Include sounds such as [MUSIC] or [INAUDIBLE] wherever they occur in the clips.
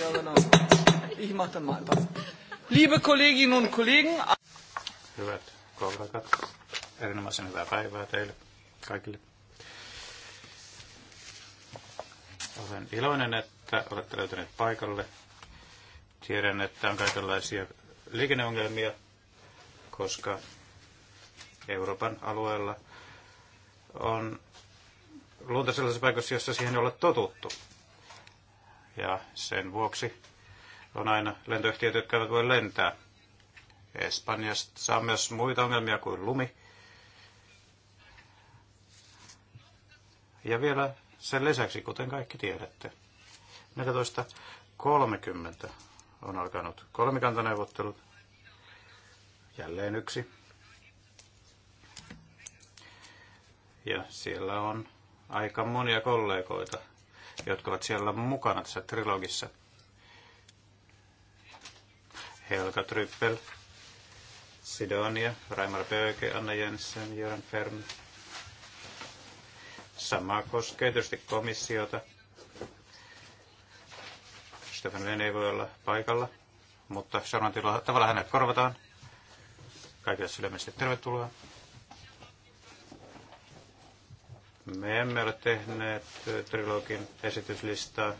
ja genau. Ich mache dann mal ein Liebe Kolleginnen und Kollegen. Hyvät kollegat, erinomaisen hyvää päivää teille kaikille. Olen iloinen, että olette löytäneet paikalle. Tiedän, että on kaikenlaisia liikenneongelmia, koska Euroopan alueella on luonta sellaisessa paikassa, jossa siihen ei ole totuttu ja sen vuoksi on aina lentoyhtiöt, jotka eivät voi lentää. Espanjasta saa myös muita ongelmia kuin lumi. Ja vielä sen lisäksi, kuten kaikki tiedätte, 14.30 on alkanut kolmikantaneuvottelut. Jälleen yksi. Ja siellä on aika monia kollegoita jotka ovat siellä mukana tässä trilogissa. Helga Tryppel, Sidonia, Raimar Pöyke, Anna Jensen, Jörn Fern. Sama koskee tietysti komissiota. Stefan Len ei voi olla paikalla, mutta Sharon tavalla hänet korvataan. Kaikille sydämestä tervetuloa. Me emme ole tehneet trilogin esityslistaa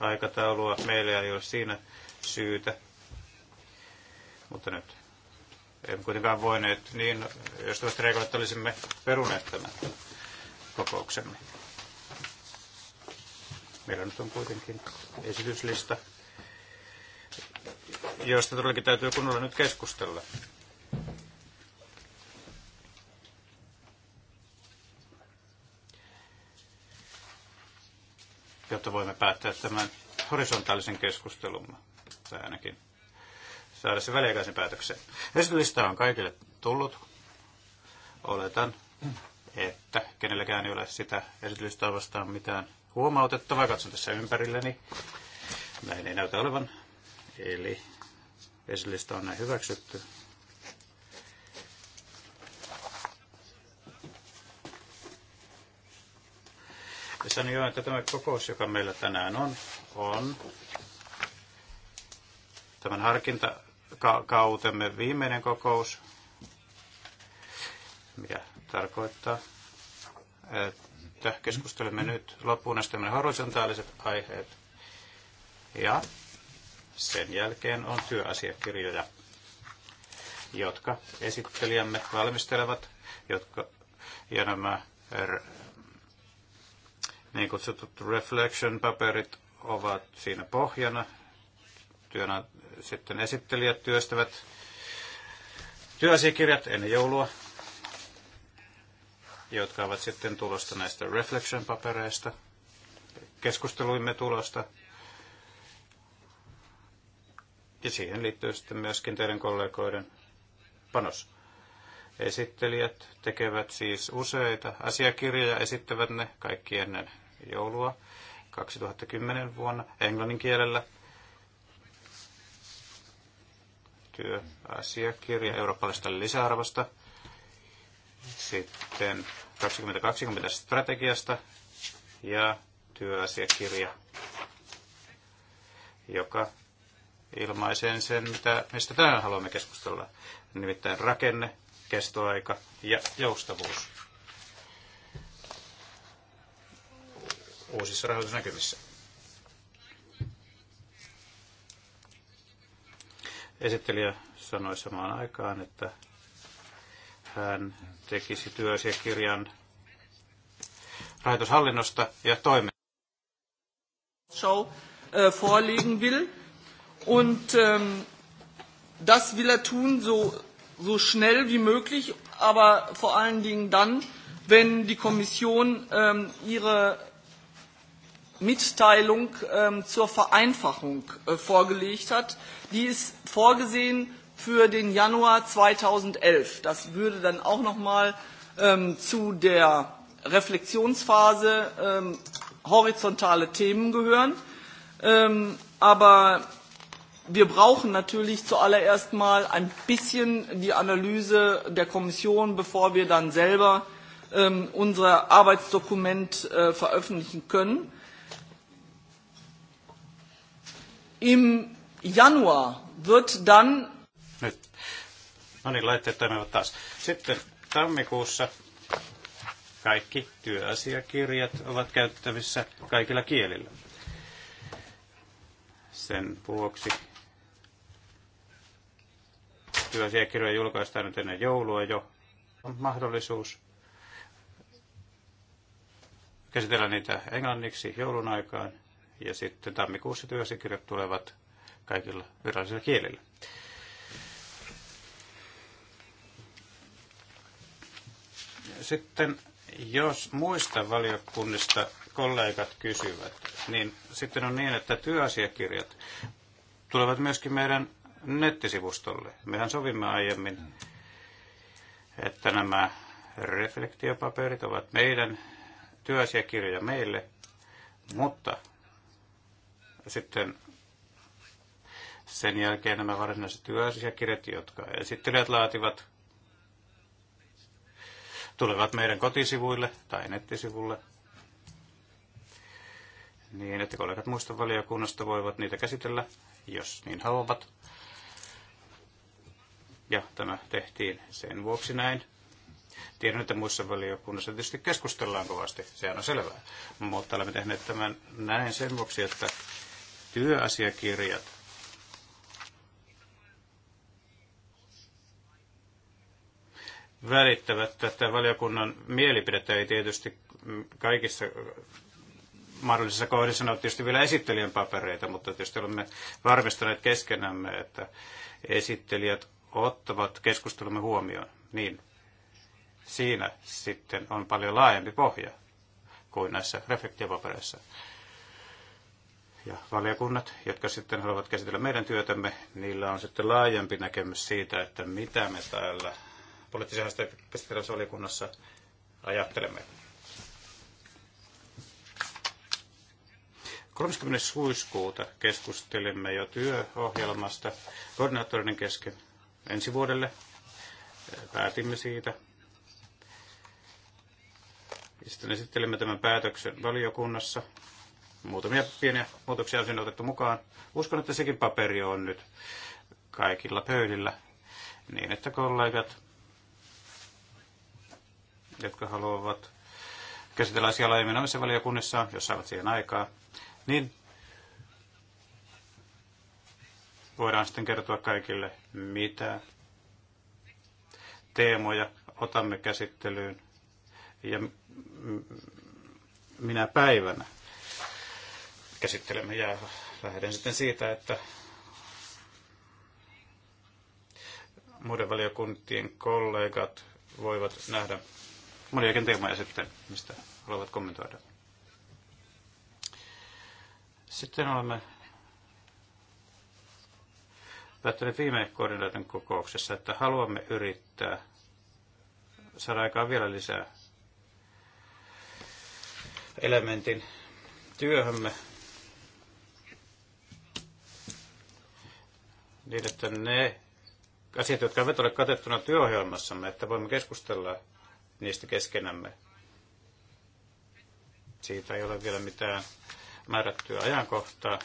aikataulua. Meillä ei ole siinä syytä. Mutta nyt emme kuitenkaan voineet niin, jos tuosta reagoit olisimme peruneet tämän kokouksemme. Meillä nyt on kuitenkin esityslista, josta todellakin täytyy kunnolla nyt keskustella. jotta voimme päättää tämän horisontaalisen keskustelun, tai ainakin saada se väliaikaisen päätökseen. Esityslista on kaikille tullut. Oletan, että kenelläkään ei ole sitä esityslistaa vastaan mitään huomautettavaa. Katson tässä ympärilleni. Näin ei näytä olevan. Eli esitylista on näin hyväksytty. huolissani jo, että tämä kokous, joka meillä tänään on, on tämän harkintakautemme viimeinen kokous, mikä tarkoittaa, että keskustelemme nyt loppuun asti horisontaaliset aiheet. Ja sen jälkeen on työasiakirjoja, jotka esittelijämme valmistelevat, jotka, ja nämä niin kutsutut reflection-paperit ovat siinä pohjana. Työnä sitten esittelijät työstävät työasiakirjat ennen joulua, jotka ovat sitten tulosta näistä reflection-papereista, keskusteluimme tulosta. Ja siihen liittyy sitten myöskin teidän kollegoiden panos. Esittelijät tekevät siis useita asiakirjoja, esittävät ne kaikki ennen joulua 2010 vuonna englannin kielellä. Työasiakirja eurooppalaisesta lisäarvosta. Sitten 2020 strategiasta ja työasiakirja, joka ilmaisee sen, mitä, mistä tänään haluamme keskustella, nimittäin rakenne, kestoaika ja joustavuus uusissa rahoitusnäkymissä. Esittelijä sanoi samaan aikaan, että hän tekisi työasiakirjan rahoitushallinnosta ja toimeen. Äh, vorlegen will. Und ähm, das will er tun, so so schnell wie möglich, aber vor allen Dingen dann, wenn die Kommission ähm, ihre Mitteilung ähm, zur Vereinfachung äh, vorgelegt hat. Die ist vorgesehen für den Januar 2011. Das würde dann auch noch nochmal ähm, zu der Reflexionsphase ähm, horizontale Themen gehören. Ähm, aber wir brauchen natürlich zuallererst mal ein bisschen die Analyse der Kommission, bevor wir dann selber ähm, unser Arbeitsdokument äh, veröffentlichen können. Im Januar wird dann... Nyt. No niin, laitteet toimivat taas. Sitten tammikuussa kaikki työasiakirjat ovat käytettävissä kaikilla kielillä. Sen vuoksi Työasiakirjoja julkaistaan nyt ennen joulua jo. On mahdollisuus käsitellä niitä englanniksi joulun aikaan. Ja sitten tammikuussa työasiakirjat tulevat kaikilla virallisilla kielillä. Sitten jos muista valiokunnista kollegat kysyvät, niin sitten on niin, että työasiakirjat tulevat myöskin meidän nettisivustolle. Mehän sovimme aiemmin, että nämä reflektiopaperit ovat meidän työasiakirjoja meille, mutta sitten sen jälkeen nämä varsinaiset työasiakirjat, jotka esittelijät laativat, tulevat meidän kotisivuille tai nettisivulle. Niin, että kollegat muista valiokunnasta voivat niitä käsitellä, jos niin haluavat. Ja tämä tehtiin sen vuoksi näin. Tiedän, että muissa valiokunnissa tietysti keskustellaan kovasti, sehän on selvää. Mutta olemme tehneet tämän näin sen vuoksi, että työasiakirjat välittävät tätä valiokunnan mielipidettä. Ei tietysti kaikissa mahdollisissa kohdissa ole tietysti vielä esittelijän papereita, mutta tietysti olemme varmistaneet keskenämme, että esittelijät ottavat keskustelumme huomioon, niin siinä sitten on paljon laajempi pohja kuin näissä reflektiopapereissa. Ja valiokunnat, jotka sitten haluavat käsitellä meidän työtämme, niillä on sitten laajempi näkemys siitä, että mitä me täällä poliittisen haasteen valiokunnassa ajattelemme. 30. huiskuuta keskustelimme jo työohjelmasta koordinaattorinen kesken ensi vuodelle. Päätimme siitä. Sitten esittelimme tämän päätöksen valiokunnassa. Muutamia pieniä muutoksia on sinne otettu mukaan. Uskon, että sekin paperi on nyt kaikilla pöydillä niin, että kollegat, jotka haluavat käsitellä asiaa laajemmin omissa valiokunnissaan, jos saavat siihen aikaa, niin voidaan sitten kertoa kaikille, mitä teemoja otamme käsittelyyn ja minä päivänä käsittelemme ja lähden sitten siitä, että muiden valiokuntien kollegat voivat nähdä moniakin teemoja sitten, mistä haluavat kommentoida. Sitten olemme päättäneet viime koordinaatin kokouksessa, että haluamme yrittää saada aikaa vielä lisää elementin työhömme niin, että ne asiat, jotka eivät ole katettuna työohjelmassamme, että voimme keskustella niistä keskenämme. Siitä ei ole vielä mitään määrättyä ajankohtaa,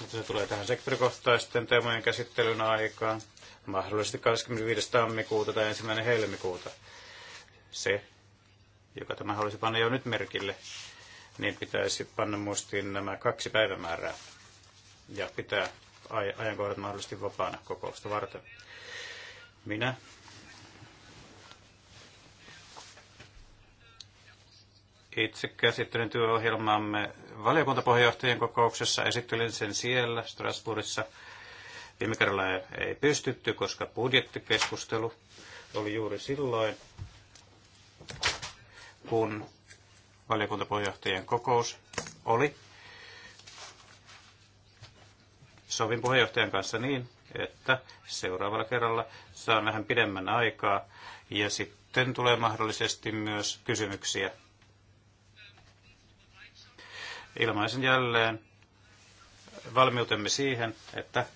Sitten se tulee tähän sektorikohtaisten teemojen käsittelyn aikaan, mahdollisesti 25. tammikuuta tai 1. helmikuuta. Se, joka tämä haluaisi panna jo nyt merkille, niin pitäisi panna muistiin nämä kaksi päivämäärää ja pitää ajankohdat mahdollisesti vapaana kokousta varten. Minä Itse käsittelin työohjelmaamme valiokuntapohjohtajien kokouksessa, esittelin sen siellä Strasbourgissa. Viime kerralla ei pystytty, koska budjettikeskustelu oli juuri silloin, kun valiokuntapohjohtajien kokous oli. Sovin puheenjohtajan kanssa niin, että seuraavalla kerralla saan vähän pidemmän aikaa ja sitten tulee mahdollisesti myös kysymyksiä Ilmaisen jälleen valmiutemme siihen, että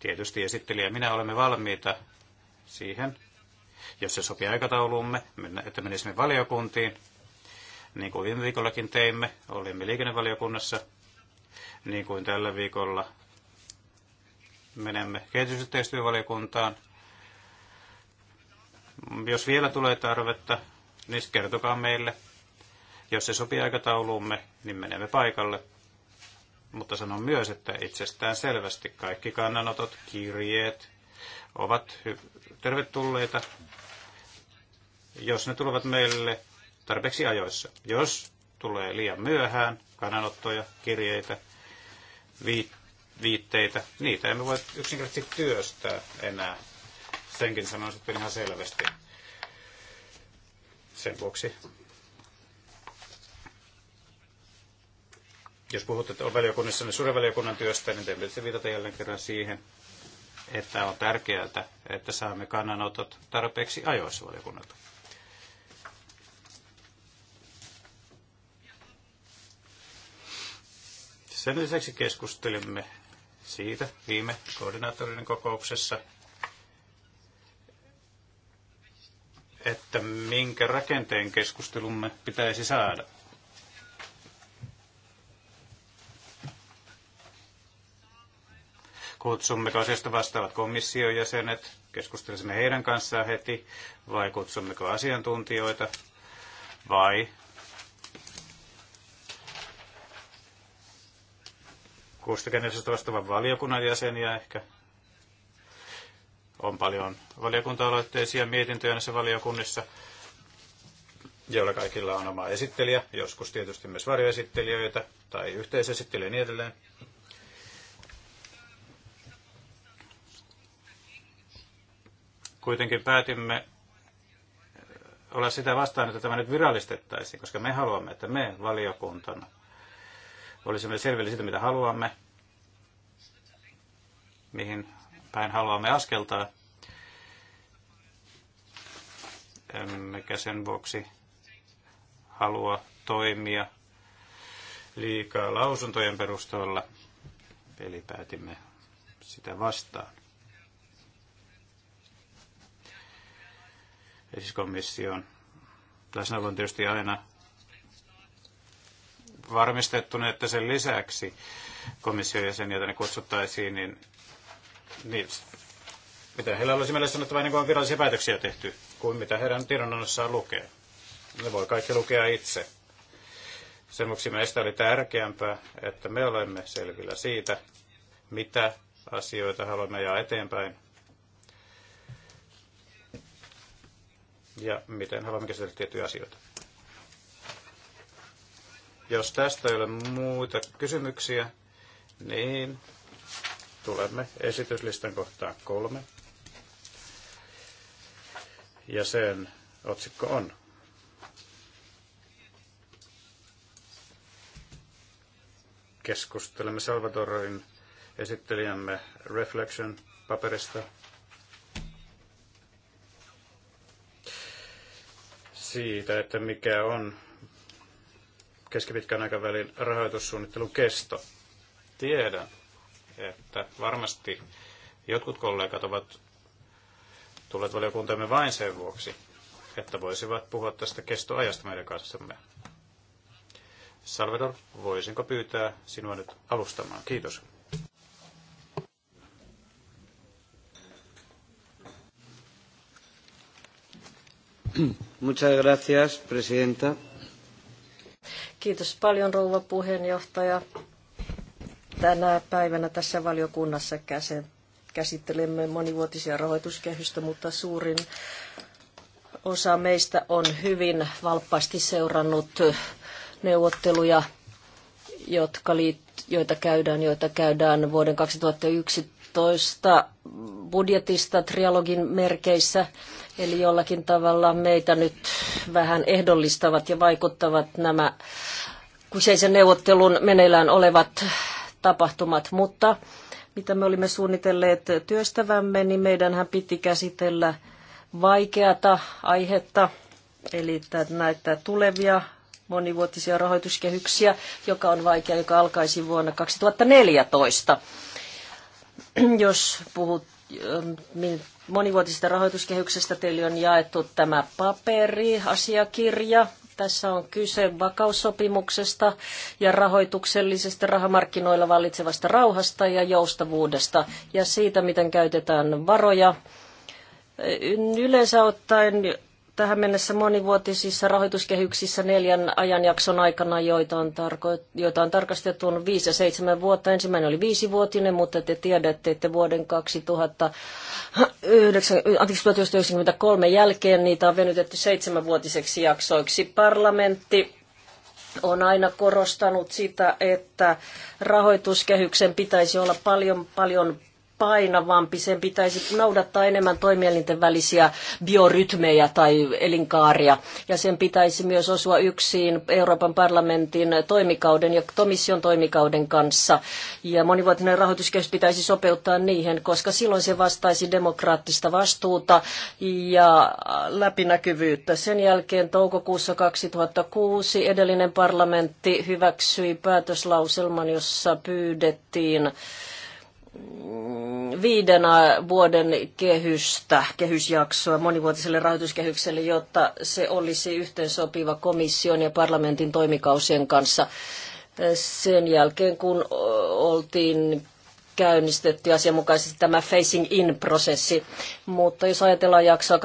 tietysti esittelijä minä olemme valmiita siihen, jos se sopii aikatauluumme, että menisimme valiokuntiin, niin kuin viime viikollakin teimme, olimme liikennevaliokunnassa, niin kuin tällä viikolla menemme kehitysyhteistyövaliokuntaan. Jos vielä tulee tarvetta, niin kertokaa meille. Jos se sopii aikatauluumme, niin menemme paikalle. Mutta sanon myös, että itsestään selvästi kaikki kannanotot, kirjeet ovat tervetulleita, jos ne tulevat meille tarpeeksi ajoissa. Jos tulee liian myöhään kannanottoja, kirjeitä, viitteitä, niitä emme voi yksinkertaisesti työstää enää. Senkin sanon sitten ihan selvästi. Sen vuoksi Jos puhutte valiokunnissa, niin suuren työstä, niin teidän pitäisi viitata jälleen kerran siihen, että on tärkeää, että saamme kannanotot tarpeeksi ajoissa valiokunnalta. Sen lisäksi keskustelimme siitä viime koordinaattorin kokouksessa, että minkä rakenteen keskustelumme pitäisi saada. Kutsumme asiasta vastaavat komission jäsenet, keskustelisimme heidän kanssaan heti, vai kutsummeko asiantuntijoita, vai kustakenellisestä vastaavan valiokunnan jäseniä ehkä. On paljon valiokunta-aloitteisia mietintöjä näissä valiokunnissa, joilla kaikilla on oma esittelijä, joskus tietysti myös varjoesittelijöitä tai yhteisesittelijä ja niin edelleen. Kuitenkin päätimme olla sitä vastaan, että tämä nyt virallistettaisiin, koska me haluamme, että me valiokuntana olisimme selville siitä, mitä haluamme, mihin päin haluamme askeltaa. Emmekä sen vuoksi halua toimia liikaa lausuntojen perusteella. Eli päätimme sitä vastaan. siis komissioon. Läsnäolo on tietysti aina varmistettu, että sen lisäksi komission jäseniä tänne kutsuttaisiin, niin, niin mitä heillä olisi meille sanottava ennen niin kuin on virallisia päätöksiä tehty, kuin mitä heidän tiedonannossaan lukee. Ne voi kaikki lukea itse. Sen vuoksi meistä oli tärkeämpää, että me olemme selvillä siitä, mitä asioita haluamme ja eteenpäin ja miten haluamme käsitellä tiettyjä asioita. Jos tästä ei ole muita kysymyksiä, niin tulemme esityslistan kohtaan kolme. Ja sen otsikko on keskustelemme Salvadorin esittelijämme Reflection paperista siitä, että mikä on keskipitkän aikavälin rahoitussuunnittelun kesto. Tiedän, että varmasti jotkut kollegat ovat tulleet valiokuntamme vain sen vuoksi, että voisivat puhua tästä kestoajasta meidän kanssamme. Salvador, voisinko pyytää sinua nyt alustamaan? Kiitos. [CLEARS THROAT] Muchas presidenta. Kiitos paljon, rouva puheenjohtaja. Tänä päivänä tässä valiokunnassa käsittelemme monivuotisia rahoituskehystä, mutta suurin osa meistä on hyvin valppaasti seurannut neuvotteluja, jotka joita käydään, joita käydään vuoden 2001 2011 budjetista trialogin merkeissä, eli jollakin tavalla meitä nyt vähän ehdollistavat ja vaikuttavat nämä kyseisen neuvottelun meneillään olevat tapahtumat, mutta mitä me olimme suunnitelleet työstävämme, niin meidänhän piti käsitellä vaikeata aihetta, eli näitä tulevia monivuotisia rahoituskehyksiä, joka on vaikea, joka alkaisi vuonna 2014. [CLEARS THROAT] Jos puhut ähm, monivuotisesta rahoituskehyksestä, teille on jaettu tämä paperi, asiakirja, tässä on kyse vakaussopimuksesta ja rahoituksellisesta rahamarkkinoilla vallitsevasta rauhasta ja joustavuudesta ja siitä, miten käytetään varoja. Äh, yleensä ottaen tähän mennessä monivuotisissa rahoituskehyksissä neljän ajanjakson aikana, joita on, tarko- joita on tarkastettu on viisi ja seitsemän vuotta. Ensimmäinen oli viisivuotinen, mutta te tiedätte, että vuoden 2009, 1993 jälkeen niitä on venytetty seitsemänvuotiseksi jaksoiksi. Parlamentti on aina korostanut sitä, että rahoituskehyksen pitäisi olla paljon, paljon painavampi, sen pitäisi noudattaa enemmän toimielinten välisiä biorytmejä tai elinkaaria. Ja sen pitäisi myös osua yksiin Euroopan parlamentin toimikauden ja komission toimikauden kanssa. Ja monivuotinen rahoituskehys pitäisi sopeuttaa niihin, koska silloin se vastaisi demokraattista vastuuta ja läpinäkyvyyttä. Sen jälkeen toukokuussa 2006 edellinen parlamentti hyväksyi päätöslauselman, jossa pyydettiin viiden vuoden kehystä, kehysjaksoa monivuotiselle rahoituskehykselle, jotta se olisi yhteensopiva komission ja parlamentin toimikausien kanssa sen jälkeen, kun oltiin käynnistetty asianmukaisesti tämä Facing In-prosessi. Mutta jos ajatellaan jaksoa 2007-2013,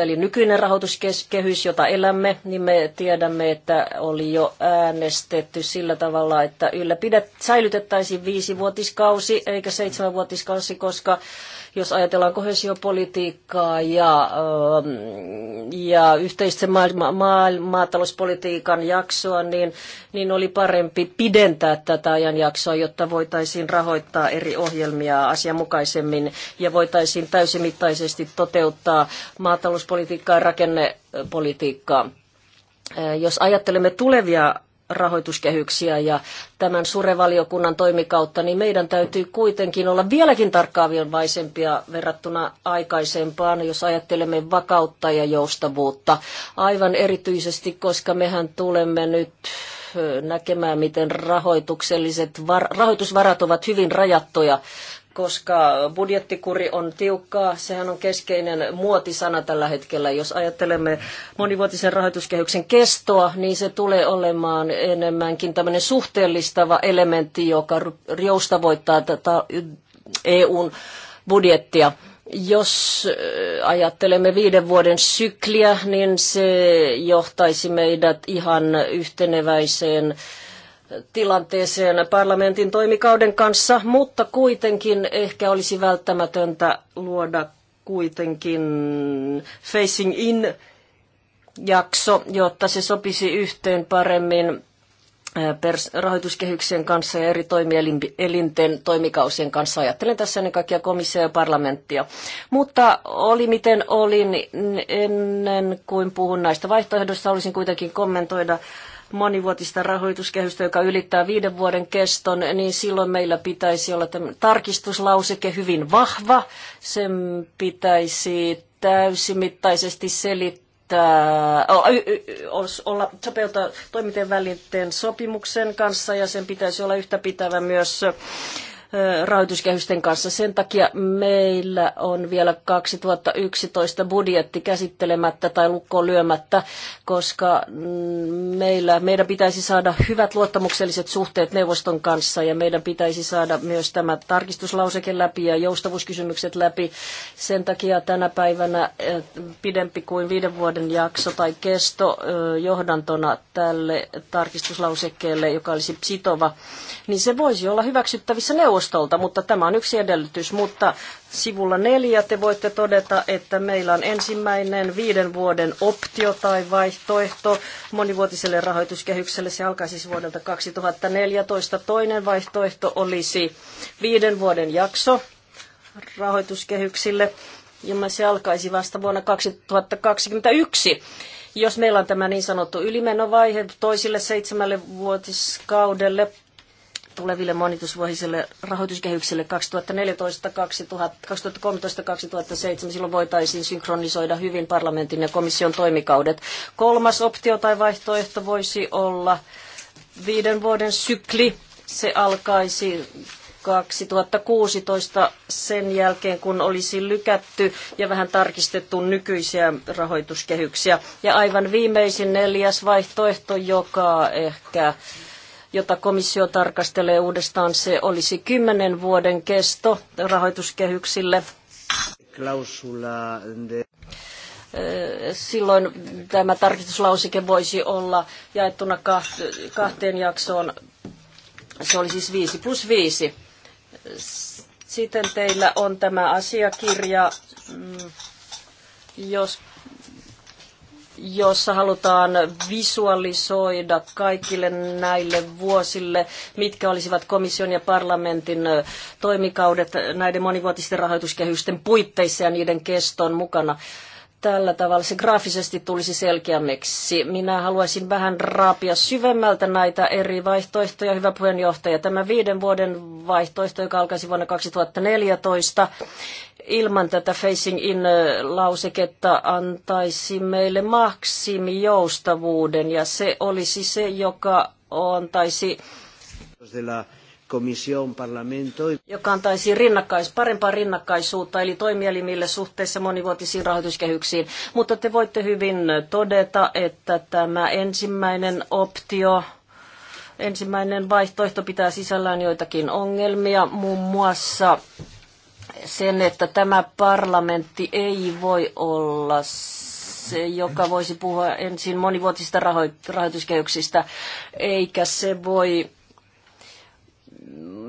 eli nykyinen rahoituskehys, jota elämme, niin me tiedämme, että oli jo äänestetty sillä tavalla, että ylläpidet säilytettäisiin viisivuotiskausi eikä seitsemänvuotiskausi, koska jos ajatellaan kohesiopolitiikkaa ja, ähm, ja yhteisten maailma, maailma, maatalouspolitiikan jaksoa, niin, niin oli parempi pidentää tätä ajanjaksoa, jotta voitaisiin rahoittaa eri ohjelmia asianmukaisemmin ja voitaisiin täysimittaisesti toteuttaa maatalouspolitiikkaa ja rakennepolitiikkaa. Äh, jos ajattelemme tulevia rahoituskehyksiä ja tämän surevaliokunnan toimikautta, niin meidän täytyy kuitenkin olla vieläkin tarkkaavienvaisempia verrattuna aikaisempaan, jos ajattelemme vakautta ja joustavuutta. Aivan erityisesti, koska mehän tulemme nyt näkemään, miten rahoitukselliset rahoitusvarat ovat hyvin rajattuja koska budjettikuri on tiukkaa. Sehän on keskeinen muotisana tällä hetkellä. Jos ajattelemme monivuotisen rahoituskehyksen kestoa, niin se tulee olemaan enemmänkin tämmöinen suhteellistava elementti, joka joustavoittaa tätä EUn budjettia. Jos äh, ajattelemme viiden vuoden sykliä, niin se johtaisi meidät ihan yhteneväiseen äh, tilanteeseen parlamentin toimikauden kanssa, mutta kuitenkin ehkä olisi välttämätöntä luoda kuitenkin Facing In jakso, jotta se sopisi yhteen paremmin rahoituskehyksien kanssa ja eri toimielinten toimikausien kanssa. Ajattelen tässä ennen kaikkea komissio ja parlamenttia. Mutta oli miten olin, niin ennen kuin puhun näistä vaihtoehdoista, olisin kuitenkin kommentoida monivuotista rahoituskehystä, joka ylittää viiden vuoden keston, niin silloin meillä pitäisi olla tarkistuslauseke hyvin vahva. Sen pitäisi täysimittaisesti selittää, olla sopeuta toimintojen välitten sopimuksen kanssa ja sen pitäisi olla yhtä pitävä myös rahoituskehysten kanssa. Sen takia meillä on vielä 2011 budjetti käsittelemättä tai lukkoon lyömättä, koska mm, meillä, meidän pitäisi saada hyvät luottamukselliset suhteet neuvoston kanssa ja meidän pitäisi saada myös tämä tarkistuslauseke läpi ja joustavuuskysymykset läpi. Sen takia tänä päivänä pidempi kuin viiden vuoden jakso tai kesto johdantona tälle tarkistuslausekkeelle, joka olisi sitova, niin se voisi olla hyväksyttävissä neuvostossa neuvostolta, mutta tämä on yksi edellytys. Mutta sivulla neljä te voitte todeta, että meillä on ensimmäinen viiden vuoden optio tai vaihtoehto monivuotiselle rahoituskehykselle. Se alkaisi siis vuodelta 2014. Toinen vaihtoehto olisi viiden vuoden jakso rahoituskehyksille, ja se alkaisi vasta vuonna 2021 jos meillä on tämä niin sanottu ylimenovaihe toisille seitsemälle vuotiskaudelle tuleville monitusvuosille rahoituskehyksille 2014, 2000, 2013, Silloin voitaisiin synkronisoida hyvin parlamentin ja komission toimikaudet. Kolmas optio tai vaihtoehto voisi olla viiden vuoden sykli. Se alkaisi 2016 sen jälkeen, kun olisi lykätty ja vähän tarkistettu nykyisiä rahoituskehyksiä. Ja aivan viimeisin neljäs vaihtoehto, joka ehkä jota komissio tarkastelee uudestaan. Se olisi kymmenen vuoden kesto rahoituskehyksille. Silloin tämä tarkistuslausike voisi olla jaettuna kahteen jaksoon. Se oli siis 5 plus 5. Sitten teillä on tämä asiakirja, mm, jos jossa halutaan visualisoida kaikille näille vuosille, mitkä olisivat komission ja parlamentin toimikaudet näiden monivuotisten rahoituskehysten puitteissa ja niiden keston mukana tällä tavalla se graafisesti tulisi selkeämmäksi. Minä haluaisin vähän raapia syvemmältä näitä eri vaihtoehtoja, hyvä puheenjohtaja. Tämä viiden vuoden vaihtoehto, joka alkaisi vuonna 2014, ilman tätä facing in lauseketta antaisi meille maksimijoustavuuden ja se olisi se, joka antaisi komission, parlamento. Joka antaisi rinnakkais, parempaa rinnakkaisuutta, eli toimielimille suhteessa monivuotisiin rahoituskehyksiin. Mutta te voitte hyvin todeta, että tämä ensimmäinen optio, ensimmäinen vaihtoehto pitää sisällään joitakin ongelmia, muun muassa sen, että tämä parlamentti ei voi olla se, joka voisi puhua ensin monivuotisista rahoituskehyksistä, eikä se voi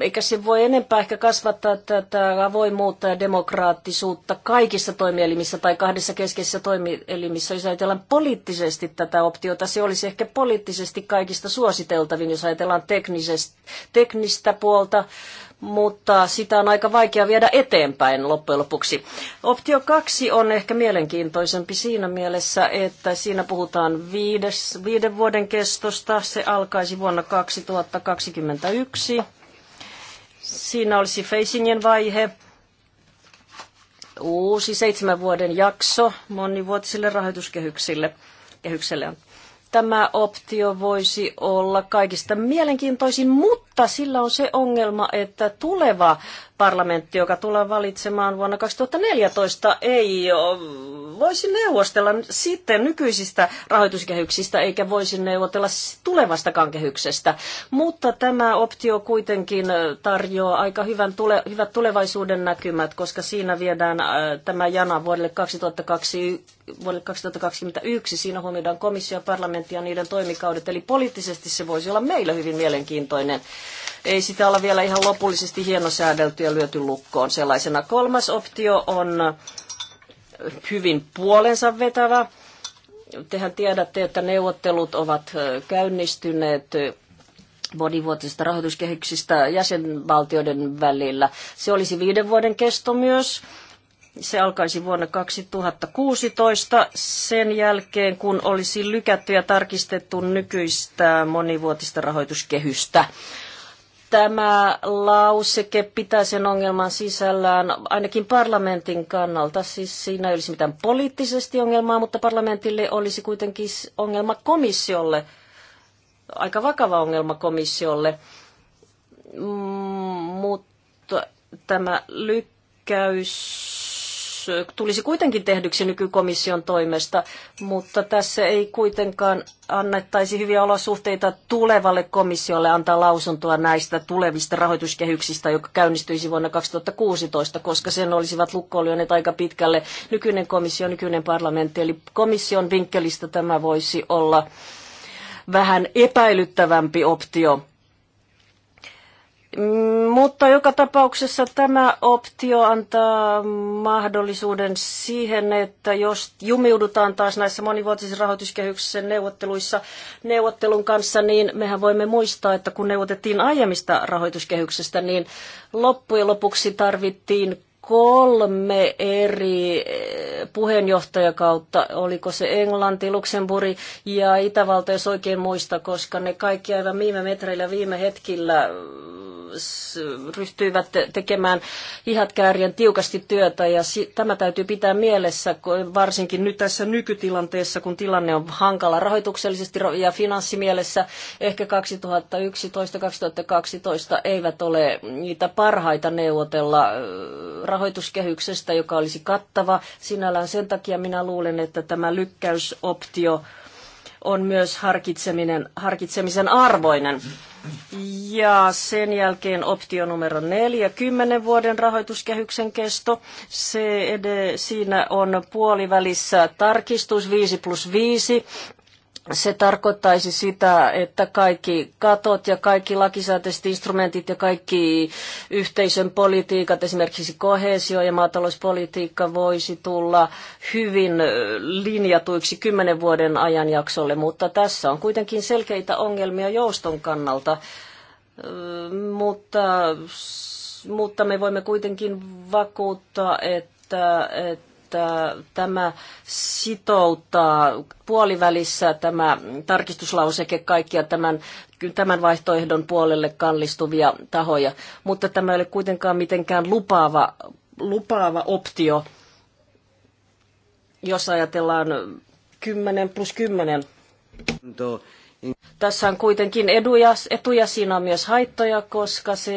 eikä se voi enempää ehkä kasvattaa tätä avoimuutta ja demokraattisuutta kaikissa toimielimissä tai kahdessa keskeisessä toimielimissä. Jos ajatellaan poliittisesti tätä optiota, se olisi ehkä poliittisesti kaikista suositeltavin, jos ajatellaan teknistä puolta, mutta sitä on aika vaikea viedä eteenpäin loppujen lopuksi. Optio 2 on ehkä mielenkiintoisempi siinä mielessä, että siinä puhutaan viides, viiden vuoden kestosta. Se alkaisi vuonna 2021 Siinä olisi facingin vaihe, uusi seitsemän vuoden jakso monivuotisille rahoituskehyksille. Kehykselle. Tämä optio voisi olla kaikista mielenkiintoisin, mutta sillä on se ongelma, että tuleva parlamentti, joka tulee valitsemaan vuonna 2014, ei voisi neuvostella sitten nykyisistä rahoituskehyksistä, eikä voisi neuvotella tulevastakaan kehyksestä. Mutta tämä optio kuitenkin tarjoaa aika hyvän tule, hyvät tulevaisuuden näkymät, koska siinä viedään äh, tämä jana vuodelle 2002 vuodelle 2021. Siinä huomioidaan komissio parlamentti ja niiden toimikaudet. Eli poliittisesti se voisi olla meillä hyvin mielenkiintoinen ei sitä olla vielä ihan lopullisesti hienosäädelty ja lyöty lukkoon sellaisena. Kolmas optio on hyvin puolensa vetävä. Tehän tiedätte, että neuvottelut ovat käynnistyneet monivuotisista rahoituskehyksistä jäsenvaltioiden välillä. Se olisi viiden vuoden kesto myös. Se alkaisi vuonna 2016 sen jälkeen, kun olisi lykätty ja tarkistettu nykyistä monivuotista rahoituskehystä tämä lauseke pitää sen ongelman sisällään ainakin parlamentin kannalta. Siis siinä ei olisi mitään poliittisesti ongelmaa, mutta parlamentille olisi kuitenkin ongelma komissiolle, aika vakava ongelma komissiolle. Mm, mutta tämä lykkäys tulisi kuitenkin tehdyksi nykykomission toimesta, mutta tässä ei kuitenkaan annettaisi hyviä olosuhteita tulevalle komissiolle antaa lausuntoa näistä tulevista rahoituskehyksistä, joka käynnistyisi vuonna 2016, koska sen olisivat lukkoilijoineet aika pitkälle nykyinen komissio, nykyinen parlamentti. Eli komission vinkkelistä tämä voisi olla vähän epäilyttävämpi optio Mm, mutta joka tapauksessa tämä optio antaa mahdollisuuden siihen, että jos jumiudutaan taas näissä monivuotisissa rahoituskehyksissä neuvotteluissa neuvottelun kanssa, niin mehän voimme muistaa, että kun neuvotettiin aiemmista rahoituskehyksestä, niin loppujen lopuksi tarvittiin kolme eri eh, puheenjohtajakautta, oliko se Englanti, Luxemburgi ja Itävalta, jos oikein muista, koska ne kaikki aivan viime metreillä, viime hetkillä ryhtyivät tekemään hihatkäärien tiukasti työtä ja tämä täytyy pitää mielessä varsinkin nyt tässä nykytilanteessa, kun tilanne on hankala rahoituksellisesti ja finanssimielessä. Ehkä 2011-2012 eivät ole niitä parhaita neuvotella rahoituskehyksestä, joka olisi kattava. Sinällään sen takia minä luulen, että tämä lykkäysoptio on myös harkitseminen, harkitsemisen arvoinen. Ja sen jälkeen optio numero neljä, kymmenen vuoden rahoituskehyksen kesto. Se ed- siinä on puolivälissä tarkistus 5 plus 5 se tarkoittaisi sitä, että kaikki katot ja kaikki lakisääteiset instrumentit ja kaikki yhteisön politiikat, esimerkiksi kohesio- ja maatalouspolitiikka, voisi tulla hyvin linjatuiksi kymmenen vuoden ajanjaksolle, mutta tässä on kuitenkin selkeitä ongelmia jouston kannalta. Mutta, mutta me voimme kuitenkin vakuuttaa, että, että että tämä sitouttaa puolivälissä tämä tarkistuslauseke kaikkia tämän, tämän vaihtoehdon puolelle kallistuvia tahoja, mutta tämä ei ole kuitenkaan mitenkään lupaava, lupaava optio, jos ajatellaan 10 plus 10 tässä on kuitenkin eduja, etuja, siinä on myös haittoja, koska se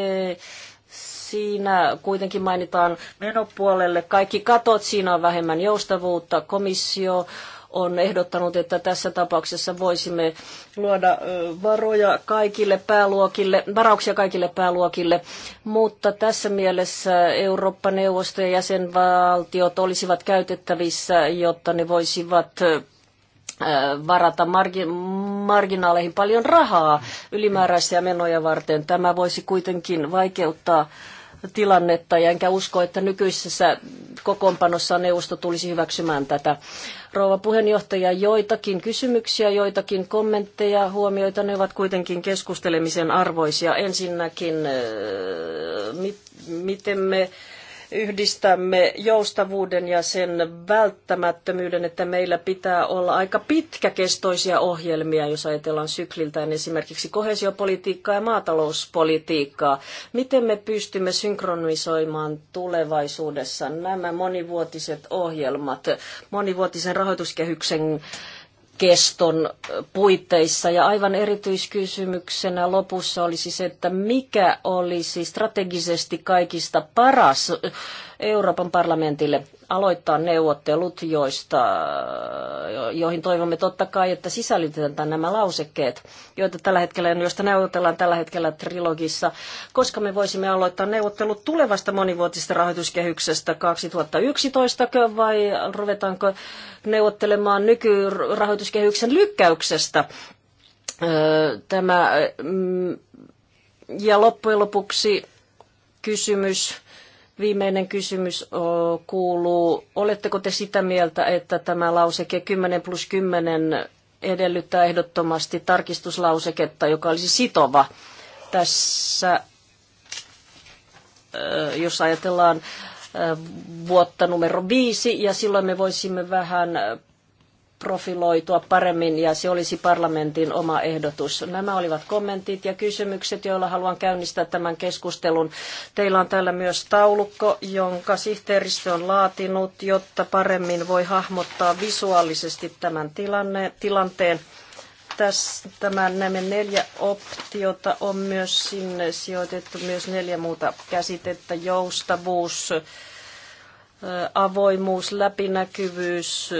Siinä kuitenkin mainitaan menopuolelle kaikki katot, siinä on vähemmän joustavuutta. Komissio on ehdottanut, että tässä tapauksessa voisimme luoda varoja kaikille pääluokille, varauksia kaikille pääluokille, mutta tässä mielessä Eurooppa-neuvosto ja jäsenvaltiot olisivat käytettävissä, jotta ne voisivat varata margi- marginaaleihin paljon rahaa ylimääräisiä menoja varten. Tämä voisi kuitenkin vaikeuttaa tilannetta, ja enkä usko, että nykyisessä kokoonpanossa neuvosto tulisi hyväksymään tätä. Rouva puheenjohtaja, joitakin kysymyksiä, joitakin kommentteja, huomioita, ne ovat kuitenkin keskustelemisen arvoisia. Ensinnäkin, äh, miten me yhdistämme joustavuuden ja sen välttämättömyyden, että meillä pitää olla aika pitkäkestoisia ohjelmia, jos ajatellaan sykliltään esimerkiksi kohesiopolitiikkaa ja maatalouspolitiikkaa. Miten me pystymme synkronisoimaan tulevaisuudessa nämä monivuotiset ohjelmat monivuotisen rahoituskehyksen keston puitteissa. Ja aivan erityiskysymyksenä lopussa olisi se, että mikä olisi strategisesti kaikista paras Euroopan parlamentille aloittaa neuvottelut, joista, joihin toivomme totta kai, että sisällytetään nämä lausekkeet, joita tällä hetkellä, joista neuvotellaan tällä hetkellä trilogissa, koska me voisimme aloittaa neuvottelut tulevasta monivuotisesta rahoituskehyksestä 2011 vai ruvetaanko neuvottelemaan nykyrahoituskehyksen lykkäyksestä. Tämä, mm, ja loppujen lopuksi kysymys Viimeinen kysymys kuuluu, oletteko te sitä mieltä, että tämä lauseke 10 plus 10 edellyttää ehdottomasti tarkistuslauseketta, joka olisi sitova tässä, jos ajatellaan vuotta numero viisi, ja silloin me voisimme vähän profiloitua paremmin ja se olisi parlamentin oma ehdotus. Nämä olivat kommentit ja kysymykset, joilla haluan käynnistää tämän keskustelun. Teillä on täällä myös taulukko, jonka sihteeristö on laatinut, jotta paremmin voi hahmottaa visuaalisesti tämän tilanne, tilanteen. nämä neljä optiota on myös sinne sijoitettu myös neljä muuta käsitettä, joustavuus, avoimuus, läpinäkyvyys,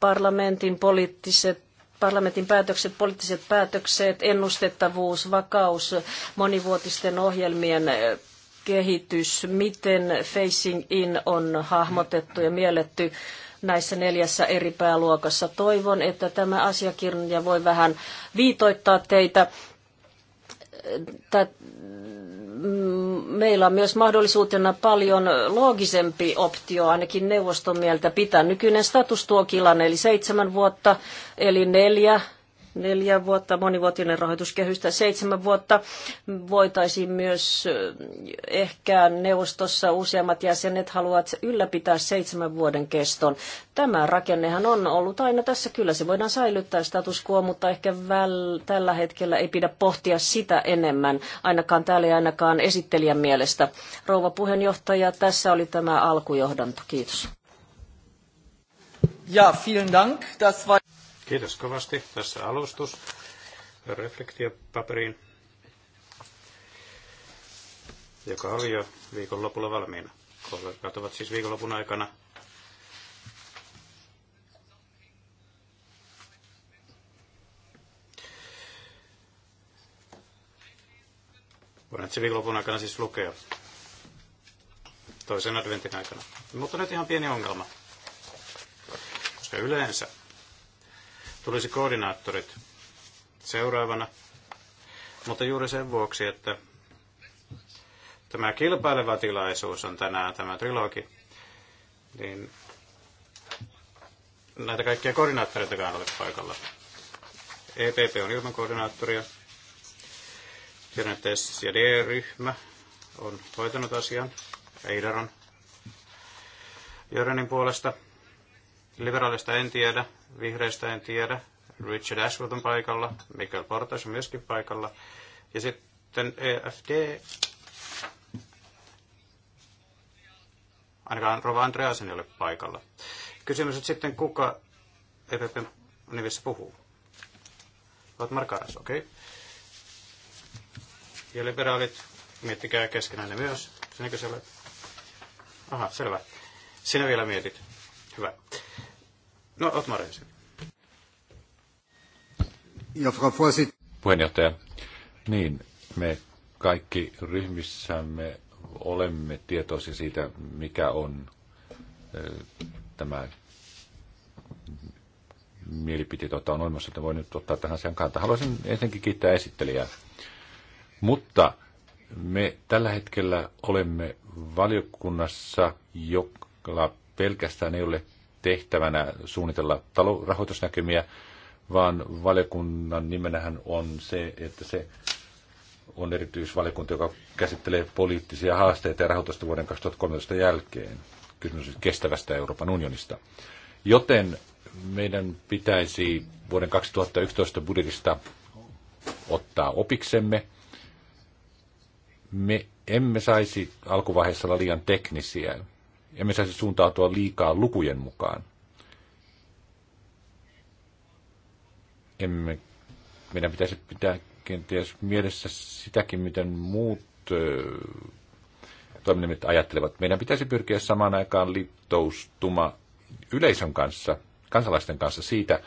parlamentin poliittiset parlamentin päätökset, poliittiset päätökset, ennustettavuus, vakaus, monivuotisten ohjelmien eh, kehitys, miten Facing In on hahmotettu ja mielletty näissä neljässä eri pääluokassa. Toivon, että tämä asiakirja voi vähän viitoittaa teitä Mm, meillä on myös mahdollisuutena paljon loogisempi optio, ainakin neuvoston mieltä pitää nykyinen status tuo kilan, eli seitsemän vuotta, eli neljä neljä vuotta, monivuotinen rahoituskehystä seitsemän vuotta. Voitaisiin myös eh, ehkä neuvostossa useammat jäsenet haluavat ylläpitää seitsemän vuoden keston. Tämä rakennehan on ollut aina tässä. Kyllä se voidaan säilyttää status quo, mutta ehkä väl, tällä hetkellä ei pidä pohtia sitä enemmän, ainakaan täällä ei ainakaan esittelijän mielestä. Rouva puheenjohtaja, tässä oli tämä alkujohdanto. Kiitos. Ja, vielen Dank. Das war Kiitos kovasti. Tässä alustus reflektiopaperiin, joka oli jo viikonlopulla valmiina. Kollegat ovat siis viikonlopun aikana voineet se viikonlopun aikana siis lukea toisen adventin aikana. Mutta nyt ihan pieni ongelma. Koska yleensä tulisi koordinaattorit seuraavana. Mutta juuri sen vuoksi, että tämä kilpaileva tilaisuus on tänään tämä trilogi, niin näitä kaikkia koordinaattoreitakaan ole paikalla. EPP on ilman koordinaattoria. Tiedän, ja D-ryhmä on hoitanut asian. Eidaron Jörenin puolesta – Liberaalista en tiedä, vihreistä en tiedä. Richard Ashworth on paikalla, Mikael Portas on myöskin paikalla. Ja sitten EFD. Ainakaan Rova Andreasen ei ole paikalla. Kysymys on sitten, kuka epp nimissä puhuu? Vatmar Markaras, okei. Okay. Ja liberaalit, miettikää keskenään ne myös. Sinäkö se Aha, selvä. Sinä vielä mietit. Hyvä. No, Otmar Ja Puheenjohtaja, niin me kaikki ryhmissämme olemme tietoisia siitä, mikä on tämä mielipiteet, joita on olemassa, että voi nyt ottaa tähän asian kantaa. Haluaisin ensinnäkin kiittää esittelijää. Mutta me tällä hetkellä olemme valiokunnassa, jolla pelkästään ei ole tehtävänä suunnitella talo- rahoitusnäkymiä, vaan valiokunnan nimenähän on se, että se on erityisvaliokunta, joka käsittelee poliittisia haasteita ja rahoitusta vuoden 2013 jälkeen. Kysymys siis kestävästä Euroopan unionista. Joten meidän pitäisi vuoden 2011 budjetista ottaa opiksemme. Me emme saisi alkuvaiheessa olla liian teknisiä emme saisi suuntautua liikaa lukujen mukaan. Emme, meidän pitäisi pitää kenties mielessä sitäkin, miten muut toiminnot ajattelevat. Meidän pitäisi pyrkiä samaan aikaan liittoustuma yleisön kanssa, kansalaisten kanssa siitä,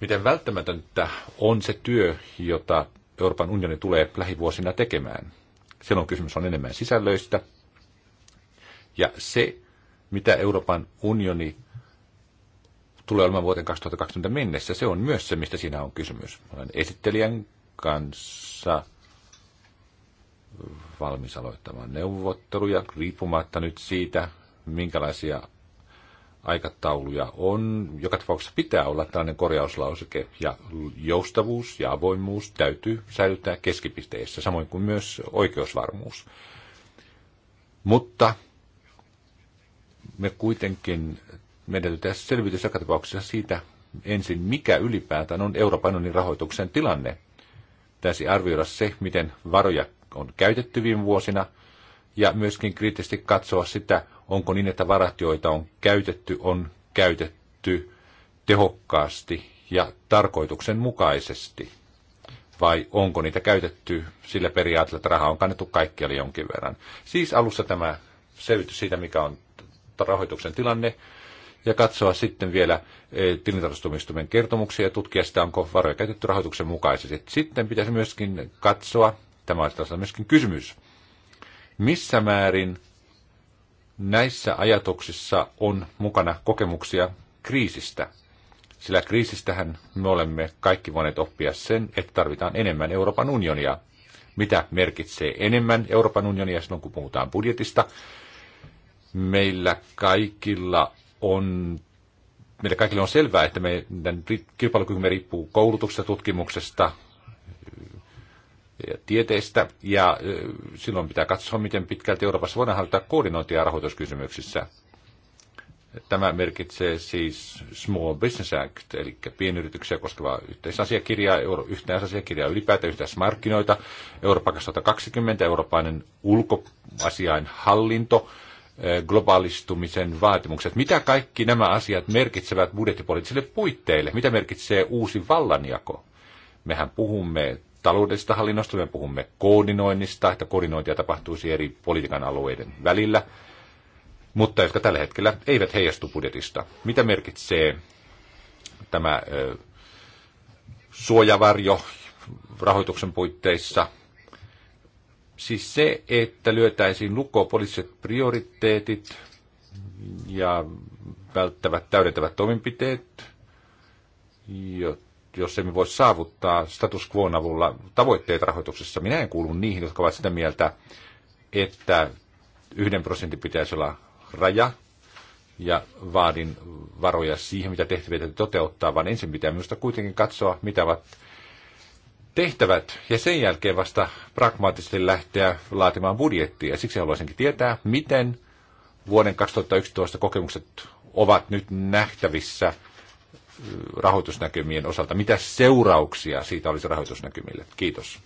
miten välttämätöntä on se työ, jota Euroopan unioni tulee lähivuosina tekemään. Silloin kysymys on enemmän sisällöistä, ja se, mitä Euroopan unioni tulee olemaan vuoteen 2020 mennessä, se on myös se, mistä siinä on kysymys. Olen esittelijän kanssa valmis aloittamaan neuvotteluja, riippumatta nyt siitä, minkälaisia aikatauluja on. Joka tapauksessa pitää olla tällainen korjauslauseke ja joustavuus ja avoimuus täytyy säilyttää keskipisteessä, samoin kuin myös oikeusvarmuus. Mutta me kuitenkin, meidän täytyy selvitys joka tapauksessa siitä ensin, mikä ylipäätään on Euroopan unionin rahoituksen tilanne. Täytyy arvioida se, miten varoja on käytetty viime vuosina, ja myöskin kriittisesti katsoa sitä, onko niin, että varat, joita on käytetty, on käytetty tehokkaasti ja tarkoituksenmukaisesti vai onko niitä käytetty sillä periaatteella, että raha on kannettu kaikkialle jonkin verran. Siis alussa tämä selvitys siitä, mikä on rahoituksen tilanne ja katsoa sitten vielä eh, tilintarkastumistumien kertomuksia ja tutkia sitä, onko varoja käytetty rahoituksen mukaisesti. Sitten pitäisi myöskin katsoa, tämä on myöskin kysymys, missä määrin näissä ajatuksissa on mukana kokemuksia kriisistä. Sillä kriisistähän me olemme kaikki voineet oppia sen, että tarvitaan enemmän Euroopan unionia. Mitä merkitsee enemmän Euroopan unionia silloin, kun puhutaan budjetista, meillä kaikilla on meillä kaikille on selvää, että meidän kilpailukykymme riippuu koulutuksesta, tutkimuksesta, ja tieteestä, ja silloin pitää katsoa, miten pitkälti Euroopassa voidaan harjoittaa koordinointia rahoituskysymyksissä. Tämä merkitsee siis Small Business Act, eli pienyrityksiä koskevaa yhteisasiakirjaa, euro, yhteisasiakirjaa ylipäätään yhteismarkkinoita, Eurooppa 2020, eurooppainen ulkoasiainhallinto, hallinto, globaalistumisen vaatimukset. Mitä kaikki nämä asiat merkitsevät budjettipoliittisille puitteille? Mitä merkitsee uusi vallanjako? Mehän puhumme taloudellisesta hallinnosta, me puhumme koordinoinnista, että koordinointia tapahtuisi eri politiikan alueiden välillä, mutta jotka tällä hetkellä eivät heijastu budjetista. Mitä merkitsee tämä suojavarjo rahoituksen puitteissa – Siis se, että lyötäisiin lukko poliittiset prioriteetit ja välttävät täydentävät toimenpiteet, jos emme voi saavuttaa status quo avulla tavoitteet rahoituksessa. Minä en kuulu niihin, jotka ovat sitä mieltä, että yhden prosentin pitäisi olla raja ja vaadin varoja siihen, mitä tehtäviä täytyy toteuttaa, vaan ensin pitää minusta kuitenkin katsoa, mitä ovat tehtävät ja sen jälkeen vasta pragmaattisesti lähteä laatimaan budjettia. Siksi haluaisinkin tietää, miten vuoden 2011 kokemukset ovat nyt nähtävissä äh, rahoitusnäkymien osalta. Mitä seurauksia siitä olisi rahoitusnäkymille? Kiitos.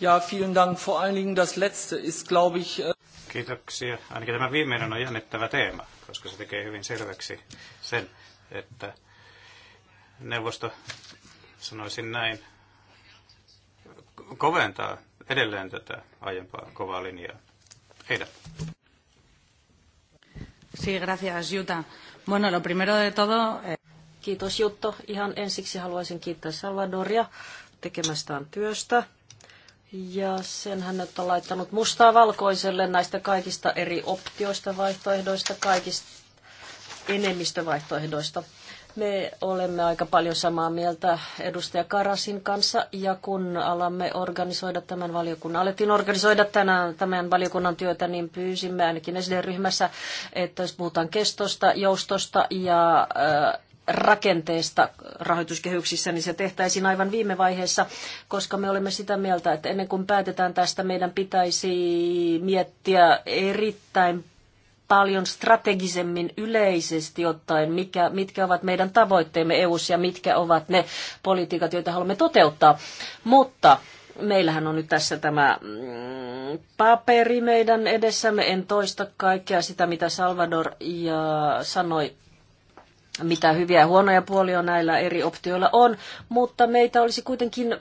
Ja, vielen Dank. Vor allen Dingen das letzte ist, glaube ich... Äh, Kiitoksia. Ainakin tämä viimeinen on jännittävä teema, koska se tekee hyvin selväksi sen, että neuvosto sanoisin näin, koventaa edelleen tätä aiempaa kovaa linjaa. Heidä. Sí, gracias, Jutta. Bueno, lo primero de todo... Eh, Kiitos Jutto. Ihan ensiksi haluaisin kiittää Salvadoria tekemästään työstä. Ja sen hän nyt on laittanut mustaa valkoiselle näistä kaikista eri optioista, vaihtoehdoista, kaikista enemmistövaihtoehdoista. Me olemme aika paljon samaa mieltä edustaja Karasin kanssa ja kun alamme organisoida tämän valiokunnan, alettiin organisoida tänään tämän valiokunnan työtä, niin pyysimme ainakin SD-ryhmässä, että jos puhutaan kestosta, joustosta ja rakenteesta rahoituskehyksissä, niin se tehtäisiin aivan viime vaiheessa, koska me olemme sitä mieltä, että ennen kuin päätetään tästä, meidän pitäisi miettiä erittäin paljon strategisemmin yleisesti ottaen, mikä, mitkä ovat meidän tavoitteemme EU:ssa ja mitkä ovat ne politiikat, joita haluamme toteuttaa. Mutta meillähän on nyt tässä tämä mm, paperi meidän edessämme. En toista kaikkea sitä, mitä Salvador ja sanoi mitä hyviä ja huonoja puolia näillä eri optioilla on, mutta meitä olisi kuitenkin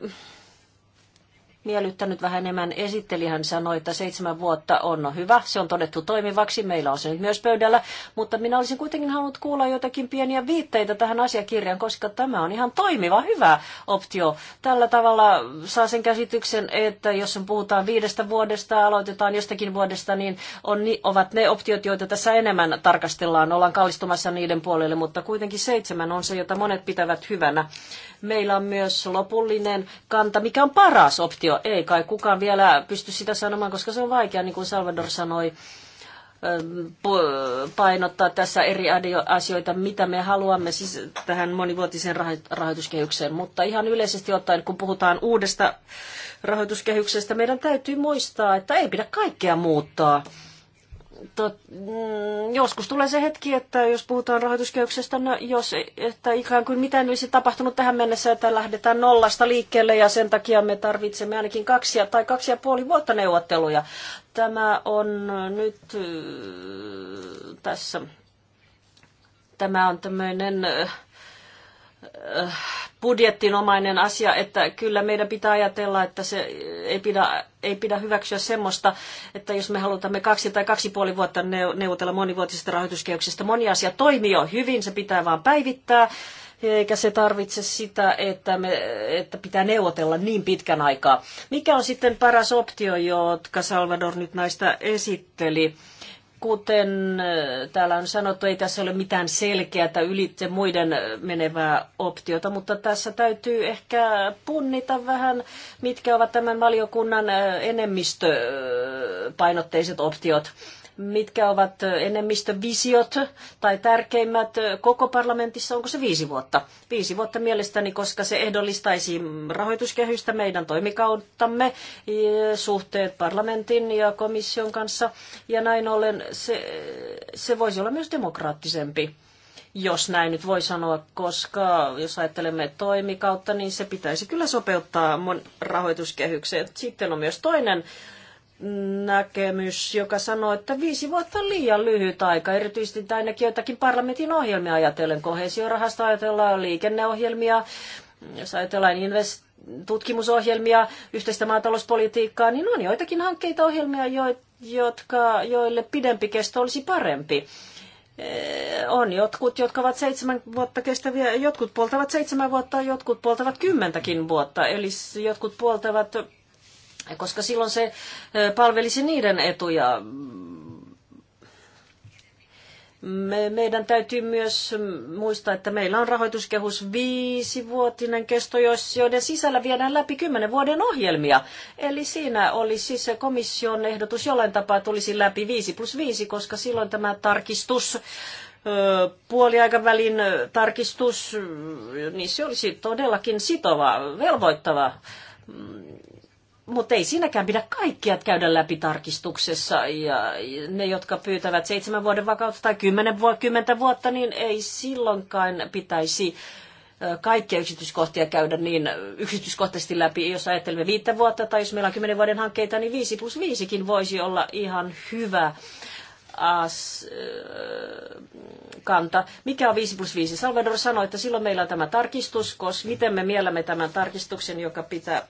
miellyttänyt vähän enemmän. Esitteli hän sanoi, että seitsemän vuotta on no hyvä, se on todettu toimivaksi, meillä on se nyt myös pöydällä, mutta minä olisin kuitenkin halunnut kuulla jotakin pieniä viitteitä tähän asiakirjaan, koska tämä on ihan toimiva, hyvä optio. Tällä tavalla saa sen käsityksen, että jos on puhutaan viidestä vuodesta, aloitetaan jostakin vuodesta, niin on, ovat ne optiot, joita tässä enemmän tarkastellaan, ollaan kallistumassa niiden puolelle, mutta kuitenkin seitsemän on se, jota monet pitävät hyvänä meillä on myös lopullinen kanta, mikä on paras optio. Ei kai kukaan vielä pysty sitä sanomaan, koska se on vaikea, niin kuin Salvador sanoi ähm, painottaa tässä eri asioita, mitä me haluamme siis tähän monivuotiseen rahoituskehykseen. Mutta ihan yleisesti ottaen, kun puhutaan uudesta rahoituskehyksestä, meidän täytyy muistaa, että ei pidä kaikkea muuttaa tot, mm, joskus tulee se hetki, että jos puhutaan rahoituskehyksestä, no jos, e- että ikään kuin mitään olisi tapahtunut tähän mennessä, että lähdetään nollasta liikkeelle ja sen takia me tarvitsemme ainakin kaksi tai kaksi ja puoli vuotta neuvotteluja. Tämä on nyt tässä, tämä on tämmöinen Äh, budjettinomainen asia, että kyllä meidän pitää ajatella, että se ei pidä, ei pidä hyväksyä semmoista, että jos me halutaan me kaksi tai kaksi puoli vuotta neuvotella monivuotisesta rahoituskehyksestä, moni asia toimii jo hyvin, se pitää vaan päivittää, eikä se tarvitse sitä, että, me, että pitää neuvotella niin pitkän aikaa. Mikä on sitten paras optio, jotka Salvador nyt näistä esitteli? kuten äh, täällä on sanottu, ei tässä ole mitään selkeää ylitse muiden äh, menevää optiota, mutta tässä täytyy ehkä punnita vähän, mitkä ovat tämän valiokunnan äh, enemmistöpainotteiset optiot mitkä ovat enemmistövisiot tai tärkeimmät koko parlamentissa, onko se viisi vuotta? Viisi vuotta mielestäni, koska se ehdollistaisi rahoituskehystä meidän toimikauttamme e, suhteet parlamentin ja komission kanssa. Ja näin ollen se, se voisi olla myös demokraattisempi jos näin nyt voi sanoa, koska jos ajattelemme toimikautta, niin se pitäisi kyllä sopeuttaa mun rahoituskehykseen. Sitten on myös toinen näkemys, joka sanoo, että viisi vuotta on liian lyhyt aika, erityisesti ainakin joitakin parlamentin ohjelmia ajatellen, kohesiorahasta ajatellaan liikenneohjelmia, jos ajatellaan invest- tutkimusohjelmia, yhteistä maatalouspolitiikkaa, niin on joitakin hankkeita ohjelmia, jo- jotka, joille pidempi kesto olisi parempi. Eh, on jotkut, jotka ovat seitsemän vuotta kestäviä, jotkut puoltavat seitsemän vuotta, jotkut puoltavat kymmentäkin vuotta, eli jotkut puoltavat koska silloin se palvelisi niiden etuja. Me, meidän täytyy myös muistaa, että meillä on rahoituskehus viisivuotinen kesto, joiden sisällä viedään läpi kymmenen vuoden ohjelmia. Eli siinä olisi se komission ehdotus jollain tapaa tulisi läpi viisi plus viisi, koska silloin tämä tarkistus puoliaikavälin tarkistus, niin se olisi todellakin sitova, velvoittava mm, mutta ei siinäkään pidä kaikkia käydä läpi tarkistuksessa. Ja ne, jotka pyytävät seitsemän vuoden vakautta tai kymmenen vu- kymmentä vuotta, niin ei silloinkaan pitäisi kaikkia yksityiskohtia käydä niin yksityiskohtaisesti läpi. Jos ajattelemme viittä vuotta tai jos meillä on kymmenen vuoden hankkeita, niin viisi plus viisikin voisi olla ihan hyvä as, kanta. Mikä on 5 plus 5? Salvador sanoi, että silloin meillä on tämä tarkistus, koska miten me miellämme tämän tarkistuksen, joka pitää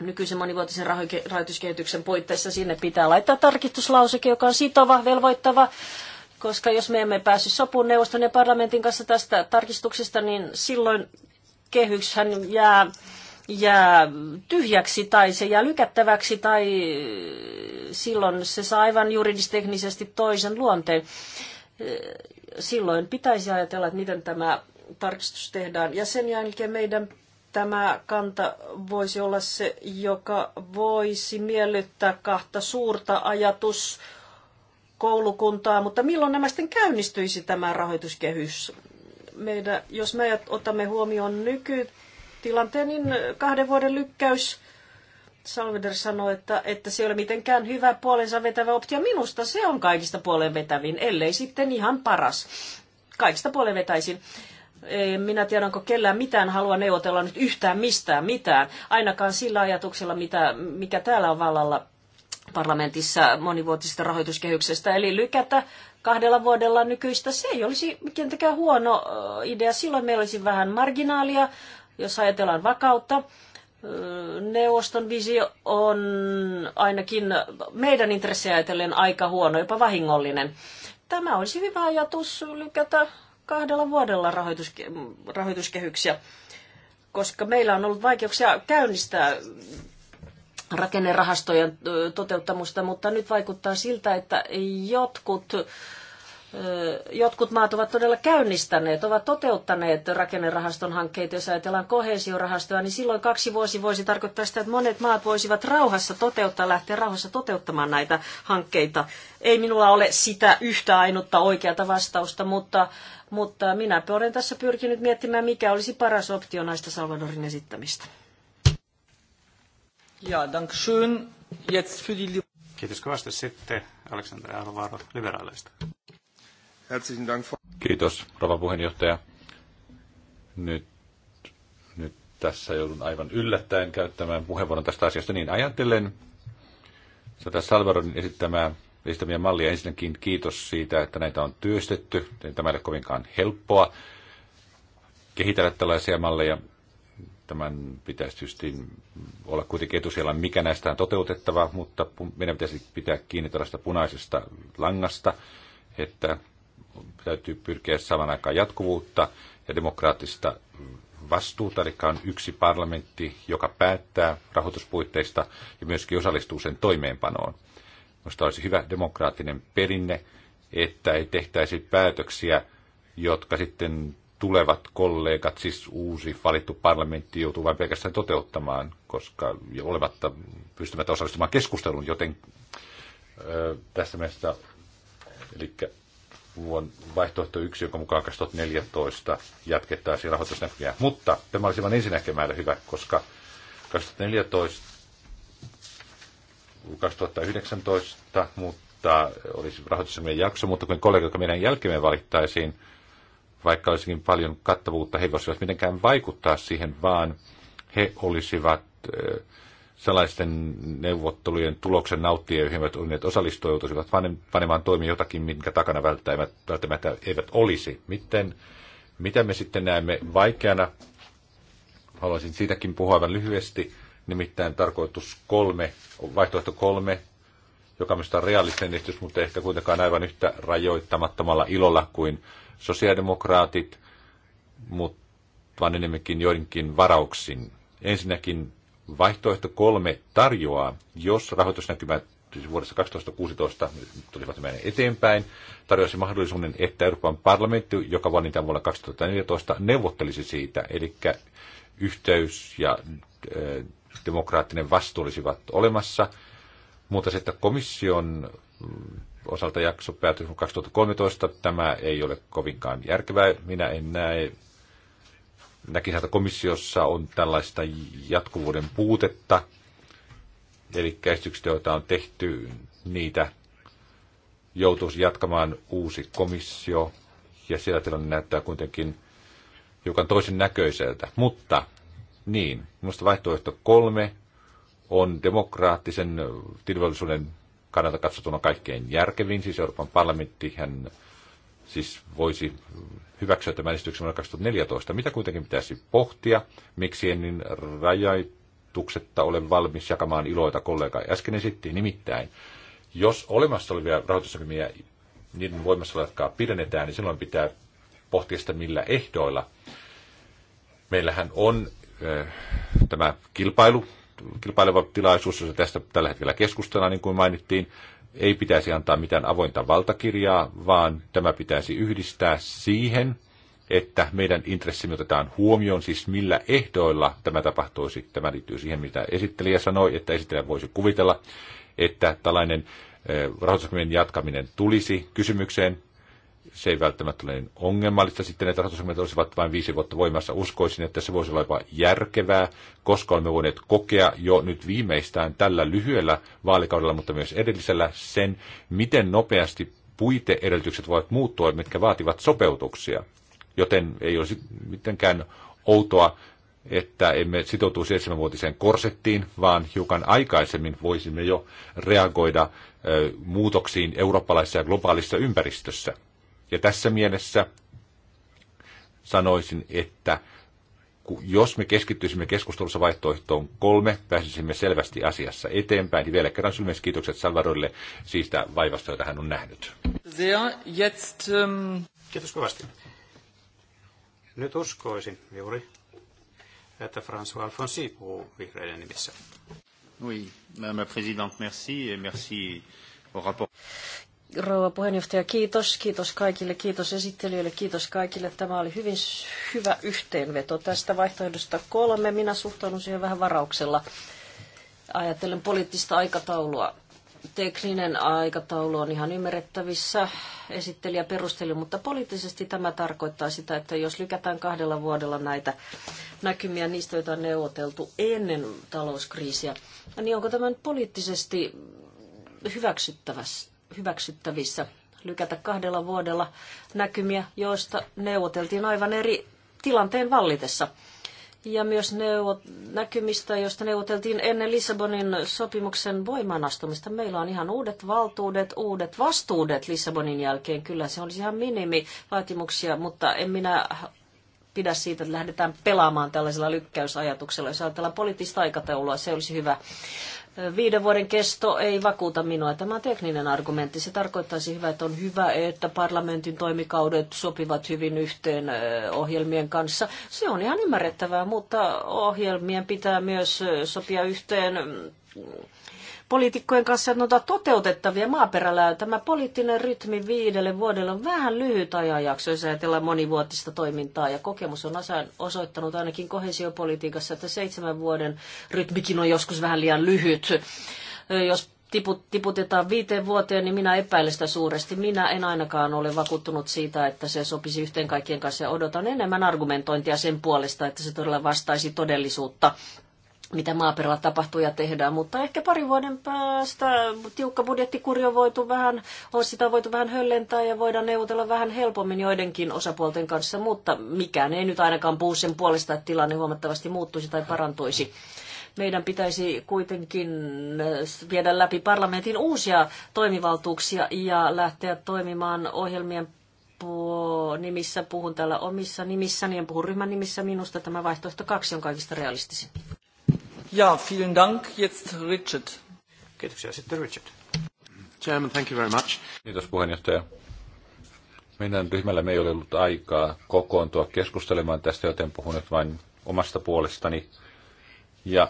nykyisen monivuotisen rahoituskehityksen puitteissa sinne pitää laittaa tarkistuslauseke, joka on sitova, velvoittava, koska jos me emme päässyt sopuun neuvoston ja parlamentin kanssa tästä tarkistuksesta, niin silloin kehyshän jää, jää tyhjäksi tai se jää lykättäväksi tai silloin se saa aivan juridisteknisesti toisen luonteen. Silloin pitäisi ajatella, että miten tämä tarkistus tehdään. Ja sen jälkeen meidän tämä kanta voisi olla se, joka voisi miellyttää kahta suurta ajatus koulukuntaa, mutta milloin nämä sitten käynnistyisi tämä rahoituskehys? Meidän, jos me otamme huomioon nykytilanteen, niin kahden vuoden lykkäys Salveder sanoi, että, että se ei ole mitenkään hyvä puolensa vetävä optio. Minusta se on kaikista puolen vetävin, ellei sitten ihan paras. Kaikista puolen vetäisin en minä tiedä, onko kellään mitään halua neuvotella nyt yhtään mistään mitään, ainakaan sillä ajatuksella, mitä, mikä täällä on vallalla parlamentissa monivuotisesta rahoituskehyksestä, eli lykätä kahdella vuodella nykyistä. Se ei olisi mitenkään huono idea. Silloin meillä olisi vähän marginaalia, jos ajatellaan vakautta. Neuvoston visio on ainakin meidän intressejä ajatellen aika huono, jopa vahingollinen. Tämä olisi hyvä ajatus lykätä kahdella vuodella rahoituske- rahoituskehyksiä, koska meillä on ollut vaikeuksia käynnistää rakennerahastojen toteuttamusta, mutta nyt vaikuttaa siltä, että jotkut jotkut maat ovat todella käynnistäneet, ovat toteuttaneet rakennerahaston hankkeita, jos ajatellaan kohesiorahastoa, niin silloin kaksi vuosi voisi tarkoittaa sitä, että monet maat voisivat rauhassa toteuttaa, lähteä rauhassa toteuttamaan näitä hankkeita. Ei minulla ole sitä yhtä ainutta oikeata vastausta, mutta mutta minä olen tässä pyrkinyt miettimään, mikä olisi paras optio näistä Salvadorin esittämistä. Ja, dank schön. Jetzt für die... Kiitos kovasti sitten Aleksander Alvaro liberaaleista. Kiitos, rouva puheenjohtaja. Nyt, nyt tässä joudun aivan yllättäen käyttämään puheenvuoron tästä asiasta niin ajatellen. että Salvadorin esittämää esittämiä mallia. Ensinnäkin kiitos siitä, että näitä on työstetty. Tämä ei ole kovinkaan helppoa kehitellä tällaisia malleja. Tämän pitäisi tietysti olla kuitenkin etusijalla, mikä näistä on toteutettava, mutta meidän pitäisi pitää kiinni tällaista punaisesta langasta, että täytyy pyrkiä saman aikaan jatkuvuutta ja demokraattista vastuuta, eli on yksi parlamentti, joka päättää rahoituspuitteista ja myöskin osallistuu sen toimeenpanoon. Minusta olisi hyvä demokraattinen perinne, että ei tehtäisi päätöksiä, jotka sitten tulevat kollegat, siis uusi valittu parlamentti, joutuu vain pelkästään toteuttamaan, koska jo olematta pystymättä osallistumaan keskusteluun, joten ö, tässä mielessä, eli vuon vaihtoehto yksi, jonka mukaan 2014 jatkettaisiin rahoitusnäkymiä. Mutta tämä olisi vain ensinäkemällä hyvä, koska 2014 2019, mutta olisi meidän jakso, mutta kun kollega, joka meidän jälkeen valittaisiin, vaikka olisikin paljon kattavuutta, he voisivat mitenkään vaikuttaa siihen, vaan he olisivat sellaisten neuvottelujen tuloksen nauttia, joihin ovat olivat osallistua, joutuisivat panemaan toimia jotakin, minkä takana välttämättä, välttämättä eivät olisi. Miten, mitä me sitten näemme vaikeana? Haluaisin siitäkin puhua aivan lyhyesti nimittäin tarkoitus kolme, vaihtoehto kolme, joka minusta on realistinen esitys, mutta ehkä kuitenkaan aivan yhtä rajoittamattomalla ilolla kuin sosiaalidemokraatit, mutta vaan enemmänkin joidenkin varauksin. Ensinnäkin vaihtoehto kolme tarjoaa, jos rahoitusnäkymät vuodessa 2016 tulivat menemään eteenpäin, tarjosi mahdollisuuden, että Euroopan parlamentti, joka valitaan vuonna 2014, neuvottelisi siitä, eli yhteys ja demokraattinen vastuu olisivat olemassa, mutta se, että komission osalta jakso päätyi 2013, tämä ei ole kovinkaan järkevää. Minä en näe, Näkin, että komissiossa on tällaista jatkuvuuden puutetta, eli esitykset, joita on tehty, niitä joutuisi jatkamaan uusi komissio, ja siellä tilanne näyttää kuitenkin hiukan toisen näköiseltä. Mutta niin. Minusta vaihtoehto kolme on demokraattisen tilvallisuuden kannalta katsotuna kaikkein järkevin. Siis Euroopan parlamentti hän siis voisi hyväksyä tämän esityksen vuonna 2014. Mitä kuitenkin pitäisi pohtia? Miksi en niin rajaituksetta ole valmis jakamaan iloita kollega äsken esitti? Nimittäin, jos olemassa olevia rahoitusnäkymiä niiden voimassaoloa pidennetään, niin silloin pitää pohtia sitä millä ehdoilla. Meillähän on Äh, tämä kilpailu, kilpaileva tilaisuus, jossa tästä tällä hetkellä keskustellaan, niin kuin mainittiin, ei pitäisi antaa mitään avointa valtakirjaa, vaan tämä pitäisi yhdistää siihen, että meidän intressimme otetaan huomioon, siis millä ehdoilla tämä tapahtuisi. Tämä liittyy siihen, mitä esittelijä sanoi, että esittelijä voisi kuvitella, että tällainen äh, rahoitusmien jatkaminen tulisi kysymykseen se ei välttämättä ole niin ongelmallista sitten, että rahoitusongelmat olisivat vain viisi vuotta voimassa. Uskoisin, että se voisi olla jopa järkevää, koska olemme voineet kokea jo nyt viimeistään tällä lyhyellä vaalikaudella, mutta myös edellisellä sen, miten nopeasti puiteedellytykset voivat muuttua, mitkä vaativat sopeutuksia. Joten ei olisi mitenkään outoa, että emme sitoutuisi seitsemänvuotiseen korsettiin, vaan hiukan aikaisemmin voisimme jo reagoida muutoksiin eurooppalaisessa ja globaalissa ympäristössä. Ja tässä mielessä sanoisin, että jos me keskittyisimme keskustelussa vaihtoehtoon kolme, pääsisimme selvästi asiassa eteenpäin. Ja vielä kerran sylmäiset kiitokset Salvadorille siitä vaivasta, jota hän on nähnyt. Jetzt, um... Kiitos kovasti. Nyt uskoisin juuri, että François Alfonsi puhuu vihreiden nimissä. Oui, madame la présidente, merci et merci au rapport. Rouva puheenjohtaja, kiitos. Kiitos kaikille, kiitos esittelijöille, kiitos kaikille. Tämä oli hyvin hyvä yhteenveto tästä vaihtoehdosta kolme. Minä suhtaudun siihen vähän varauksella. Ajattelen poliittista aikataulua. Tekninen aikataulu on ihan ymmärrettävissä, esittelijä perusteli, mutta poliittisesti tämä tarkoittaa sitä, että jos lykätään kahdella vuodella näitä näkymiä niistä, joita on neuvoteltu ennen talouskriisiä, niin onko tämä nyt poliittisesti hyväksyttävässä? hyväksyttävissä lykätä kahdella vuodella näkymiä, joista neuvoteltiin aivan eri tilanteen vallitessa. Ja myös neuvo- näkymistä, joista neuvoteltiin ennen Lissabonin sopimuksen voimaanastumista. Meillä on ihan uudet valtuudet, uudet vastuudet Lissabonin jälkeen. Kyllä se olisi ihan minimivaatimuksia, mutta en minä pidä siitä, että lähdetään pelaamaan tällaisella lykkäysajatuksella. Jos ajatellaan poliittista aikataulua, se olisi hyvä viiden vuoden kesto ei vakuuta minua. Tämä on tekninen argumentti. Se tarkoittaisi hyvä, että on hyvä, että parlamentin toimikaudet sopivat hyvin yhteen ohjelmien kanssa. Se on ihan ymmärrettävää, mutta ohjelmien pitää myös sopia yhteen mm, poliitikkojen kanssa, että noita toteutettavia maaperällä. Tämä poliittinen rytmi viidelle vuodelle on vähän lyhyt ajanjakso, jos ajatellaan monivuotista toimintaa. Ja kokemus on osoittanut ainakin kohesiopolitiikassa, että seitsemän vuoden rytmikin on joskus vähän liian lyhyt. Jos tiput, tiputetaan viiteen vuoteen, niin minä epäilen sitä suuresti. Minä en ainakaan ole vakuuttunut siitä, että se sopisi yhteen kaikkien kanssa ja odotan enemmän argumentointia sen puolesta, että se todella vastaisi todellisuutta mitä maaperällä tapahtuu ja tehdään, mutta ehkä pari vuoden päästä tiukka budjettikuri on voitu vähän, on sitä voitu vähän höllentää ja voidaan neuvotella vähän helpommin joidenkin osapuolten kanssa, mutta mikään ei nyt ainakaan puhu sen puolesta, että tilanne huomattavasti muuttuisi tai parantuisi. Meidän pitäisi kuitenkin viedä läpi parlamentin uusia toimivaltuuksia ja lähteä toimimaan ohjelmien nimissä, puhun täällä omissa nimissäni, niin en puhu ryhmän nimissä, minusta tämä vaihtoehto kaksi on kaikista realistisin. Ja, vielen Dank. Jetzt Richard. Kiitoksia. Sitten Richard. Chairman, thank you very much. Kiitos puheenjohtaja. Meidän ryhmällämme ei ole ollut aikaa kokoontua keskustelemaan tästä, joten puhun nyt vain omasta puolestani. Ja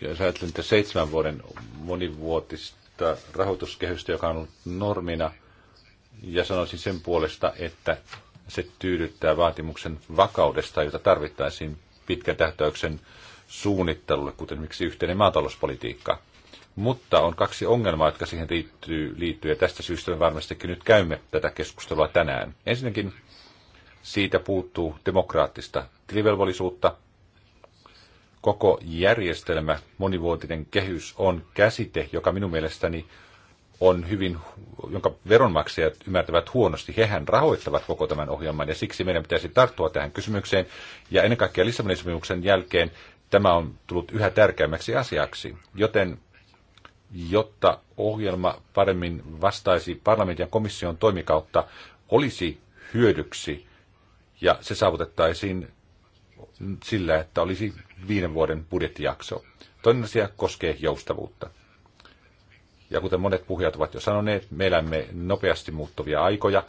jos ajattelen että seitsemän vuoden monivuotista rahoituskehystä, joka on ollut normina, ja sanoisin sen puolesta, että se tyydyttää vaatimuksen vakaudesta, jota tarvittaisiin pitkän tähtäyksen suunnittelulle, kuten miksi yhteinen maatalouspolitiikka. Mutta on kaksi ongelmaa, jotka siihen liittyy, liittyy ja tästä syystä me varmastikin nyt käymme tätä keskustelua tänään. Ensinnäkin siitä puuttuu demokraattista tilivelvollisuutta. Koko järjestelmä, monivuotinen kehys, on käsite, joka minun mielestäni on hyvin, jonka veronmaksajat ymmärtävät huonosti. Hehän rahoittavat koko tämän ohjelman ja siksi meidän pitäisi tarttua tähän kysymykseen. Ja ennen kaikkea Lissabonin sopimuksen jälkeen tämä on tullut yhä tärkeämmäksi asiaksi. Joten jotta ohjelma paremmin vastaisi parlamentin ja komission toimikautta, olisi hyödyksi ja se saavutettaisiin sillä, että olisi viiden vuoden budjettijakso. Toinen asia koskee joustavuutta. Ja kuten monet puhujat ovat jo sanoneet, me elämme nopeasti muuttuvia aikoja,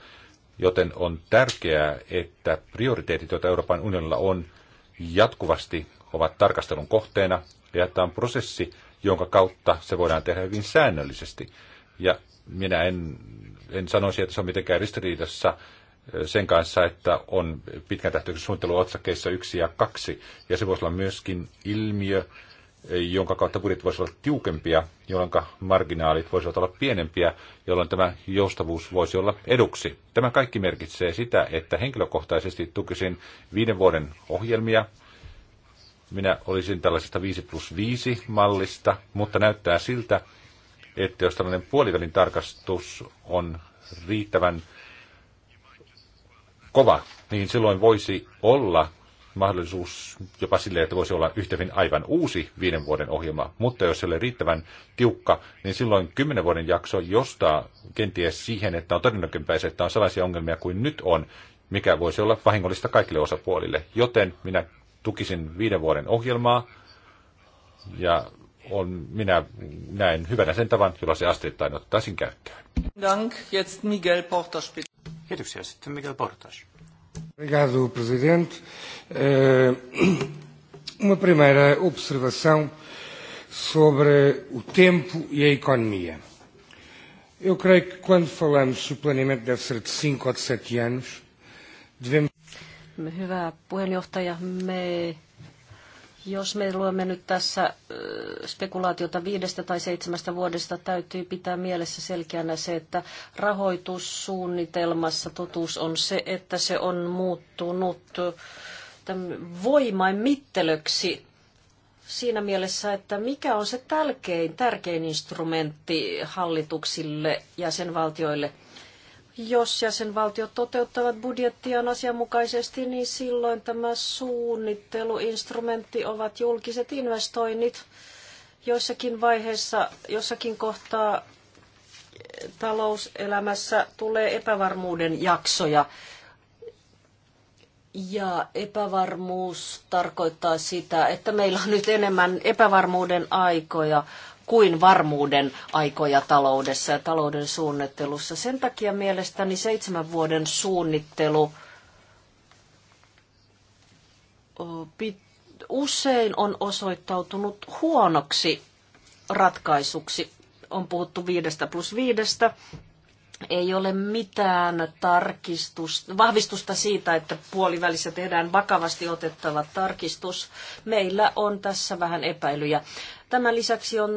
joten on tärkeää, että prioriteetit, joita Euroopan unionilla on, jatkuvasti ovat tarkastelun kohteena ja tämä on prosessi, jonka kautta se voidaan tehdä hyvin säännöllisesti. Ja minä en, en sanoisi, että se on mitenkään ristiriidassa sen kanssa, että on pitkän tähtäyksen suunnittelu otsakkeissa yksi ja kaksi. Ja se voisi olla myöskin ilmiö, jonka kautta budjetit voisivat olla tiukempia, jolloin marginaalit voisivat olla pienempiä, jolloin tämä joustavuus voisi olla eduksi. Tämä kaikki merkitsee sitä, että henkilökohtaisesti tukisin viiden vuoden ohjelmia, minä olisin tällaisesta 5 plus 5 mallista, mutta näyttää siltä, että jos tällainen puolivälin tarkastus on riittävän kova, niin silloin voisi olla mahdollisuus jopa sille, että voisi olla yhtä hyvin aivan uusi viiden vuoden ohjelma, mutta jos se ole riittävän tiukka, niin silloin kymmenen vuoden jakso jostaa kenties siihen, että on todennäköisempää, että on sellaisia ongelmia kuin nyt on, mikä voisi olla vahingollista kaikille osapuolille. Joten minä tukisin viiden vuoden ohjelmaa ja on, minä näen hyvänä sen tavan, jolla se asteittain ottaisin käyttöön. Dank, jetzt Miguel Portas. Kiitoksia. Sitten Miguel Portas. Obrigado, Presidente. Uh, uma primeira observação sobre o tempo e a economia. Eu creio que quando falamos se o planeamento deve ser de 5 ou de 7 anos, devemos... Hyvä puheenjohtaja, me, jos me luemme nyt tässä spekulaatiota viidestä tai seitsemästä vuodesta, täytyy pitää mielessä selkeänä se, että rahoitussuunnitelmassa totuus on se, että se on muuttunut voimain mittelöksi siinä mielessä, että mikä on se tärkein, tärkein instrumentti hallituksille ja sen valtioille – jos jäsenvaltiot toteuttavat budjettiaan asianmukaisesti, niin silloin tämä suunnitteluinstrumentti ovat julkiset investoinnit. Joissakin vaiheessa, jossakin kohtaa talouselämässä tulee epävarmuuden jaksoja. Ja epävarmuus tarkoittaa sitä, että meillä on nyt enemmän epävarmuuden aikoja kuin varmuuden aikoja taloudessa ja talouden suunnittelussa. Sen takia mielestäni seitsemän vuoden suunnittelu usein on osoittautunut huonoksi ratkaisuksi. On puhuttu viidestä plus viidestä. Ei ole mitään vahvistusta siitä, että puolivälissä tehdään vakavasti otettava tarkistus. Meillä on tässä vähän epäilyjä. Tämän lisäksi on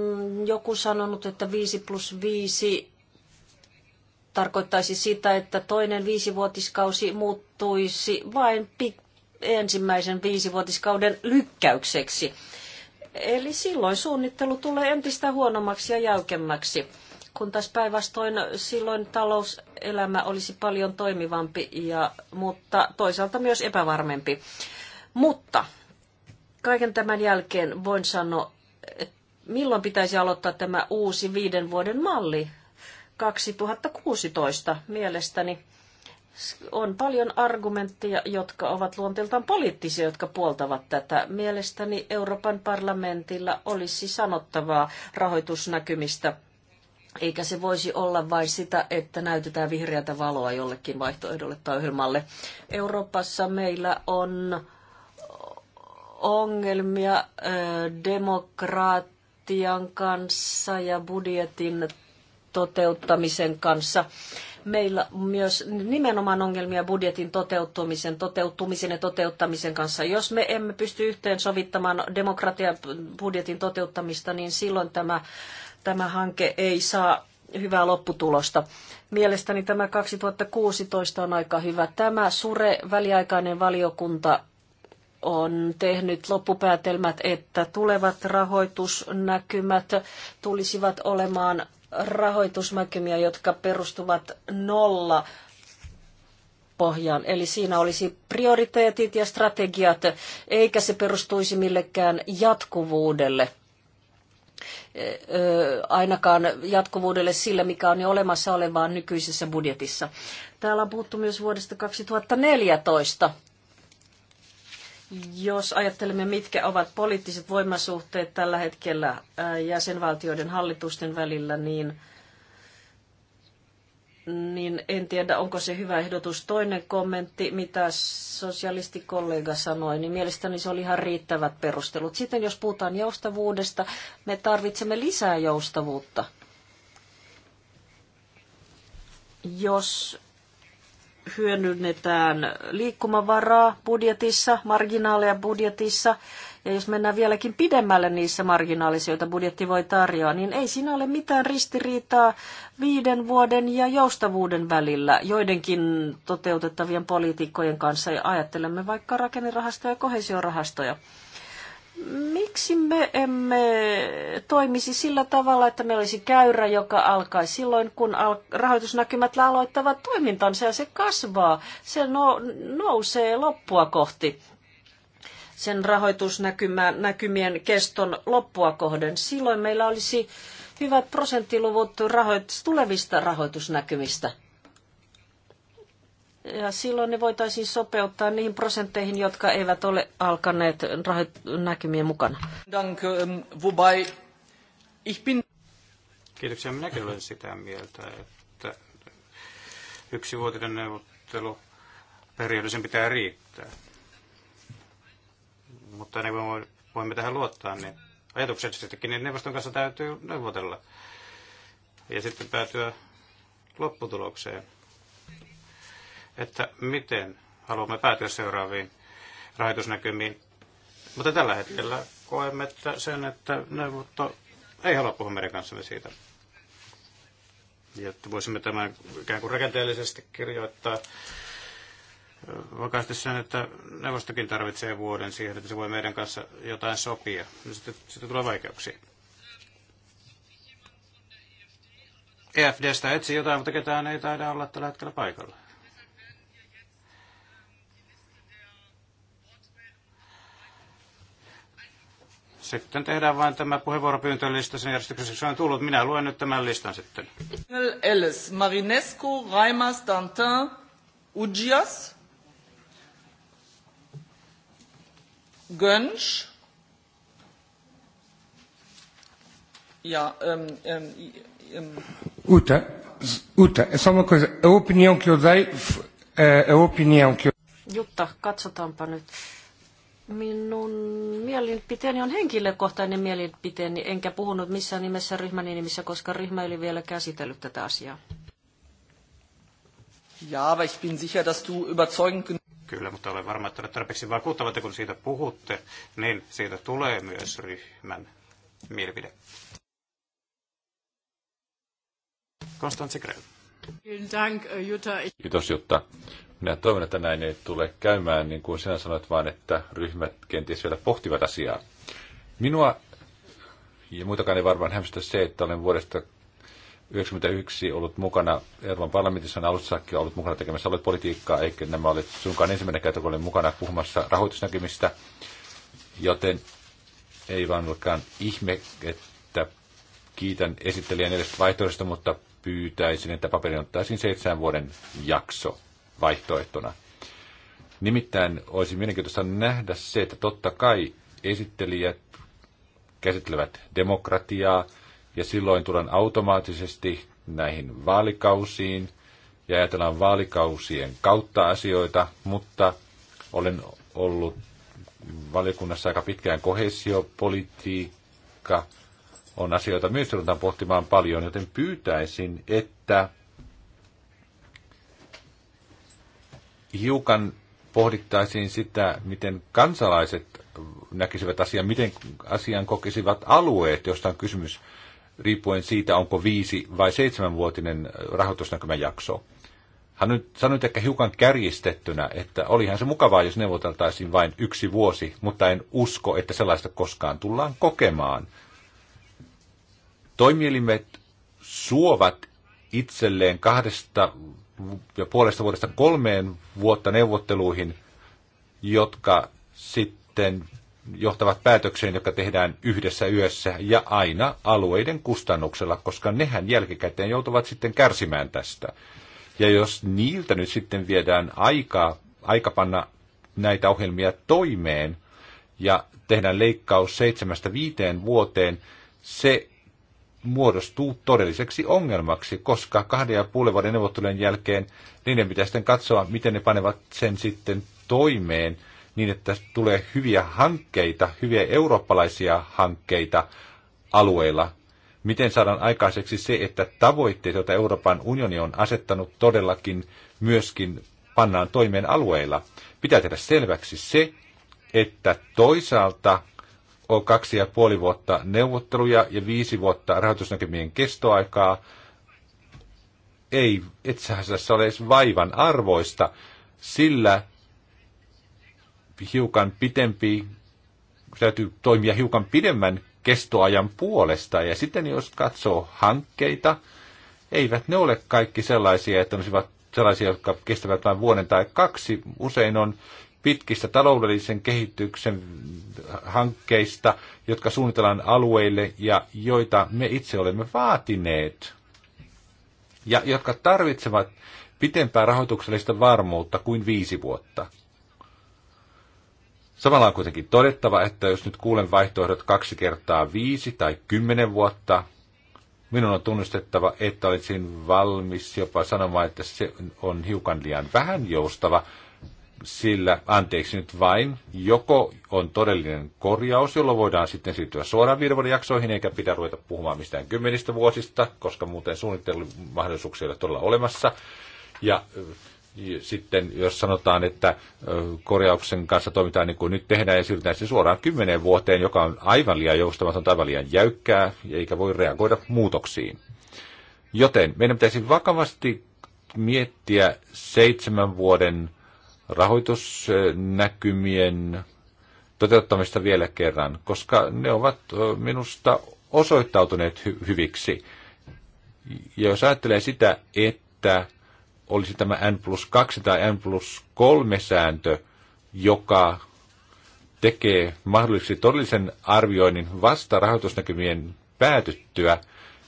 joku sanonut, että 5 plus 5 tarkoittaisi sitä, että toinen viisivuotiskausi muuttuisi vain ensimmäisen viisivuotiskauden lykkäykseksi. Eli silloin suunnittelu tulee entistä huonommaksi ja jäykemmäksi, kun taas päinvastoin silloin talouselämä olisi paljon toimivampi, ja, mutta toisaalta myös epävarmempi. Mutta kaiken tämän jälkeen voin sanoa, milloin pitäisi aloittaa tämä uusi viiden vuoden malli 2016 mielestäni. On paljon argumentteja, jotka ovat luonteeltaan poliittisia, jotka puoltavat tätä. Mielestäni Euroopan parlamentilla olisi sanottavaa rahoitusnäkymistä eikä se voisi olla vain sitä, että näytetään vihreätä valoa jollekin vaihtoehdolle tai ohjelmalle. Euroopassa meillä on ongelmia demokraattian kanssa ja budjetin toteuttamisen kanssa. Meillä on myös nimenomaan ongelmia budjetin toteuttumisen, toteuttumisen ja toteuttamisen kanssa. Jos me emme pysty yhteen sovittamaan demokratian budjetin toteuttamista, niin silloin tämä, tämä hanke ei saa hyvää lopputulosta. Mielestäni tämä 2016 on aika hyvä. Tämä Sure väliaikainen valiokunta on tehnyt loppupäätelmät, että tulevat rahoitusnäkymät tulisivat olemaan rahoitusnäkymiä, jotka perustuvat nolla pohjaan. Eli siinä olisi prioriteetit ja strategiat, eikä se perustuisi millekään jatkuvuudelle ainakaan jatkuvuudelle sillä, mikä on jo olemassa olevaa nykyisessä budjetissa. Täällä on puhuttu myös vuodesta 2014. Jos ajattelemme, mitkä ovat poliittiset voimasuhteet tällä hetkellä äh, jäsenvaltioiden hallitusten välillä, niin, niin en tiedä, onko se hyvä ehdotus. Toinen kommentti, mitä sosialistikollega sanoi, niin mielestäni se oli ihan riittävät perustelut. Sitten jos puhutaan joustavuudesta, me tarvitsemme lisää joustavuutta. Jos hyödynnetään liikkumavaraa budjetissa, marginaaleja budjetissa, ja jos mennään vieläkin pidemmälle niissä marginaalisia, joita budjetti voi tarjoa, niin ei siinä ole mitään ristiriitaa viiden vuoden ja joustavuuden välillä joidenkin toteutettavien poliitikkojen kanssa. Ja ajattelemme vaikka rakennerahastoja ja kohesiorahastoja. Miksi me emme toimisi sillä tavalla, että meillä olisi käyrä, joka alkaa silloin, kun rahoitusnäkymät aloittavat toimintansa ja se kasvaa, se no, nousee loppua kohti sen rahoitusnäkymien keston loppua kohden. Silloin meillä olisi hyvät prosenttiluvut rahoit- tulevista rahoitusnäkymistä ja silloin ne voitaisiin sopeuttaa niihin prosentteihin, jotka eivät ole alkaneet näkymien mukana. Dank, ähm, wobei ich bin... Kiitoksia. Minäkin olen sitä mieltä, että yksivuotinen neuvottelu periaatteessa pitää riittää. Mutta ne voimme tähän luottaa, niin ajatuksellisestikin niin neuvoston kanssa täytyy neuvotella ja sitten päätyä lopputulokseen että miten haluamme päätyä seuraaviin rahoitusnäkymiin. Mutta tällä hetkellä koemme että sen, että neuvosto ei halua puhua meidän kanssamme siitä. Jotta voisimme tämän ikään kuin rakenteellisesti kirjoittaa vakaasti sen, että neuvostokin tarvitsee vuoden siihen, että se voi meidän kanssa jotain sopia. No sitten, sitten tulee vaikeuksia. EFDstä etsi jotain, mutta ketään ei taida olla tällä hetkellä paikalla. Sitten tehdään vain tämä puheenvuoropyyntölista sen niin järjestyksessä, se on tullut. Minä luen nyt tämän listan sitten. Ellis, Marinescu, Raimas, Dantin, Ugias, Gönsch, ja, um, um, um. Uta, Uta, sama kuin opinion coisa. A opinião que Jutta, katsotaanpa nyt Minun mielipiteeni on henkilökohtainen mielipiteeni, enkä puhunut missään nimessä ryhmän nimissä, koska ryhmä ei vielä käsitellyt tätä asiaa. Ja, aber ich bin sicher, dass du überzeugend Kyllä, mutta olen varma, että olet tarpeeksi vakuuttava, että kun siitä puhutte, niin siitä tulee myös ryhmän mielipide. Konstantin Grell. Kiitos Jutta. Minä toivon, että näin ei tule käymään, niin kuin sinä sanoit, vaan että ryhmät kenties vielä pohtivat asiaa. Minua, ja muitakaan ei varmaan hämmästä se, että olen vuodesta 1991 ollut mukana Euroopan parlamentissa, on alussa ollut mukana tekemässä politiikkaa, eikä nämä ole sunkaan ensimmäinen kerta, kun olin mukana puhumassa rahoitusnäkymistä, joten ei vaan olekaan ihme, että kiitän esittelijän edestä vaihtoehdosta, mutta pyytäisin, että paperin ottaisiin seitsemän vuoden jakso vaihtoehtona. Nimittäin olisi mielenkiintoista nähdä se, että totta kai esittelijät käsittelevät demokratiaa ja silloin tullaan automaattisesti näihin vaalikausiin ja ajatellaan vaalikausien kautta asioita, mutta olen ollut valiokunnassa aika pitkään kohesiopolitiikka on asioita myös joudutaan pohtimaan paljon, joten pyytäisin, että hiukan pohdittaisiin sitä, miten kansalaiset näkisivät asian, miten asian kokisivat alueet, josta on kysymys, riippuen siitä, onko viisi- vai seitsemänvuotinen rahoitusnäkymäjakso. Hän nyt sanoi ehkä hiukan kärjistettynä, että olihan se mukavaa, jos neuvoteltaisiin vain yksi vuosi, mutta en usko, että sellaista koskaan tullaan kokemaan. Toimielimet suovat itselleen kahdesta ja puolesta vuodesta kolmeen vuotta neuvotteluihin, jotka sitten johtavat päätökseen, joka tehdään yhdessä yössä ja aina alueiden kustannuksella, koska nehän jälkikäteen joutuvat sitten kärsimään tästä. Ja jos niiltä nyt sitten viedään aikaa, aika panna näitä ohjelmia toimeen ja tehdään leikkaus seitsemästä viiteen vuoteen, se muodostuu todelliseksi ongelmaksi, koska kahden ja puolen vuoden neuvottelujen jälkeen niiden pitää sitten katsoa, miten ne panevat sen sitten toimeen niin, että tulee hyviä hankkeita, hyviä eurooppalaisia hankkeita alueilla. Miten saadaan aikaiseksi se, että tavoitteet, joita Euroopan unioni on asettanut, todellakin myöskin pannaan toimeen alueilla. Pitää tehdä selväksi se, että toisaalta on kaksi ja puoli vuotta neuvotteluja ja viisi vuotta rahoitusnäkymien kestoaikaa, ei itse asiassa ole edes vaivan arvoista, sillä hiukan pitempi, täytyy toimia hiukan pidemmän kestoajan puolesta. Ja sitten jos katsoo hankkeita, eivät ne ole kaikki sellaisia, että ne olisivat sellaisia, jotka kestävät vain vuoden tai kaksi. Usein on pitkistä taloudellisen kehityksen hankkeista, jotka suunnitellaan alueille ja joita me itse olemme vaatineet ja jotka tarvitsevat pitempää rahoituksellista varmuutta kuin viisi vuotta. Samalla on kuitenkin todettava, että jos nyt kuulen vaihtoehdot kaksi kertaa viisi tai kymmenen vuotta, minun on tunnustettava, että olisin valmis jopa sanomaan, että se on hiukan liian vähän joustava, sillä, anteeksi nyt vain, joko on todellinen korjaus, jolloin voidaan sitten siirtyä suoraan viiden jaksoihin, eikä pidä ruveta puhumaan mistään kymmenistä vuosista, koska muuten suunnittelumahdollisuuksia ei ole todella olemassa. Ja sitten jos sanotaan, että korjauksen kanssa toimitaan niin kuin nyt tehdään ja siirrytään sitten suoraan kymmeneen vuoteen, joka on aivan liian joustamaton, aivan liian jäykkää, eikä voi reagoida muutoksiin. Joten meidän pitäisi vakavasti miettiä seitsemän vuoden rahoitusnäkymien toteuttamista vielä kerran, koska ne ovat minusta osoittautuneet hy- hyviksi. Ja jos ajattelee sitä, että olisi tämä N plus 2 tai N plus 3 sääntö, joka tekee mahdolliseksi todellisen arvioinnin vasta rahoitusnäkymien päätyttyä,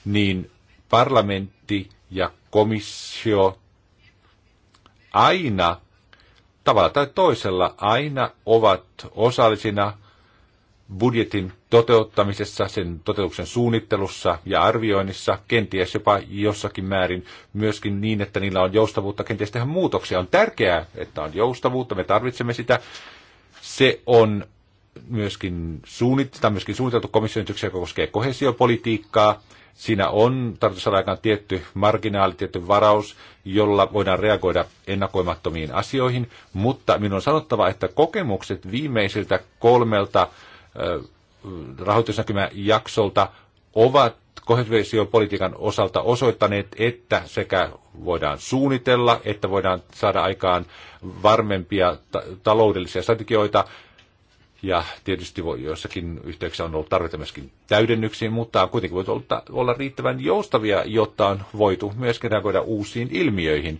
niin parlamentti ja komissio aina tavalla tai toisella aina ovat osallisina budjetin toteuttamisessa, sen toteutuksen suunnittelussa ja arvioinnissa, kenties jopa jossakin määrin myöskin niin, että niillä on joustavuutta kenties tehdä muutoksia. On tärkeää, että on joustavuutta, me tarvitsemme sitä. Se on myöskin, suunnit- myöskin suunniteltu komission joka koskee kohesiopolitiikkaa, Siinä on tarkoitus saada aikaan tietty marginaali, tietty varaus, jolla voidaan reagoida ennakoimattomiin asioihin, mutta minun on sanottava, että kokemukset viimeisiltä kolmelta rahoitusnäkymäjaksolta ovat kohdallisuuspolitiikan osalta osoittaneet, että sekä voidaan suunnitella, että voidaan saada aikaan varmempia taloudellisia strategioita, ja tietysti voi, joissakin yhteyksissä on ollut tarvetta myöskin täydennyksiin, mutta on kuitenkin voi olla, olla riittävän joustavia, jotta on voitu myöskin reagoida uusiin ilmiöihin.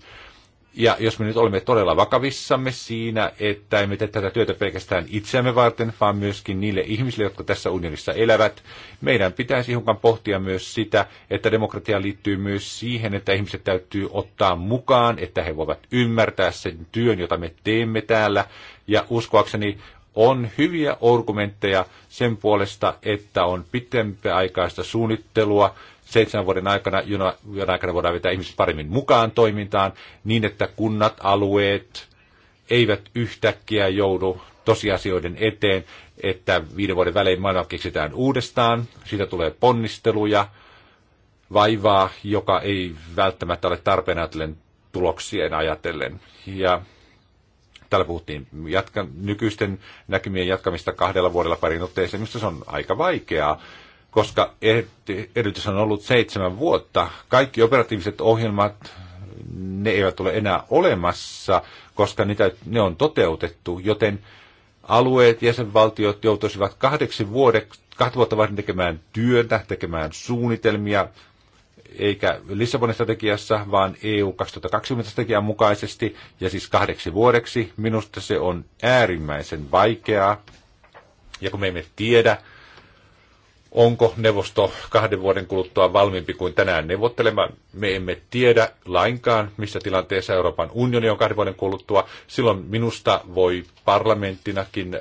Ja jos me nyt olemme todella vakavissamme siinä, että emme tee tätä työtä pelkästään itseämme varten, vaan myöskin niille ihmisille, jotka tässä unionissa elävät, meidän pitäisi hiukan pohtia myös sitä, että demokratia liittyy myös siihen, että ihmiset täytyy ottaa mukaan, että he voivat ymmärtää sen työn, jota me teemme täällä. Ja uskoakseni on hyviä argumentteja sen puolesta, että on pitempiaikaista suunnittelua seitsemän vuoden aikana, jona, jona aikana voidaan vetää ihmiset paremmin mukaan toimintaan, niin että kunnat, alueet eivät yhtäkkiä joudu tosiasioiden eteen, että viiden vuoden välein maailma keksitään uudestaan, siitä tulee ponnisteluja, vaivaa, joka ei välttämättä ole tarpeen ajatellen tuloksien ajatellen. Ja Täällä puhuttiin jatka, nykyisten näkymien jatkamista kahdella vuodella parin otteeseen, mistä se on aika vaikeaa, koska edellytys on ollut seitsemän vuotta. Kaikki operatiiviset ohjelmat, ne eivät ole enää olemassa, koska niitä, ne on toteutettu, joten alueet, jäsenvaltiot joutuisivat kahdeksi vuodeksi, kahta vuotta varten tekemään työtä, tekemään suunnitelmia, eikä Lissabonin strategiassa, vaan EU 2020 strategian mukaisesti, ja siis kahdeksi vuodeksi. Minusta se on äärimmäisen vaikeaa, ja kun me emme tiedä, onko neuvosto kahden vuoden kuluttua valmiimpi kuin tänään neuvottelemaan, me emme tiedä lainkaan, missä tilanteessa Euroopan unioni on kahden vuoden kuluttua. Silloin minusta voi parlamenttinakin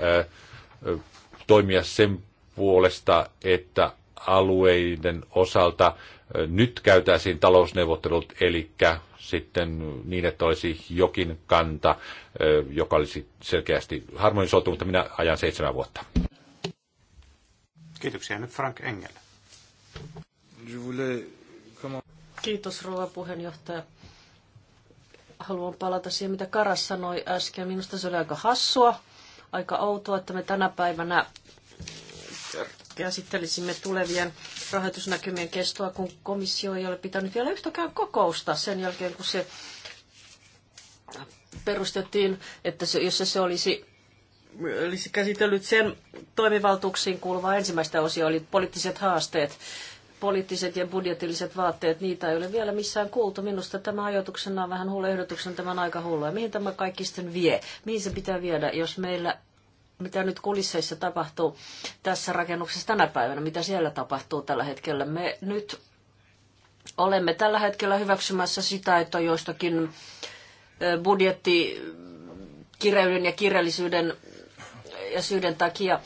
toimia sen puolesta, että alueiden osalta nyt käytäisiin talousneuvottelut, eli sitten niin, että olisi jokin kanta, joka olisi selkeästi harmonisoitu, mutta minä ajan seitsemän vuotta. Kiitoksia. Nyt Frank Engel. Kiitos rouva puheenjohtaja. Haluan palata siihen, mitä Karas sanoi äsken. Minusta se oli aika hassua, aika outoa, että me tänä päivänä käsittelisimme tulevien rahoitusnäkymien kestoa, kun komissio ei ole pitänyt vielä yhtäkään kokousta sen jälkeen, kun se perustettiin, että se, jos se olisi, olisi käsitellyt sen toimivaltuuksiin kuuluvaa ensimmäistä osia, oli poliittiset haasteet, poliittiset ja budjetilliset vaatteet, niitä ei ole vielä missään kuultu. Minusta tämä ajatuksena on vähän hullu ehdotuksen, tämän aika hullu. Ja mihin tämä kaikki sitten vie? Mihin se pitää viedä, jos meillä mitä nyt kulisseissa tapahtuu tässä rakennuksessa tänä päivänä, mitä siellä tapahtuu tällä hetkellä. Me nyt olemme tällä hetkellä hyväksymässä sitä, että on joistakin budjettikireyden ja kirjallisuuden ja syyden takia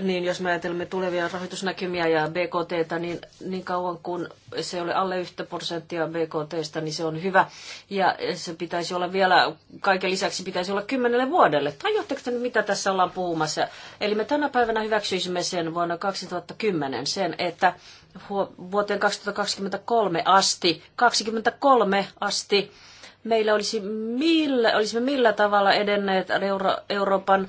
niin jos me ajatelemme tulevia rahoitusnäkymiä ja BKT: niin niin kauan kuin se oli alle 1 prosenttia BKT, niin se on hyvä. Ja se pitäisi olla vielä, kaiken lisäksi pitäisi olla kymmenelle vuodelle. Tajuatteko te nyt, mitä tässä ollaan puhumassa? Eli me tänä päivänä hyväksyisimme sen vuonna 2010 sen, että vuoteen 2023 asti, 23 asti, meillä olisi millä, olisimme millä tavalla edenneet Euro- Euroopan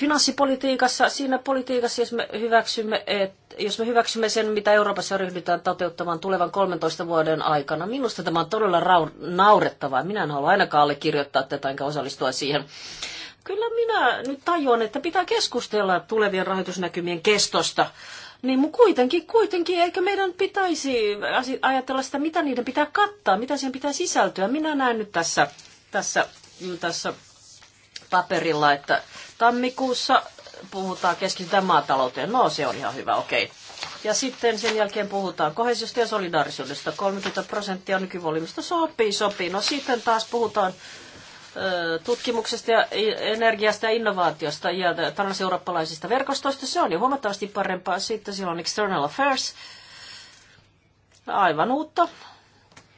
Finanssipolitiikassa, siinä politiikassa, jos me hyväksymme, et, jos me hyväksymme sen, mitä Euroopassa ryhdytään toteuttamaan tulevan 13 vuoden aikana, minusta tämä on todella naurettavaa. Minä en halua ainakaan allekirjoittaa tätä enkä osallistua siihen. Kyllä minä nyt tajuan, että pitää keskustella tulevien rahoitusnäkymien kestosta. Niin kuitenkin, kuitenkin, eikö meidän pitäisi ajatella sitä, mitä niiden pitää kattaa, mitä siihen pitää sisältyä. Minä näen nyt tässä, tässä, mm, tässä paperilla, että Tammikuussa puhutaan keskitytään maatalouteen. No, se on ihan hyvä, okei. Okay. Ja sitten sen jälkeen puhutaan kohesiosta ja solidaarisuudesta. 30 prosenttia nykyvolimista sopii, sopii. No sitten taas puhutaan tutkimuksesta ja energiasta ja innovaatiosta ja transeurooppalaisista verkostoista. Se on jo huomattavasti parempaa. Sitten siellä on External Affairs, aivan uutta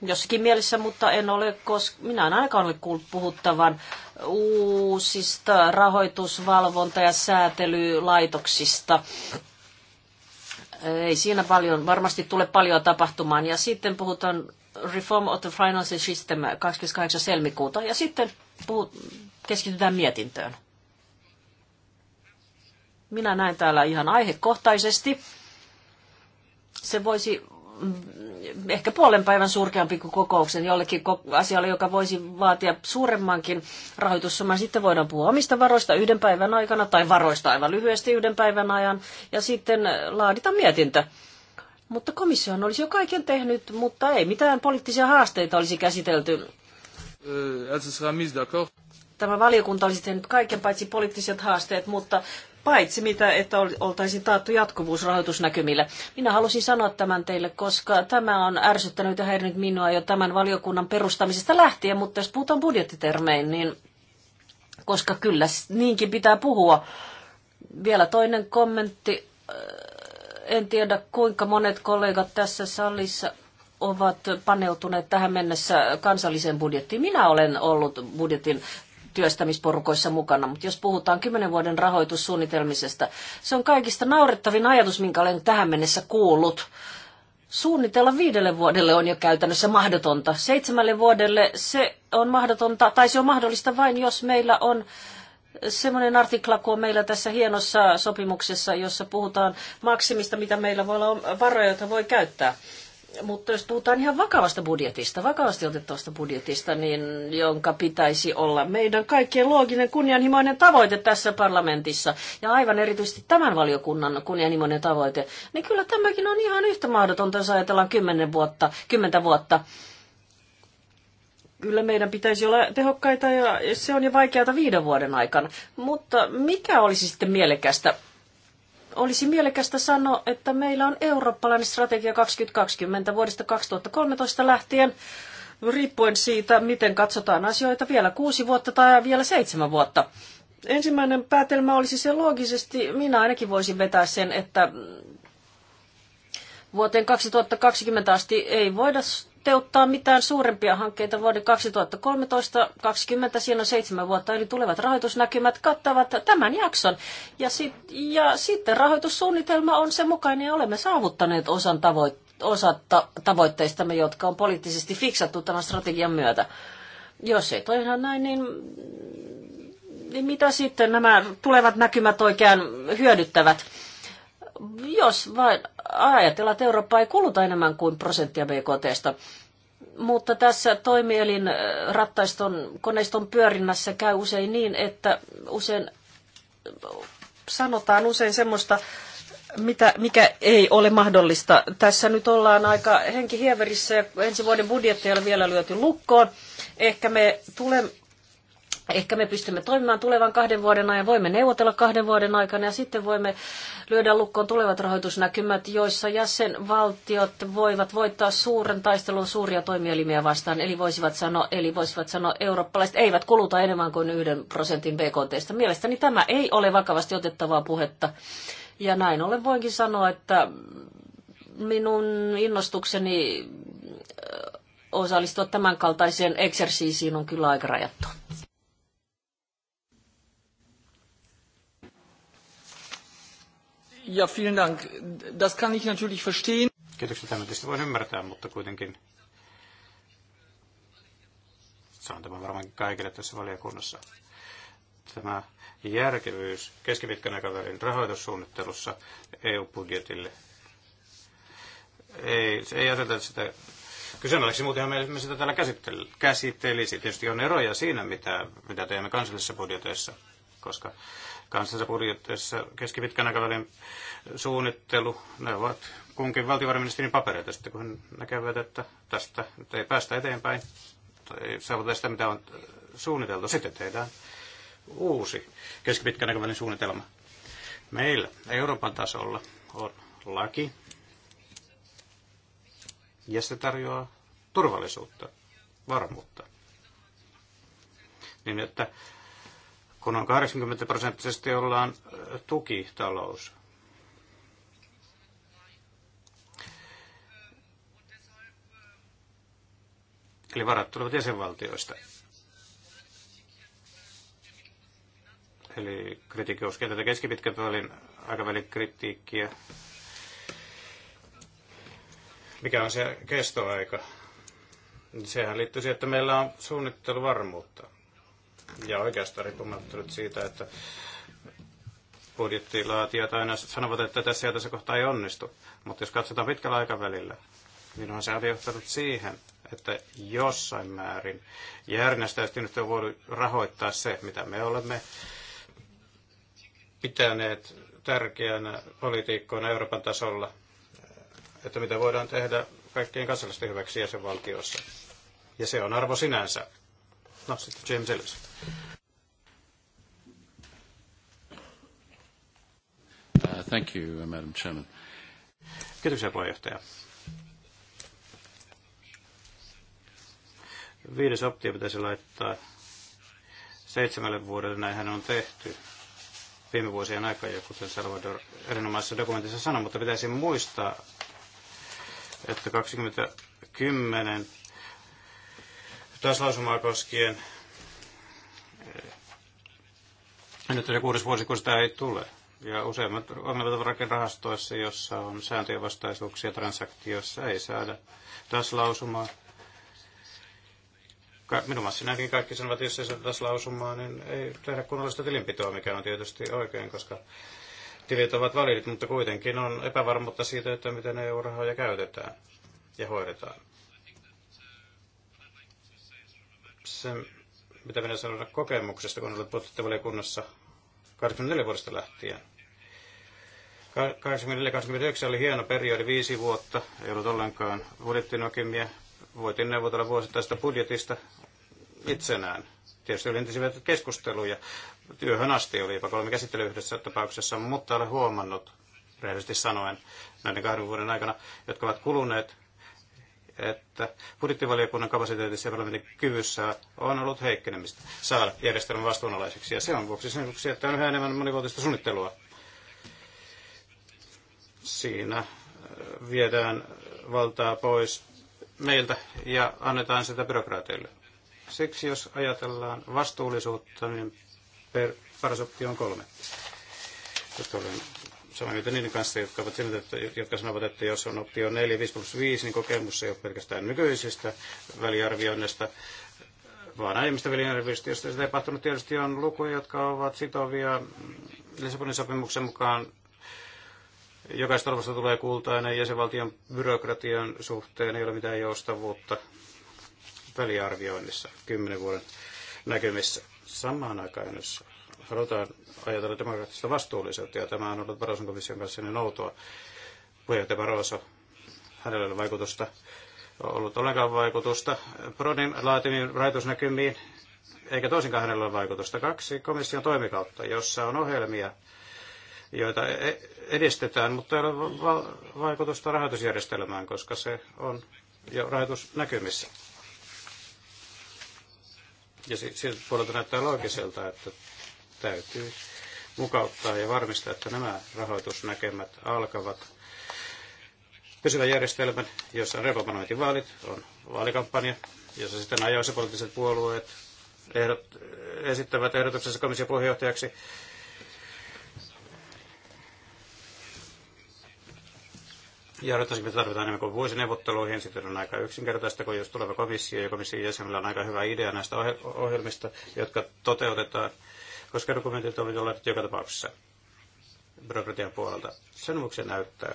jossakin mielessä, mutta en ole, koska minä en ainakaan ole kuullut puhuttavan uusista rahoitusvalvonta- ja säätelylaitoksista. Ei siinä paljon, varmasti tule paljon tapahtumaan. Ja sitten puhutaan Reform of the Financial System 28. helmikuuta ja sitten puhut, keskitytään mietintöön. Minä näen täällä ihan aihekohtaisesti. Se voisi Mm, ehkä puolen päivän surkeampi kuin kokouksen jollekin asialle, joka voisi vaatia suuremmankin rahoitussumman. Sitten voidaan puhua omista varoista yhden päivän aikana tai varoista aivan lyhyesti yhden päivän ajan ja sitten laadita mietintö. Mutta komissiohan olisi jo kaiken tehnyt, mutta ei mitään poliittisia haasteita olisi käsitelty. Euh, tämä valiokunta olisi tehnyt kaiken paitsi poliittiset haasteet, mutta paitsi mitä, että oltaisiin taattu jatkuvuus rahoitusnäkymille. Minä halusin sanoa tämän teille, koska tämä on ärsyttänyt ja häirinyt minua jo tämän valiokunnan perustamisesta lähtien, mutta jos puhutaan budjettitermein, niin koska kyllä niinkin pitää puhua. Vielä toinen kommentti. Äh, en tiedä, kuinka monet kollegat tässä salissa ovat paneutuneet tähän mennessä kansalliseen budjettiin. Minä olen ollut budjetin työstämisporukoissa mukana. Mutta jos puhutaan kymmenen vuoden rahoitussuunnitelmisesta, se on kaikista naurettavin ajatus, minkä olen tähän mennessä kuullut. Suunnitella viidelle vuodelle on jo käytännössä mahdotonta. Seitsemälle vuodelle se on mahdotonta, tai se on mahdollista vain, jos meillä on semmoinen artikla kuin meillä tässä hienossa sopimuksessa, jossa puhutaan maksimista, mitä meillä voi olla varoja, joita voi käyttää. Mutta jos puhutaan ihan vakavasta budjetista, vakavasti otettavasta budjetista, niin jonka pitäisi olla meidän kaikkien looginen kunnianhimoinen tavoite tässä parlamentissa, ja aivan erityisesti tämän valiokunnan kunnianhimoinen tavoite, niin kyllä tämäkin on ihan yhtä mahdotonta, jos ajatellaan kymmenen vuotta, kymmentä vuotta kyllä meidän pitäisi olla tehokkaita ja se on jo vaikeata viiden vuoden aikana. Mutta mikä olisi sitten mielekästä olisi mielekästä sanoa, että meillä on eurooppalainen strategia 2020 vuodesta 2013 lähtien, riippuen siitä, miten katsotaan asioita, vielä kuusi vuotta tai vielä seitsemän vuotta. Ensimmäinen päätelmä olisi se loogisesti, minä ainakin voisin vetää sen, että vuoteen 2020 asti ei voida toteuttaa mitään suurempia hankkeita vuoden 2013-2020. Siinä on seitsemän vuotta, eli tulevat rahoitusnäkymät kattavat tämän jakson. Ja, sit, ja sitten rahoitussuunnitelma on se mukainen ja olemme saavuttaneet osan tavoitteista osa ta- tavoitteistamme, jotka on poliittisesti fiksattu tämän strategian myötä. Jos ei toihan näin, niin, niin mitä sitten nämä tulevat näkymät oikein hyödyttävät? jos vain ajatellaan, että Eurooppa ei kuluta enemmän kuin prosenttia BKTstä, mutta tässä toimielin äh, rattaiston koneiston pyörinnässä käy usein niin, että usein äh, sanotaan usein semmoista, mitä, mikä ei ole mahdollista. Tässä nyt ollaan aika henkihieverissä ja ensi vuoden budjetti ei ole vielä lyöty lukkoon. Ehkä me tulemme Ehkä me pystymme toimimaan tulevan kahden vuoden ajan, voimme neuvotella kahden vuoden aikana ja sitten voimme lyödä lukkoon tulevat rahoitusnäkymät, joissa jäsenvaltiot voivat voittaa suuren taistelun suuria toimielimiä vastaan. Eli voisivat sanoa, eli voisivat sanoa eurooppalaiset eivät kuluta enemmän kuin yhden prosentin BKTstä. Mielestäni tämä ei ole vakavasti otettavaa puhetta. Ja näin ollen voinkin sanoa, että minun innostukseni osallistua tämänkaltaiseen eksersiisiin on kyllä aika rajattu. Ja, vielen Dank. Das kann ich natürlich verstehen. Kiitoksia, tämä tietysti voin ymmärtää, mutta kuitenkin sanon tämän varmaankin kaikille tässä valiokunnassa. Tämä järkevyys keskipitkän aikavälin rahoitussuunnittelussa EU-budjetille ei, se ei aseta sitä kyseenalaiseksi, muutenhan me, me sitä täällä käsitteli, käsittelisi. Tietysti on eroja siinä, mitä, mitä teemme kansallisissa budjeteissa, koska kansansa budjetteissa keskipitkän aikavälin suunnittelu, ne ovat kunkin valtiovarainministerin papereita. Sitten kun näkevät, että tästä nyt ei päästä eteenpäin tai saavuteta sitä, mitä on suunniteltu, sitten tehdään uusi keskipitkän aikavälin suunnitelma. Meillä Euroopan tasolla on laki, ja se tarjoaa turvallisuutta, varmuutta. Niin että kun on 80 prosenttisesti ollaan tukitalous. Eli varat tulevat jäsenvaltioista. Eli kritiikki koskee tätä keskipitkän välin aikavälin kritiikkiä. Mikä on se kestoaika? Sehän liittyy siihen, että meillä on suunnitteluvarmuutta ja oikeastaan riippumatta nyt siitä, että budjettilaatijat aina sanovat, että tässä ja tässä kohtaa ei onnistu. Mutta jos katsotaan pitkällä aikavälillä, niin on se johtanut siihen, että jossain määrin nyt on voinut rahoittaa se, mitä me olemme pitäneet tärkeänä politiikkoina Euroopan tasolla, että mitä voidaan tehdä kaikkien kansallisten hyväksi jäsenvaltiossa. Ja se on arvo sinänsä. No sitten James Ellis. Uh, thank you, uh, Madam Chairman. Kiitoksia puheenjohtaja. Viides optio pitäisi laittaa seitsemälle vuodelle, näinhän on tehty viime vuosien aikana, kuten Salvador erinomaisessa dokumentissa sanoi, mutta pitäisi muistaa, että 2010 Taas koskien. Ja eh, Nyt on se kuudes vuosi, kun sitä ei tule. Ja useimmat ongelmat rakennerahastoissa, jossa on sääntöjen vastaisuuksia transaktioissa, ei saada taas lausumaa. Minun massinäkin kaikki sanovat, että jos ei saada taas lausumaa, niin ei tehdä kunnollista tilinpitoa, mikä on tietysti oikein, koska tilit ovat validit, mutta kuitenkin on epävarmuutta siitä, että miten EU-rahoja käytetään ja hoidetaan. se, mitä minä sanon kokemuksesta, kun olet puolustusvaliokunnassa 84 vuodesta lähtien. 84-89 oli hieno periodi, viisi vuotta, ei ollut ollenkaan budjettinokimia. Voitiin neuvotella vuosittaista budjetista itsenään. Tietysti oli entisiä keskusteluja. Työhön asti oli jopa kolme käsittelyä yhdessä tapauksessa, mutta olen huomannut, rehellisesti sanoen, näiden kahden vuoden aikana, jotka ovat kuluneet, että budjettivaliokunnan kapasiteetissa ja parlamentin kyvyssä on ollut heikkenemistä saada järjestelmän vastuunalaiseksi. Ja se on vuoksi sen vuoksi, että on yhä enemmän monivuotista suunnittelua. Siinä äh, viedään valtaa pois meiltä ja annetaan sitä byrokraateille. Siksi jos ajatellaan vastuullisuutta, niin per, paras optio on kolme. Koska olen samaa mieltä niiden kanssa, jotka, ovat sinne, että, jotka sanovat, että jos on optio 4, 5 plus 5, niin kokemus ei ole pelkästään nykyisistä väliarvioinnista, vaan aiemmista väliarvioista, joista sitä tapahtunut tietysti on lukuja, jotka ovat sitovia Lissabonin sopimuksen mukaan jokaista arvosta tulee kultainen jäsenvaltion byrokratian suhteen ei ole mitään joustavuutta väliarvioinnissa, kymmenen vuoden näkymissä. Samaan aikaan, jossa halutaan ajatella demokraattista vastuullisuutta, ja tämä on ollut Barroson komission kanssa niin outoa. Puheenjohtaja Barroso, hänellä oli vaikutusta, ollut ollenkaan vaikutusta Prodin laatimiin rajoitusnäkymiin, eikä toisinkaan hänellä ole vaikutusta. Kaksi komission toimikautta, jossa on ohjelmia, joita e- edistetään, mutta ei ole va- vaikutusta rahoitusjärjestelmään, koska se on jo rahoitusnäkymissä. Ja siltä puolelta näyttää loogiselta, että täytyy mukauttaa ja varmistaa, että nämä rahoitusnäkemät alkavat pysyvän järjestelmän, jossa on reproponointivaalit, on vaalikampanja, jossa sitten ajoissa poliittiset puolueet ehdot, esittävät ehdotuksensa komission puheenjohtajaksi. Ja että tarvitaan enemmän kuin neuvotteluihin. Sitten on aika yksinkertaista, kun jos tuleva komissio ja komission jäsenillä on aika hyvä idea näistä ohjelmista, jotka toteutetaan – koska dokumentit ovat olleet joka tapauksessa byrokratian puolelta. se näyttää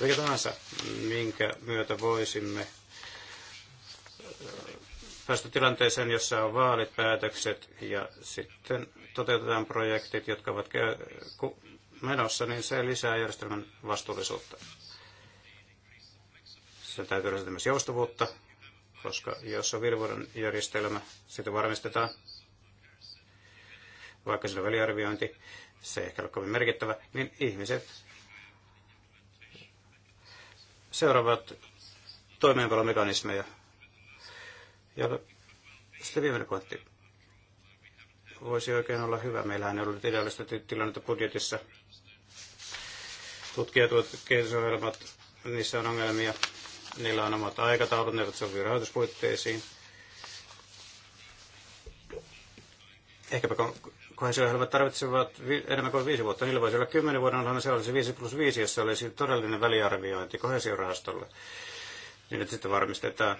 mikä tahansa, minkä myötä voisimme äh, päästä tilanteeseen, jossa on vaalit, päätökset ja sitten toteutetaan projektit, jotka ovat menossa, niin se lisää järjestelmän vastuullisuutta. Se täytyy lisätä myös joustavuutta, koska jos on virvuuden järjestelmä, sitä varmistetaan vaikka sillä väliarviointi, se ei ehkä ole kovin merkittävä, niin ihmiset seuraavat toimeenpanomekanismeja. Ja sitten viimeinen pointti. Voisi oikein olla hyvä. Meillähän ei ollut ideaalista tilannetta budjetissa. Tutkijat ovat kehitysohjelmat, niissä on ongelmia. Niillä on omat aikataulut, ne eivät sovi rahoituspuitteisiin. Ehkäpä kohesio tarvitsevat enemmän kuin viisi vuotta. Niillä voisi olla kymmenen vuoden, onhan se olisi viisi plus viisi, jossa olisi todellinen väliarviointi kohesiorahastolle. Niin nyt sitten varmistetaan,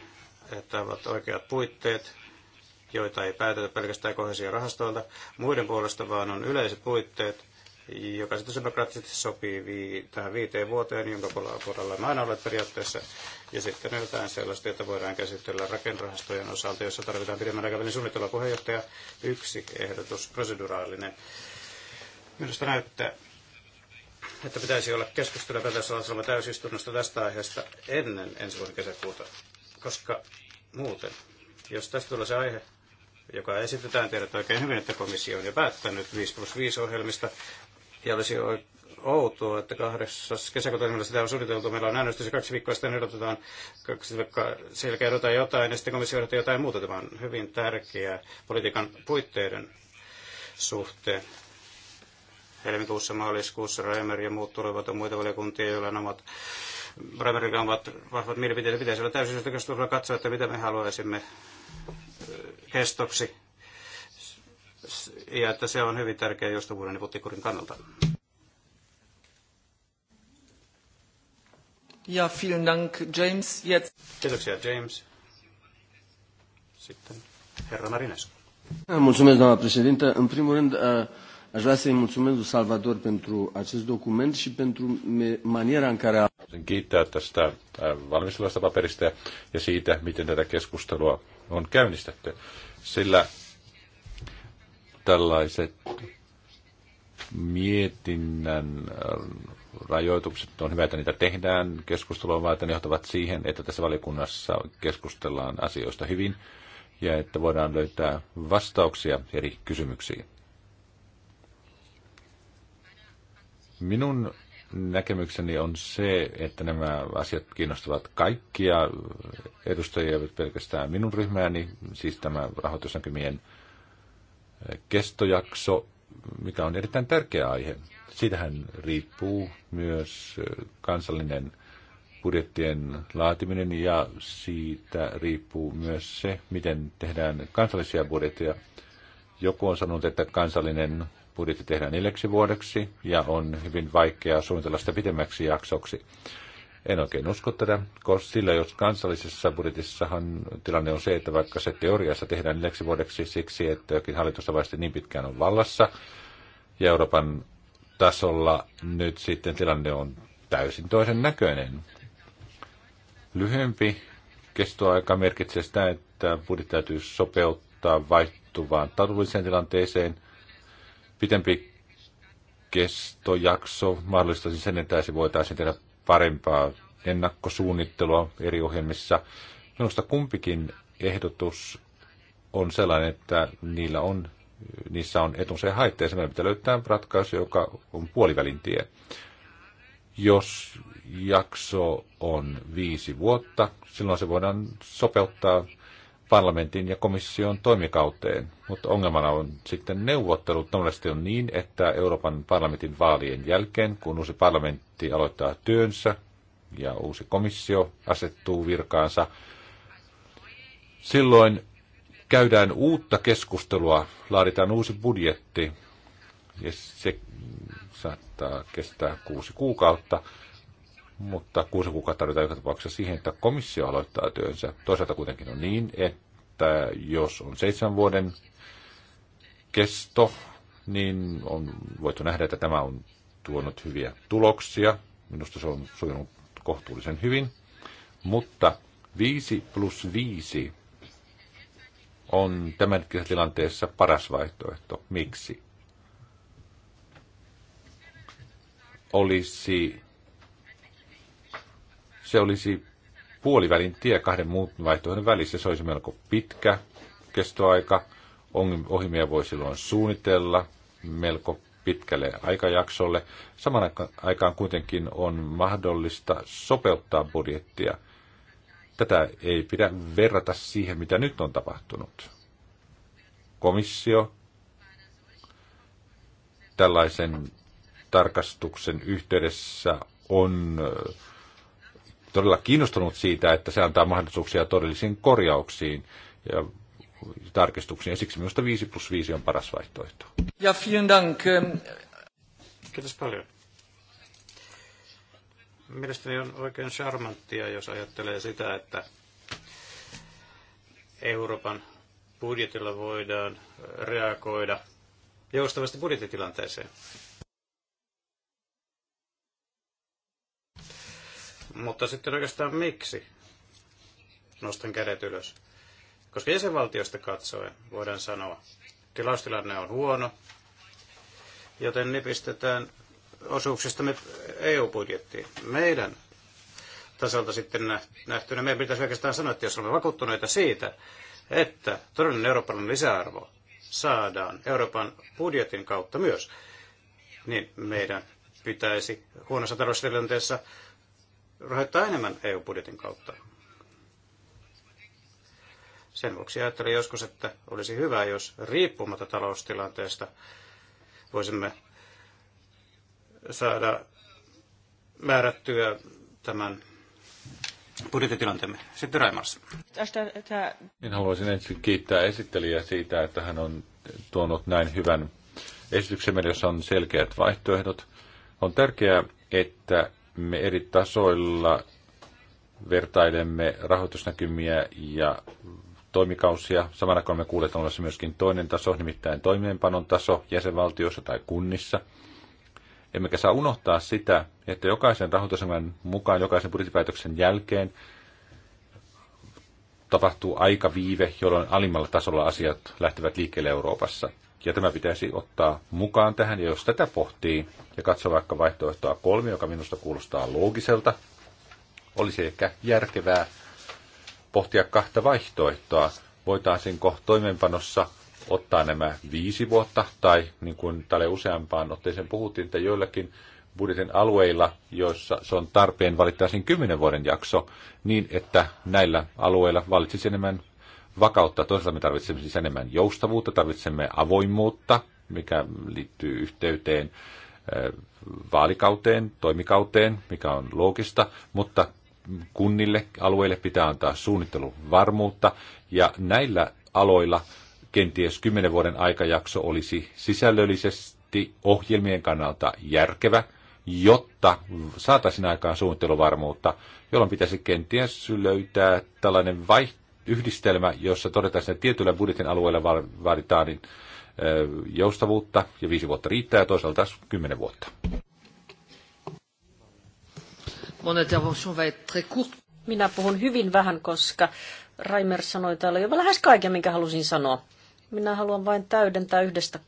että ovat oikeat puitteet, joita ei päätetä pelkästään kohesiorahastolta muiden puolesta, vaan on yleiset puitteet, joka demokraattisesti sopii vii, tähän viiteen vuoteen, jonka kohdalla on aina olleet periaatteessa, ja sitten jotain sellaista, jota voidaan käsitellä rakenrahastojen osalta, jossa tarvitaan pidemmän aikavälin suunnittelua puheenjohtaja. Yksi ehdotus, proseduraalinen. Minusta näyttää, että pitäisi olla keskustelua päätösalaisella täysistunnosta tästä aiheesta ennen ensi vuoden kesäkuuta, koska muuten, jos tästä tulee se aihe, joka esitetään, tiedät oikein hyvin, että komissio on jo päättänyt 5 plus 5 ohjelmista, ja olisi outoa, että 8. kesäkuuta esimerkiksi sitä on suunniteltu. Meillä on äänestys kaksi viikkoa sitten erotetaan, kaksi viikkoa selkeä erotetaan jotain ja sitten komissio ehdottaa jotain muuta. Tämä on hyvin tärkeää politiikan puitteiden suhteen. Helmikuussa, maaliskuussa Reimer ja muut tulevat on muita valiokuntia, joilla on omat Reimerillä ovat vahvat mielipiteet. Pitäisi olla täysin keskustelulla katsoa, että mitä me haluaisimme kestoksi ja että se on hyvin tärkeä joustavuuden ja puttikurin kannalta. Ja, vielen Dank, James. Jetzt. Kiitoksia, James. Sitten herra Marinescu. Eh, mulțumesc, doamna președintă. În primul rând, eh, aș vrea să-i mulțumesc lui Salvador pentru acest document și pentru maniera în care a... Kiittää tästä eh, valmistelusta paperista ja siitä, miten tätä keskustelua on käynnistetty. Sillä tällaiset mietinnän äh, rajoitukset, on hyvä, että niitä tehdään keskustelua ne johtavat siihen, että tässä valiokunnassa keskustellaan asioista hyvin ja että voidaan löytää vastauksia eri kysymyksiin. Minun näkemykseni on se, että nämä asiat kiinnostavat kaikkia edustajia, pelkästään minun ryhmääni, siis tämä rahoitusnäkymien kestojakso, mikä on erittäin tärkeä aihe. Siitähän riippuu myös kansallinen budjettien laatiminen ja siitä riippuu myös se, miten tehdään kansallisia budjetteja. Joku on sanonut, että kansallinen budjetti tehdään neljäksi vuodeksi ja on hyvin vaikea suunnitella sitä pidemmäksi jaksoksi. En oikein usko tätä, koska sillä jos kansallisessa budjetissahan tilanne on se, että vaikka se teoriassa tehdään neljäksi vuodeksi siksi, että jokin hallitus vaisti niin pitkään on vallassa, ja Euroopan tasolla nyt sitten tilanne on täysin toisen näköinen. Lyhyempi kestoaika merkitsee sitä, että budjetti täytyy sopeuttaa vaihtuvaan taloudelliseen tilanteeseen. Pitempi kestojakso mahdollistaisi sen, että se voitaisiin tehdä parempaa ennakkosuunnittelua eri ohjelmissa. Minusta kumpikin ehdotus on sellainen, että niillä on, niissä on etunsa ja haitteensa. Meidän pitää löytää ratkaisu, joka on puolivälin tie. Jos jakso on viisi vuotta, silloin se voidaan sopeuttaa parlamentin ja komission toimikauteen. Mutta ongelmana on sitten neuvottelut. Normaalisti on niin, että Euroopan parlamentin vaalien jälkeen, kun uusi parlamentti aloittaa työnsä ja uusi komissio asettuu virkaansa, silloin käydään uutta keskustelua, laaditaan uusi budjetti ja se saattaa kestää kuusi kuukautta – mutta kuusi kuukautta tarvitaan joka tapauksessa siihen, että komissio aloittaa työnsä. Toisaalta kuitenkin on niin, että jos on seitsemän vuoden kesto, niin on voitu nähdä, että tämä on tuonut hyviä tuloksia. Minusta se on sujunut kohtuullisen hyvin. Mutta 5 plus 5 on tämän tilanteessa paras vaihtoehto. Miksi? Olisi se olisi puolivälin tie kahden muun vaihtoehdon välissä. Se olisi melko pitkä kestoaika. Ohimia voi silloin suunnitella melko pitkälle aikajaksolle. Saman aikaan kuitenkin on mahdollista sopeuttaa budjettia. Tätä ei pidä verrata siihen, mitä nyt on tapahtunut. Komissio tällaisen tarkastuksen yhteydessä on todella kiinnostunut siitä, että se antaa mahdollisuuksia todellisiin korjauksiin ja tarkistuksiin. Ja siksi minusta 5 plus 5 on paras vaihtoehto. Ja vielen dank. Kiitos paljon. Mielestäni on oikein charmanttia, jos ajattelee sitä, että Euroopan budjetilla voidaan reagoida joustavasti budjettitilanteeseen. Mutta sitten oikeastaan miksi? Nostan kädet ylös. Koska jäsenvaltiosta katsoen voidaan sanoa, tilaustilanne on huono, joten nipistetään osuuksistamme EU-budjettiin. Meidän tasolta sitten nähtynä meidän pitäisi oikeastaan sanoa, että jos olemme vakuuttuneita siitä, että todellinen eurooppalainen lisäarvo saadaan Euroopan budjetin kautta myös, niin meidän pitäisi huonossa taloustilanteessa rahoittaa enemmän EU-budjetin kautta. Sen vuoksi ajattelin joskus, että olisi hyvä, jos riippumatta taloustilanteesta voisimme saada määrättyä tämän budjettitilanteemme. Sitten Raimars. Minä niin haluaisin ensin kiittää esittelijää siitä, että hän on tuonut näin hyvän esityksen, jossa on selkeät vaihtoehdot. On tärkeää, että me eri tasoilla vertailemme rahoitusnäkymiä ja toimikausia. Samana kun me kuulet olemassa myöskin toinen taso, nimittäin toimeenpanon taso jäsenvaltiossa tai kunnissa. Emmekä saa unohtaa sitä, että jokaisen rahoitusaseman mukaan, jokaisen budjettipäätöksen jälkeen tapahtuu aika viive, jolloin alimmalla tasolla asiat lähtevät liikkeelle Euroopassa. Ja tämä pitäisi ottaa mukaan tähän, ja jos tätä pohtii ja katsoo vaikka vaihtoehtoa kolme, joka minusta kuulostaa loogiselta, olisi ehkä järkevää pohtia kahta vaihtoehtoa. Voitaisiinko toimeenpanossa ottaa nämä viisi vuotta, tai niin kuin tälle useampaan otteeseen puhuttiin, että joillakin budjetin alueilla, joissa se on tarpeen, valittaisiin kymmenen vuoden jakso, niin että näillä alueilla valitsisi enemmän vakautta. Toisaalta me tarvitsemme siis enemmän joustavuutta, tarvitsemme avoimuutta, mikä liittyy yhteyteen vaalikauteen, toimikauteen, mikä on loogista, mutta kunnille, alueille pitää antaa suunnitteluvarmuutta ja näillä aloilla kenties 10 vuoden aikajakso olisi sisällöllisesti ohjelmien kannalta järkevä, jotta saataisiin aikaan suunnitteluvarmuutta, jolloin pitäisi kenties löytää tällainen vaihtoehto, yhdistelmä, jossa todetaan, että tietyllä budjetin alueella vaaditaan niin joustavuutta ja viisi vuotta riittää ja toisaalta taas kymmenen vuotta. Minä puhun hyvin vähän, koska Raimer sanoi täällä jo lähes kaiken, minkä halusin sanoa. Minä haluan vain täydentää yhdestä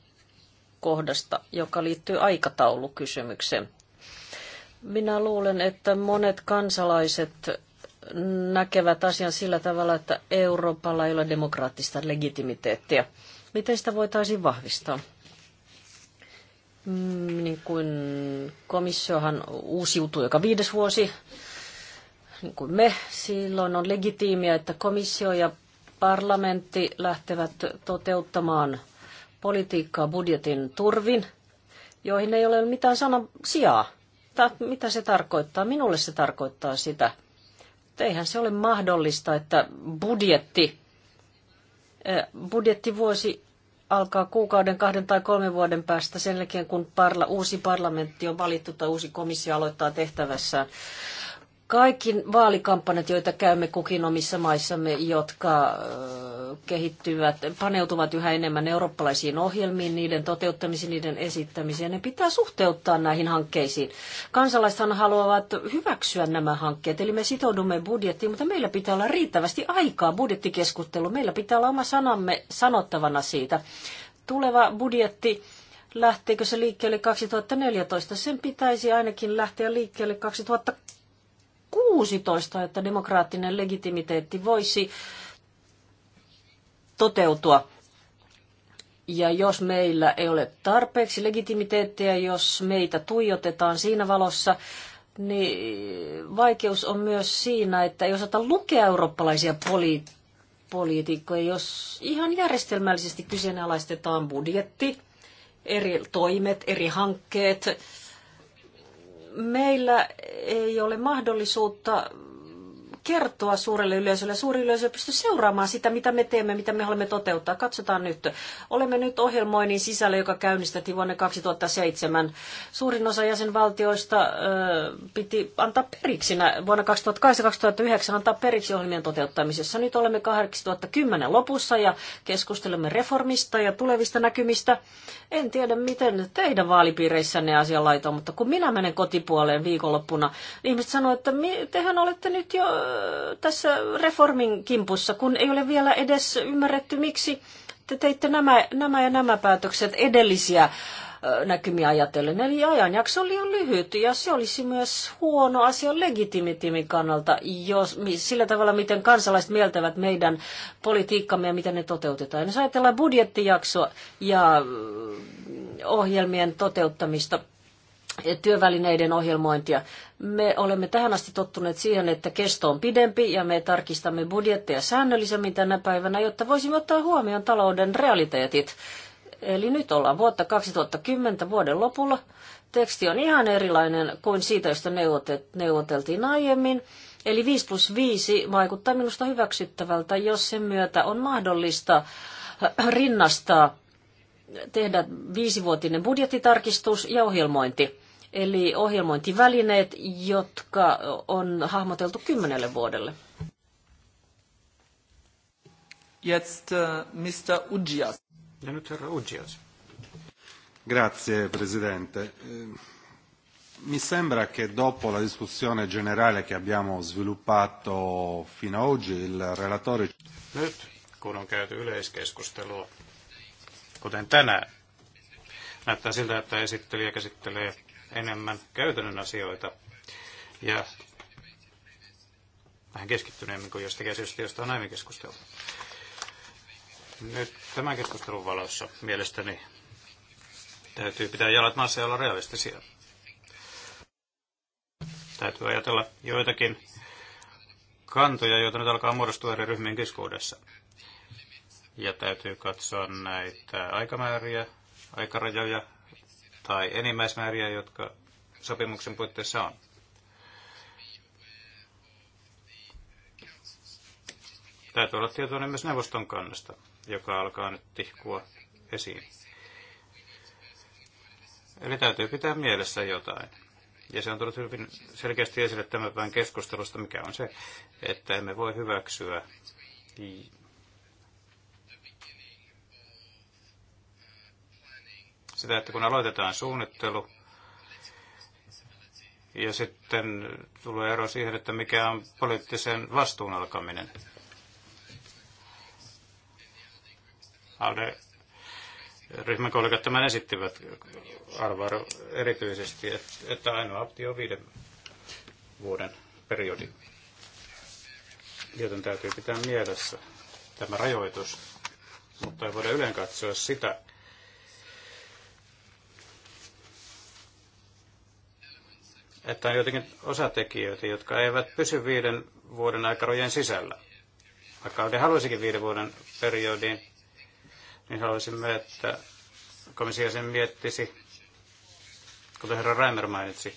kohdasta, joka liittyy aikataulukysymykseen. Minä luulen, että monet kansalaiset näkevät asian sillä tavalla, että Euroopalla ei ole demokraattista legitimiteettiä. Miten sitä voitaisiin vahvistaa? Mm, niin kuin komissiohan uusiutuu joka viides vuosi, niin kuin me, silloin on legitiimiä, että komissio ja parlamentti lähtevät toteuttamaan politiikkaa budjetin turvin, joihin ei ole mitään sanan sijaa. Mitä se tarkoittaa? Minulle se tarkoittaa sitä – eihän se ole mahdollista, että budjetti, budjettivuosi alkaa kuukauden, kahden tai kolmen vuoden päästä sen jälkeen, kun parla, uusi parlamentti on valittu tai uusi komissio aloittaa tehtävässään kaikki vaalikampanjat, joita käymme kukin omissa maissamme, jotka kehittyvät, paneutuvat yhä enemmän eurooppalaisiin ohjelmiin, niiden toteuttamiseen, niiden esittämiseen, ne pitää suhteuttaa näihin hankkeisiin. Kansalaisethan haluavat hyväksyä nämä hankkeet, eli me sitoudumme budjettiin, mutta meillä pitää olla riittävästi aikaa budjettikeskustelu, meillä pitää olla oma sanamme sanottavana siitä. Tuleva budjetti lähteekö se liikkeelle 2014? Sen pitäisi ainakin lähteä liikkeelle 2013. 16, että demokraattinen legitimiteetti voisi toteutua. Ja jos meillä ei ole tarpeeksi legitimiteettiä, jos meitä tuijotetaan siinä valossa, niin vaikeus on myös siinä, että ei osata lukea eurooppalaisia poli- poliitikkoja, jos ihan järjestelmällisesti kyseenalaistetaan budjetti, eri toimet, eri hankkeet, meillä ei ole mahdollisuutta kertoa suurelle yleisölle. Suuri yleisö pystyy seuraamaan sitä, mitä me teemme, mitä me haluamme toteuttaa. Katsotaan nyt. Olemme nyt ohjelmoinnin sisällä, joka käynnistettiin vuonna 2007. Suurin osa jäsenvaltioista ö, piti antaa periksi vuonna 2008-2009 antaa periksi ohjelmien toteuttamisessa. Nyt olemme 2010 lopussa ja keskustelemme reformista ja tulevista näkymistä. En tiedä, miten teidän vaalipiireissänne asia laitoon, mutta kun minä menen kotipuoleen viikonloppuna, niin ihmiset sanoo, että tehän olette nyt jo tässä reformin kimpussa, kun ei ole vielä edes ymmärretty, miksi te teitte nämä, nämä ja nämä päätökset edellisiä näkymiä ajatellen. Eli ajanjakso oli jo lyhyt ja se olisi myös huono asia legitimitimin kannalta, jos, sillä tavalla miten kansalaiset mieltävät meidän politiikkamme ja miten ne toteutetaan. Ja jos ajatellaan budjettijaksoa ja ohjelmien toteuttamista, työvälineiden ohjelmointia. Me olemme tähän asti tottuneet siihen, että kesto on pidempi ja me tarkistamme budjetteja säännöllisemmin tänä päivänä, jotta voisimme ottaa huomioon talouden realiteetit. Eli nyt ollaan vuotta 2010 vuoden lopulla. Teksti on ihan erilainen kuin siitä, josta neuvoteltiin aiemmin. Eli 5 plus 5 vaikuttaa minusta hyväksyttävältä, jos sen myötä on mahdollista rinnastaa tehdä viisivuotinen budjettitarkistus ja ohjelmointi eli ohjelmointivälineet, jotka on hahmoteltu kymmenelle vuodelle. Jetzt uh, äh, Mr. Ugias. Ja nyt herra Ugias. Grazie, Presidente. Eh, mi sembra che dopo la discussione generale che abbiamo sviluppato fino ad oggi, il relatore... Nyt, kun on käyty yleiskeskustelua, kuten tänään, näyttää siltä, että esittelijä käsittelee enemmän käytännön asioita ja vähän keskittyneemmin kuin jostakin asioista, josta on aiemmin keskusteltu. Nyt tämän keskustelun valossa mielestäni täytyy pitää jalat maassa ja olla realistisia. Täytyy ajatella joitakin kantoja, joita nyt alkaa muodostua eri ryhmien keskuudessa. Ja täytyy katsoa näitä aikamääriä, aikarajoja, tai enimmäismääriä, jotka sopimuksen puitteissa on. Täytyy olla tietoinen myös neuvoston kannasta, joka alkaa nyt tihkua esiin. Eli täytyy pitää mielessä jotain. Ja se on tullut hyvin selkeästi esille tämän päivän keskustelusta, mikä on se, että emme voi hyväksyä sitä, että kun aloitetaan suunnittelu, ja sitten tulee ero siihen, että mikä on poliittisen vastuun alkaminen. Alde ryhmän kollegat tämän esittivät arvaro erityisesti, että ainoa optio on viiden vuoden periodi, joten täytyy pitää mielessä tämä rajoitus, mutta ei voida yleen katsoa sitä, että on jotenkin osatekijöitä, jotka eivät pysy viiden vuoden aikarojen sisällä. Vaikka ne haluaisikin viiden vuoden periodiin, niin haluaisimme, että komissio sen miettisi, kuten herra Reimer mainitsi,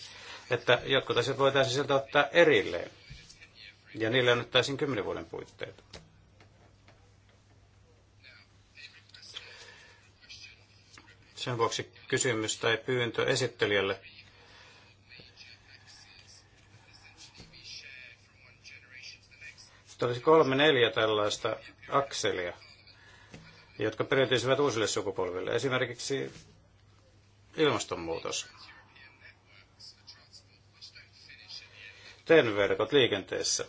että jotkut asiat voitaisiin sieltä ottaa erilleen. Ja niille annettaisiin kymmenen vuoden puitteet. Sen vuoksi kysymys tai pyyntö esittelijälle Sitten olisi kolme neljä tällaista akselia, jotka periytyisivät uusille sukupolville. Esimerkiksi ilmastonmuutos. TEN-verkot liikenteessä.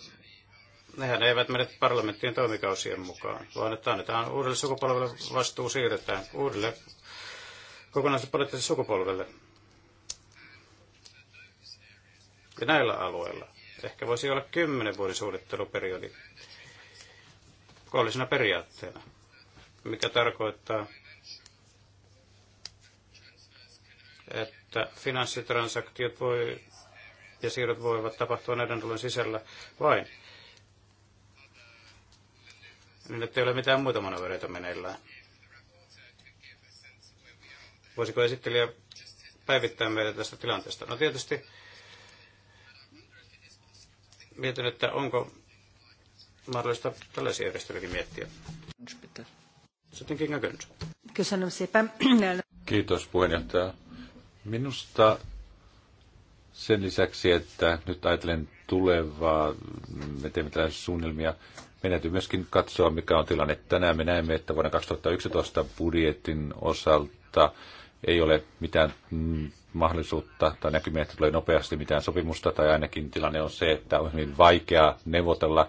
Nehän eivät mene parlamenttien toimikausien mukaan, vaan että annetaan uudelle sukupolvelle vastuu siirretään uudelle kokonaiselle poliittiselle sukupolvelle. Ja näillä alueilla Ehkä voisi olla kymmenen vuoden suunnitteluperiodi koollisena periaatteena, mikä tarkoittaa, että finanssitransaktiot voi, ja siirrot voivat tapahtua näiden tulon sisällä vain. Niin, ettei ole mitään muita manövereitä meneillään. Voisiko esittelijä päivittää meitä tästä tilanteesta? No tietysti mietin, että onko mahdollista tällaisia järjestelyjäkin miettiä. Sitten Kiitos puheenjohtaja. Minusta sen lisäksi, että nyt ajattelen tulevaa, me teemme tällaisia suunnilmia, meidän täytyy myöskin katsoa, mikä on tilanne. Tänään me näemme, että vuoden 2011 budjetin osalta ei ole mitään mm, mahdollisuutta tai näkymiä, että tulee nopeasti mitään sopimusta, tai ainakin tilanne on se, että on hyvin vaikeaa neuvotella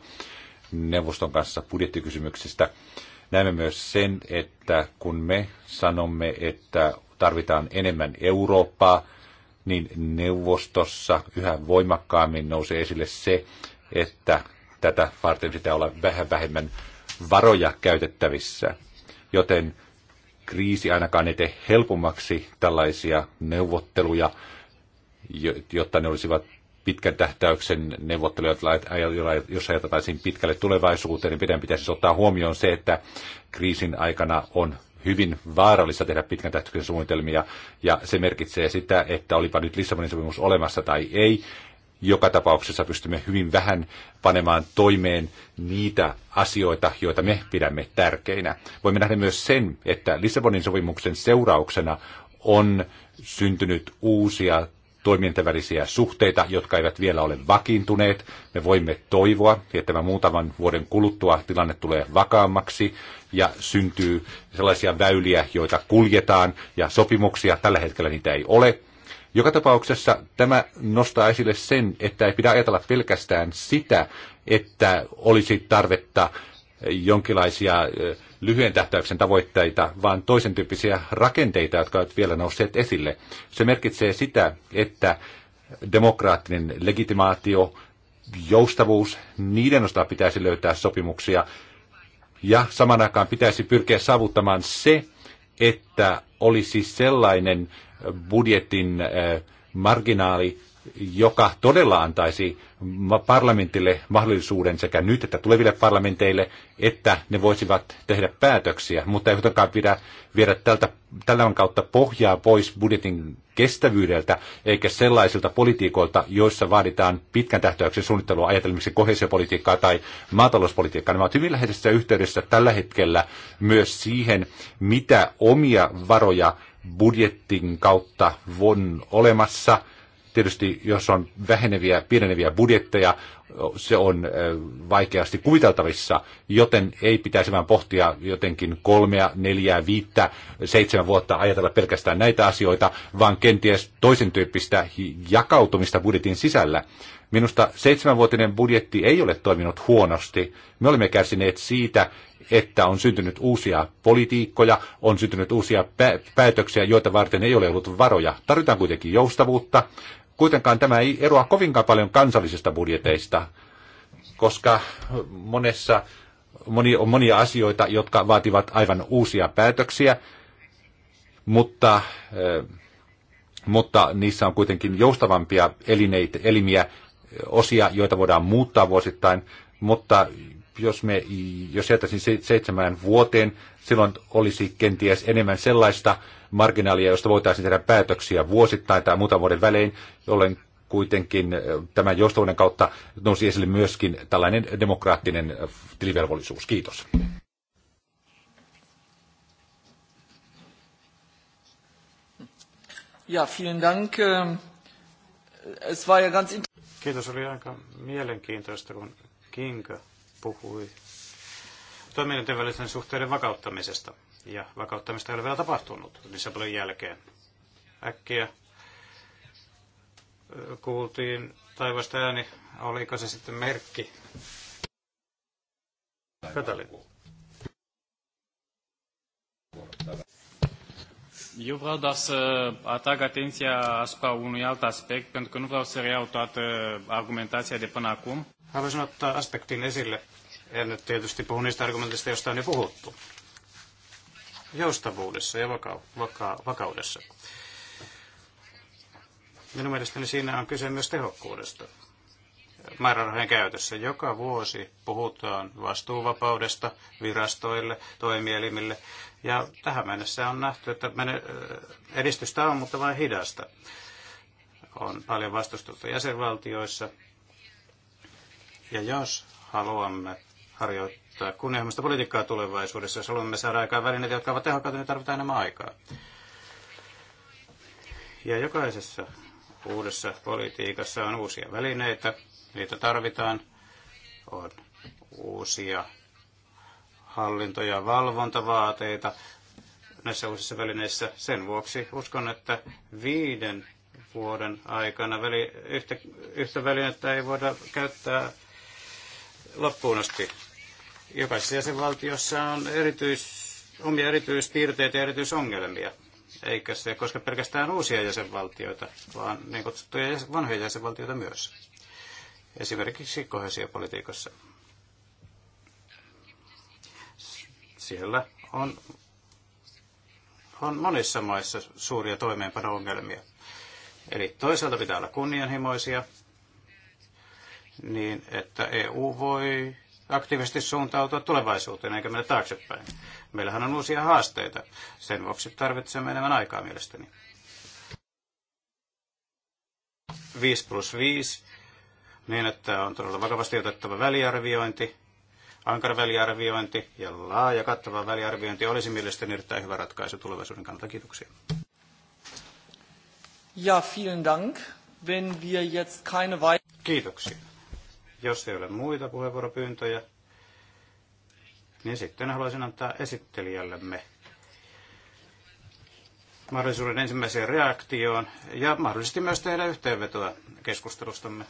neuvoston kanssa budjettikysymyksistä. Näemme myös sen, että kun me sanomme, että tarvitaan enemmän Eurooppaa, niin neuvostossa yhä voimakkaammin nousee esille se, että tätä varten pitää olla vähän vähemmän varoja käytettävissä. Joten kriisi ainakaan ei tee helpommaksi tällaisia neuvotteluja, jotta ne olisivat pitkän tähtäyksen neuvotteluja, jos ajateltaisiin pitkälle tulevaisuuteen, niin meidän pitäisi ottaa huomioon se, että kriisin aikana on hyvin vaarallista tehdä pitkän tähtäyksen suunnitelmia, ja se merkitsee sitä, että olipa nyt Lissabonin sopimus olemassa tai ei, joka tapauksessa pystymme hyvin vähän panemaan toimeen niitä asioita, joita me pidämme tärkeinä. Voimme nähdä myös sen, että Lissabonin sopimuksen seurauksena on syntynyt uusia toimintavälisiä suhteita, jotka eivät vielä ole vakiintuneet. Me voimme toivoa, että tämä muutaman vuoden kuluttua tilanne tulee vakaammaksi ja syntyy sellaisia väyliä, joita kuljetaan ja sopimuksia. Tällä hetkellä niitä ei ole. Joka tapauksessa tämä nostaa esille sen, että ei pidä ajatella pelkästään sitä, että olisi tarvetta jonkinlaisia lyhyen tähtäyksen tavoitteita, vaan toisen tyyppisiä rakenteita, jotka ovat vielä nousseet esille. Se merkitsee sitä, että demokraattinen legitimaatio, joustavuus, niiden osalta pitäisi löytää sopimuksia, ja saman aikaan pitäisi pyrkiä saavuttamaan se, että olisi sellainen budjetin eh, marginaali, joka todella antaisi parlamentille mahdollisuuden sekä nyt että tuleville parlamenteille, että ne voisivat tehdä päätöksiä, mutta ei kuitenkaan pidä viedä tältä, on kautta pohjaa pois budjetin kestävyydeltä, eikä sellaisilta politiikoilta, joissa vaaditaan pitkän tähtäyksen suunnittelua ajatelmiksi kohesiopolitiikkaa tai maatalouspolitiikkaa. Nämä ovat hyvin läheisessä yhteydessä tällä hetkellä myös siihen, mitä omia varoja budjettin kautta on olemassa – Tietysti jos on väheneviä, pieneneviä budjetteja, se on vaikeasti kuviteltavissa, joten ei pitäisi vain pohtia jotenkin kolmea, neljää, viittä, seitsemän vuotta ajatella pelkästään näitä asioita, vaan kenties toisen tyyppistä jakautumista budjetin sisällä. Minusta seitsemänvuotinen budjetti ei ole toiminut huonosti. Me olemme kärsineet siitä, että on syntynyt uusia politiikkoja, on syntynyt uusia pä- päätöksiä, joita varten ei ole ollut varoja. Tarvitaan kuitenkin joustavuutta. Kuitenkaan tämä ei eroa kovinkaan paljon kansallisista budjeteista, koska monessa moni, on monia asioita, jotka vaativat aivan uusia päätöksiä, mutta, eh, mutta niissä on kuitenkin joustavampia elineitä, elimiä, osia, joita voidaan muuttaa vuosittain, mutta jos me, jos jätäisin seitsemään vuoteen, silloin olisi kenties enemmän sellaista marginaalia, josta voitaisiin tehdä päätöksiä vuosittain tai muutaman vuoden välein, jolloin kuitenkin eh, tämän joustavuuden kautta nousi esille myöskin tällainen demokraattinen eh, tilivelvollisuus. Kiitos. Ja, vielen Dank. Ähm, es war ja ganz Kiitos, oli aika mielenkiintoista, kun Kinga puhui toimijoiden välisten suhteiden vakauttamisesta. Ja vakauttamista ei ole vielä tapahtunut Lissabonin jälkeen. Äkkiä kuultiin taivasta ääni, oliko se sitten merkki? Katalin. Eu vreau doar să atrag atenția asupra unui alt aspect, pentru că nu vreau să reiau toată argumentația de până acum. Haluaisin ottaa aspektin esille. En nyt tietysti puhu niistä argumenteista, joista on jo puhuttu. Joustavuudessa ja vaka- vaka- vakaudessa. Minun mielestäni siinä on kyse myös tehokkuudesta määrärahojen käytössä. Joka vuosi puhutaan vastuuvapaudesta virastoille, toimielimille, ja tähän mennessä on nähty, että edistystä on, mutta vain hidasta. On paljon vastustusta jäsenvaltioissa, ja jos haluamme harjoittaa kunnianhimoista politiikkaa tulevaisuudessa, jos haluamme saada aikaan välineitä, jotka ovat tehokkaita, niin tarvitaan enemmän aikaa. Ja jokaisessa uudessa politiikassa on uusia välineitä, niitä tarvitaan, on uusia hallinto- ja valvontavaateita näissä uusissa välineissä. Sen vuoksi uskon, että viiden vuoden aikana väli, yhtä, yhtä välinettä ei voida käyttää loppuun asti. Jokaisessa jäsenvaltiossa on erityis, omia erityispiirteitä ja erityisongelmia. Eikä se koske pelkästään uusia jäsenvaltioita, vaan niin kutsuttuja vanhoja jäsenvaltioita myös. Esimerkiksi kohesiopolitiikassa. Siellä on, on monissa maissa suuria toimeenpano-ongelmia. Eli toisaalta pitää olla kunnianhimoisia, niin että EU voi aktiivisesti suuntautua tulevaisuuteen eikä mennä taaksepäin. Meillähän on uusia haasteita. Sen vuoksi tarvitsemme enemmän aikaa mielestäni. 5 plus 5, niin että on todella vakavasti otettava väliarviointi, ankara väliarviointi ja laaja kattava väliarviointi olisi mielestäni erittäin hyvä ratkaisu tulevaisuuden kannalta. Kiitoksia. Ja, vielen Dank. Wenn wir jetzt keine Kiitoksia jos ei ole muita puheenvuoropyyntöjä, niin sitten haluaisin antaa esittelijällemme mahdollisuuden ensimmäiseen reaktioon ja mahdollisesti myös tehdä yhteenvetoa keskustelustamme.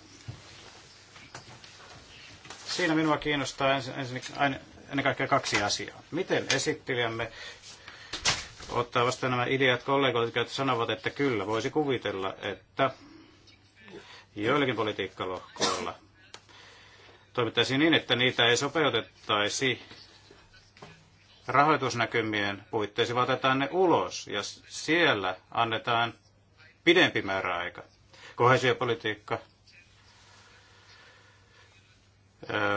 Siinä minua kiinnostaa ensin, ennen kaikkea kaksi asiaa. Miten esittelijämme ottaa vastaan nämä ideat kollegoilta, jotka sanovat, että kyllä, voisi kuvitella, että joillakin politiikkalohkoilla toimittaisiin niin, että niitä ei sopeutettaisi rahoitusnäkymien puitteisiin, vaan otetaan ne ulos ja siellä annetaan pidempi määräaika. Kohesiopolitiikka,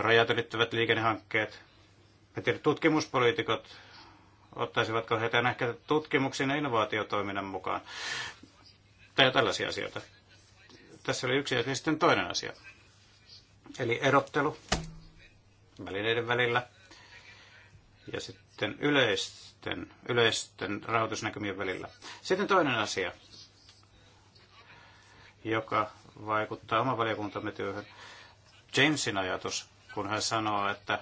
rajat ylittävät liikennehankkeet. Mä tutkimuspoliitikot, ottaisivatko heitä ehkä tutkimuksen ja innovaatiotoiminnan mukaan. Tai tällaisia asioita. Tässä oli yksi ja sitten toinen asia eli erottelu välineiden välillä ja sitten yleisten, yleisten rahoitusnäkymien välillä. Sitten toinen asia, joka vaikuttaa oman valiokuntamme työhön. Jamesin ajatus, kun hän sanoo, että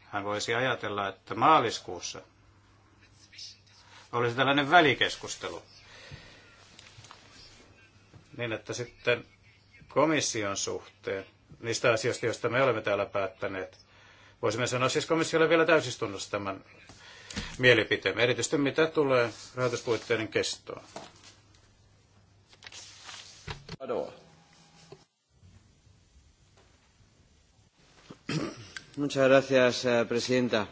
hän voisi ajatella, että maaliskuussa olisi tällainen välikeskustelu. Niin, että sitten komission suhteen niistä asioista, joista me olemme täällä päättäneet. Voisimme sanoa siis komissiolle vielä täysistunnossa tämän mielipiteemme, erityisesti mitä tulee rahoituspuitteiden kestoon. Muchas gracias, eh, presidenta.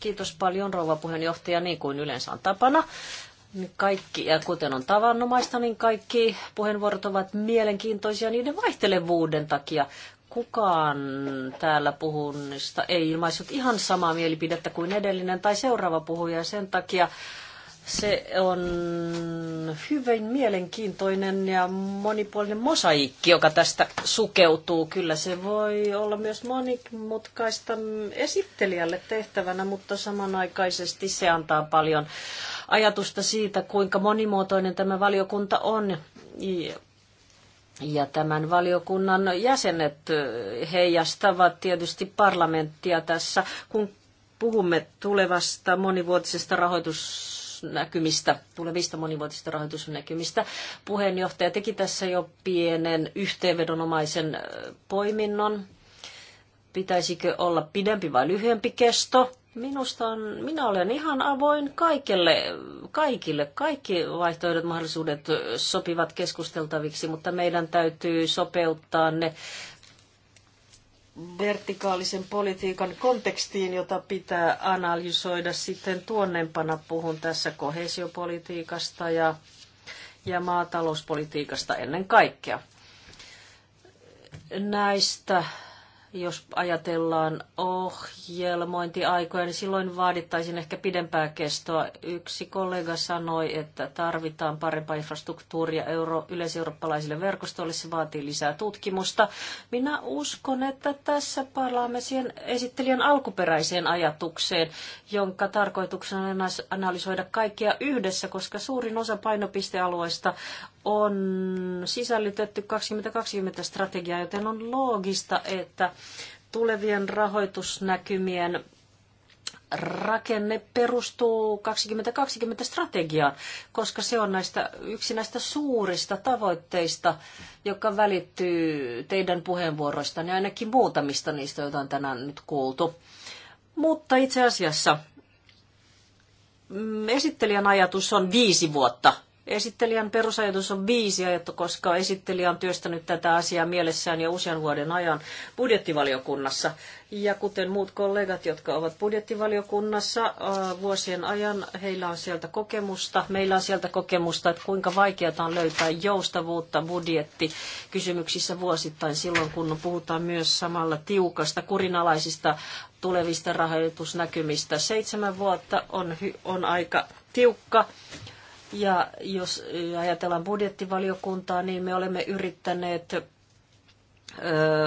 Kiitos paljon rouva puheenjohtaja, niin kuin yleensä on tapana. Niin kaikki, ja kuten on tavannomaista, niin kaikki puheenvuorot ovat mielenkiintoisia niiden vaihtelevuuden takia. Kukaan täällä puhunnista ei ilmaissut ihan samaa mielipidettä kuin edellinen tai seuraava puhuja. Sen takia se on hyvin mielenkiintoinen ja monipuolinen mosaikki, joka tästä sukeutuu. Kyllä se voi olla myös monimutkaista esittelijälle tehtävänä, mutta samanaikaisesti se antaa paljon ajatusta siitä, kuinka monimuotoinen tämä valiokunta on. Ja tämän valiokunnan jäsenet heijastavat tietysti parlamenttia tässä, kun puhumme tulevasta monivuotisesta rahoitusnäkymistä, tulevista monivuotisista rahoitusnäkymistä. Puheenjohtaja teki tässä jo pienen yhteenvedonomaisen äh, poiminnon. Pitäisikö olla pidempi vai lyhyempi kesto? Minusta on, minä olen ihan avoin kaikille, kaikille. Kaikki vaihtoehdot, mahdollisuudet sopivat keskusteltaviksi, mutta meidän täytyy sopeuttaa ne vertikaalisen politiikan kontekstiin, jota pitää analysoida sitten tuonnempana. Puhun tässä kohesiopolitiikasta ja, ja maatalouspolitiikasta ennen kaikkea. Näistä jos ajatellaan ohjelmointiaikoja, niin silloin vaadittaisiin ehkä pidempää kestoa. Yksi kollega sanoi, että tarvitaan parempaa infrastruktuuria euro, yleiseurooppalaisille verkostoille. Se vaatii lisää tutkimusta. Minä uskon, että tässä palaamme siihen esittelijän alkuperäiseen ajatukseen, jonka tarkoituksena on analysoida kaikkia yhdessä, koska suurin osa painopistealueista on sisällytetty 2020 strategiaa, joten on loogista, että tulevien rahoitusnäkymien rakenne perustuu 2020 strategiaan, koska se on näistä, yksi näistä suurista tavoitteista, joka välittyy teidän puheenvuoroistanne, ainakin muutamista niistä, joita on tänään nyt kuultu. Mutta itse asiassa mm, esittelijän ajatus on viisi vuotta Esittelijän perusajatus on viisi ajattu, koska esittelijä on työstänyt tätä asiaa mielessään jo usean vuoden ajan budjettivaliokunnassa. Ja kuten muut kollegat, jotka ovat budjettivaliokunnassa vuosien ajan, heillä on sieltä kokemusta. Meillä on sieltä kokemusta, että kuinka vaikeaa on löytää joustavuutta budjettikysymyksissä vuosittain silloin, kun puhutaan myös samalla tiukasta kurinalaisista tulevista rahoitusnäkymistä. Seitsemän vuotta on, on aika tiukka ja jos ajatellaan budjettivaliokuntaa, niin me olemme yrittäneet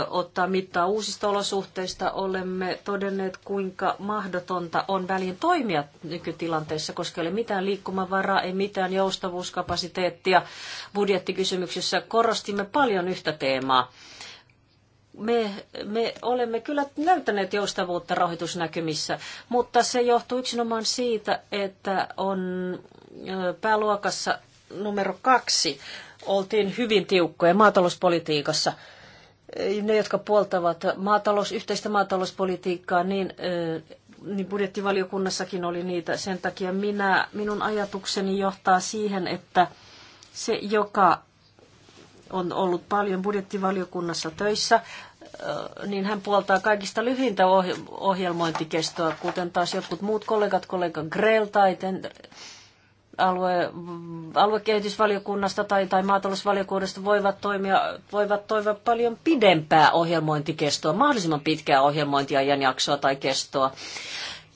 ottaa mittaa uusista olosuhteista, olemme todenneet, kuinka mahdotonta on väliin toimia nykytilanteessa, koska ei ole mitään liikkumavaraa, ei mitään joustavuuskapasiteettia Budjettikysymyksessä Korostimme paljon yhtä teemaa me, me olemme kyllä näyttäneet joustavuutta rahoitusnäkymissä, mutta se johtuu yksinomaan siitä, että on pääluokassa numero kaksi oltiin hyvin tiukkoja maatalouspolitiikassa. Ne, jotka puoltavat maatalous, yhteistä maatalouspolitiikkaa, niin, niin budjettivaliokunnassakin oli niitä. Sen takia minä, minun ajatukseni johtaa siihen, että se, joka on ollut paljon budjettivaliokunnassa töissä, niin hän puoltaa kaikista lyhintä ohjelmointikestoa, kuten taas jotkut muut kollegat, kollega Grell tai alue, aluekehitysvaliokunnasta tai, tai maatalousvaliokunnasta voivat, toimia, voivat toivoa paljon pidempää ohjelmointikestoa, mahdollisimman pitkää ohjelmointiajan jaksoa tai kestoa.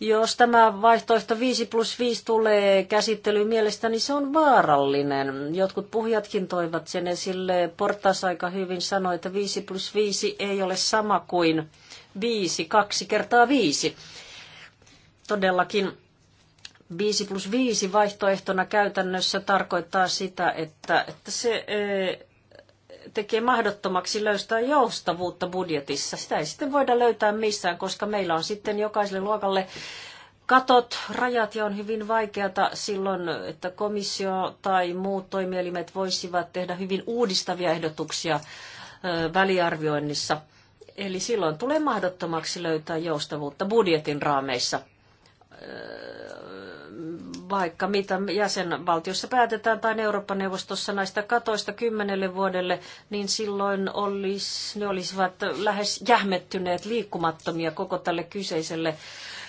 Jos tämä vaihtoehto 5 plus 5 tulee käsittelyyn mielestäni, niin se on vaarallinen. Jotkut puhujatkin toivat sen esille. Portas aika hyvin sanoi, että 5 plus 5 ei ole sama kuin 5, 2 kertaa 5. Todellakin 5 plus 5 vaihtoehtona käytännössä tarkoittaa sitä, että, että se eh, tekee mahdottomaksi löystää joustavuutta budjetissa. Sitä ei sitten voida löytää missään, koska meillä on sitten jokaiselle luokalle katot, rajat ja on hyvin vaikeata silloin, että komissio tai muut toimielimet voisivat tehdä hyvin uudistavia ehdotuksia väliarvioinnissa. Eli silloin tulee mahdottomaksi löytää joustavuutta budjetin raameissa vaikka mitä jäsenvaltiossa päätetään tai Euroopan neuvostossa näistä katoista kymmenelle vuodelle, niin silloin olis, ne olisivat lähes jähmettyneet liikkumattomia koko tälle kyseiselle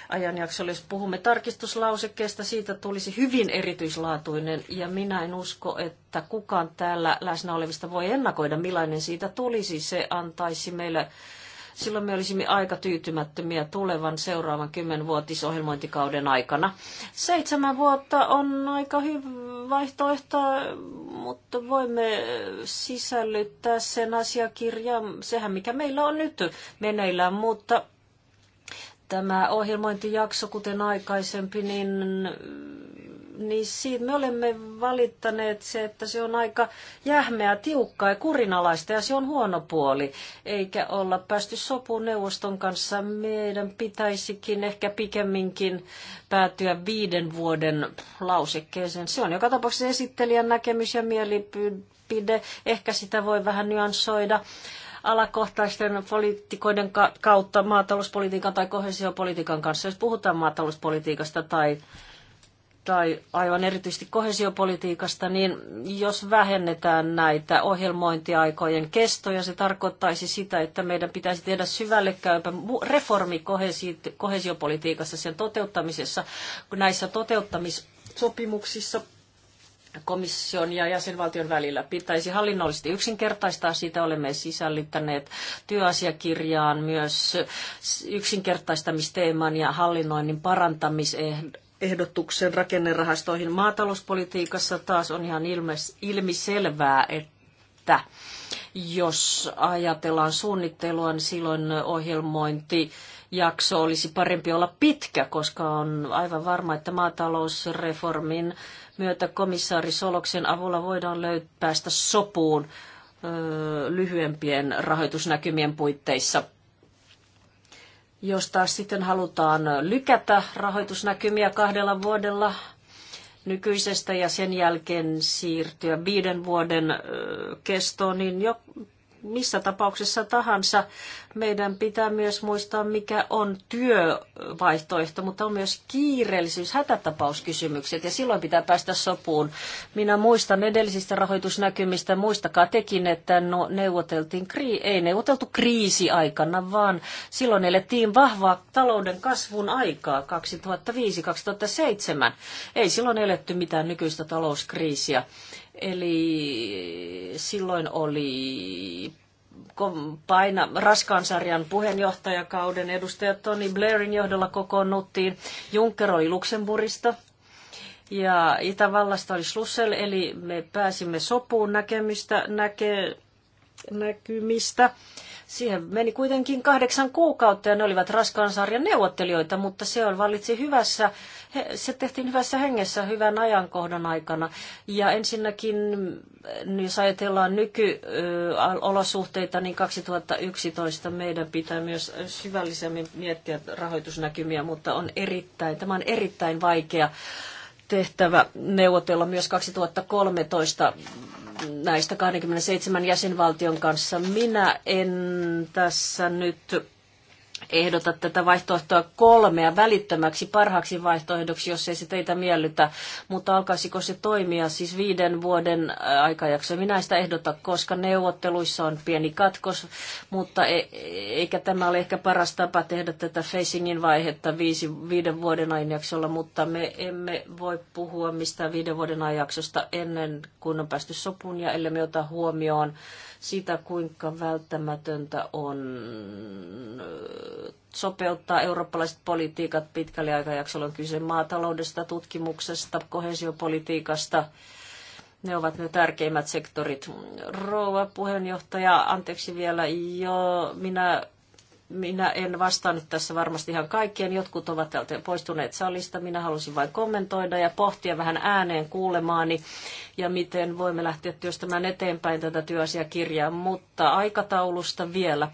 ajanjaksolle. Jos puhumme tarkistuslausekkeesta, siitä tulisi hyvin erityislaatuinen ja minä en usko, että kukaan täällä läsnä olevista voi ennakoida, millainen siitä tulisi. Se antaisi meille silloin me olisimme aika tyytymättömiä tulevan seuraavan kymmenvuotisohjelmointikauden aikana. Seitsemän vuotta on aika hyvä vaihtoehto, mutta voimme sisällyttää sen asiakirjan, sehän mikä meillä on nyt meneillään, mutta tämä ohjelmointijakso, kuten aikaisempi, niin niin siitä me olemme valittaneet se, että se on aika jähmeä, tiukkaa ja kurinalaista ja se on huono puoli. Eikä olla päästy sopuun neuvoston kanssa. Meidän pitäisikin ehkä pikemminkin päätyä viiden vuoden lausekkeeseen. Se on joka tapauksessa esittelijän näkemys ja mielipide. Ehkä sitä voi vähän nyansoida alakohtaisten poliitikoiden kautta maatalouspolitiikan tai kohesiopolitiikan kanssa. Jos puhutaan maatalouspolitiikasta tai tai aivan erityisesti kohesiopolitiikasta, niin jos vähennetään näitä ohjelmointiaikojen kestoja, se tarkoittaisi sitä, että meidän pitäisi tehdä syvälle käypä reformi kohesiopolitiikassa sen toteuttamisessa, kun näissä toteuttamissopimuksissa komission ja jäsenvaltion välillä pitäisi hallinnollisesti yksinkertaistaa. Siitä olemme sisällyttäneet työasiakirjaan myös yksinkertaistamisteeman ja hallinnoinnin parantamisehdotuksen ehdotuksen rakennerahastoihin maatalouspolitiikassa taas on ihan ilmiselvää, että jos ajatellaan suunnittelua, niin silloin ohjelmointi jakso olisi parempi olla pitkä, koska on aivan varma, että maatalousreformin myötä komissaari Soloksen avulla voidaan löyt- päästä sopuun lyhyempien rahoitusnäkymien puitteissa jos taas sitten halutaan lykätä rahoitusnäkymiä kahdella vuodella nykyisestä ja sen jälkeen siirtyä viiden vuoden kestoon, niin jo missä tapauksessa tahansa. Meidän pitää myös muistaa, mikä on työvaihtoehto, mutta on myös kiireellisyys, hätätapauskysymykset ja silloin pitää päästä sopuun. Minä muistan edellisistä rahoitusnäkymistä, muistakaa tekin, että no, neuvoteltiin, ei neuvoteltu aikana vaan silloin elettiin vahvaa talouden kasvun aikaa 2005-2007. Ei silloin eletty mitään nykyistä talouskriisiä. Eli silloin oli paina raskaan sarjan puheenjohtajakauden edustaja Tony Blairin johdolla kokoonnuttiin. Juncker oli Luxemburista ja Itävallasta oli Schlussel, eli me pääsimme sopuun näkemistä, näke, näkymistä. Siihen meni kuitenkin kahdeksan kuukautta ja ne olivat raskaan sarjan neuvottelijoita, mutta se oli valitsi hyvässä, se tehtiin hyvässä hengessä hyvän ajankohdan aikana. Ja ensinnäkin, jos ajatellaan nykyolosuhteita, niin 2011 meidän pitää myös syvällisemmin miettiä rahoitusnäkymiä, mutta on erittäin, tämä on erittäin vaikea tehtävä neuvotella myös 2013 näistä 27 jäsenvaltion kanssa. Minä en tässä nyt ehdota tätä vaihtoehtoa kolmea välittömäksi parhaaksi vaihtoehdoksi, jos ei se teitä miellytä, mutta alkaisiko se toimia siis viiden vuoden äh, aikajakso? Minä sitä ehdota, koska neuvotteluissa on pieni katkos, mutta e- eikä tämä ole ehkä paras tapa tehdä tätä facingin vaihetta viisi, viiden vuoden ajanjaksolla, mutta me emme voi puhua mistään viiden vuoden ajanjaksosta ennen kuin on päästy sopuun ja ellei me ota huomioon sitä, kuinka välttämätöntä on sopeuttaa eurooppalaiset politiikat pitkälle aikajaksolla. On kyse maataloudesta, tutkimuksesta, kohesiopolitiikasta. Ne ovat ne tärkeimmät sektorit. Rouva puheenjohtaja, anteeksi vielä, jo minä minä en vastannut tässä varmasti ihan kaikkien. Jotkut ovat täältä poistuneet salista. Minä halusin vain kommentoida ja pohtia vähän ääneen kuulemaani ja miten voimme lähteä työstämään eteenpäin tätä työasiakirjaa. Mutta aikataulusta vielä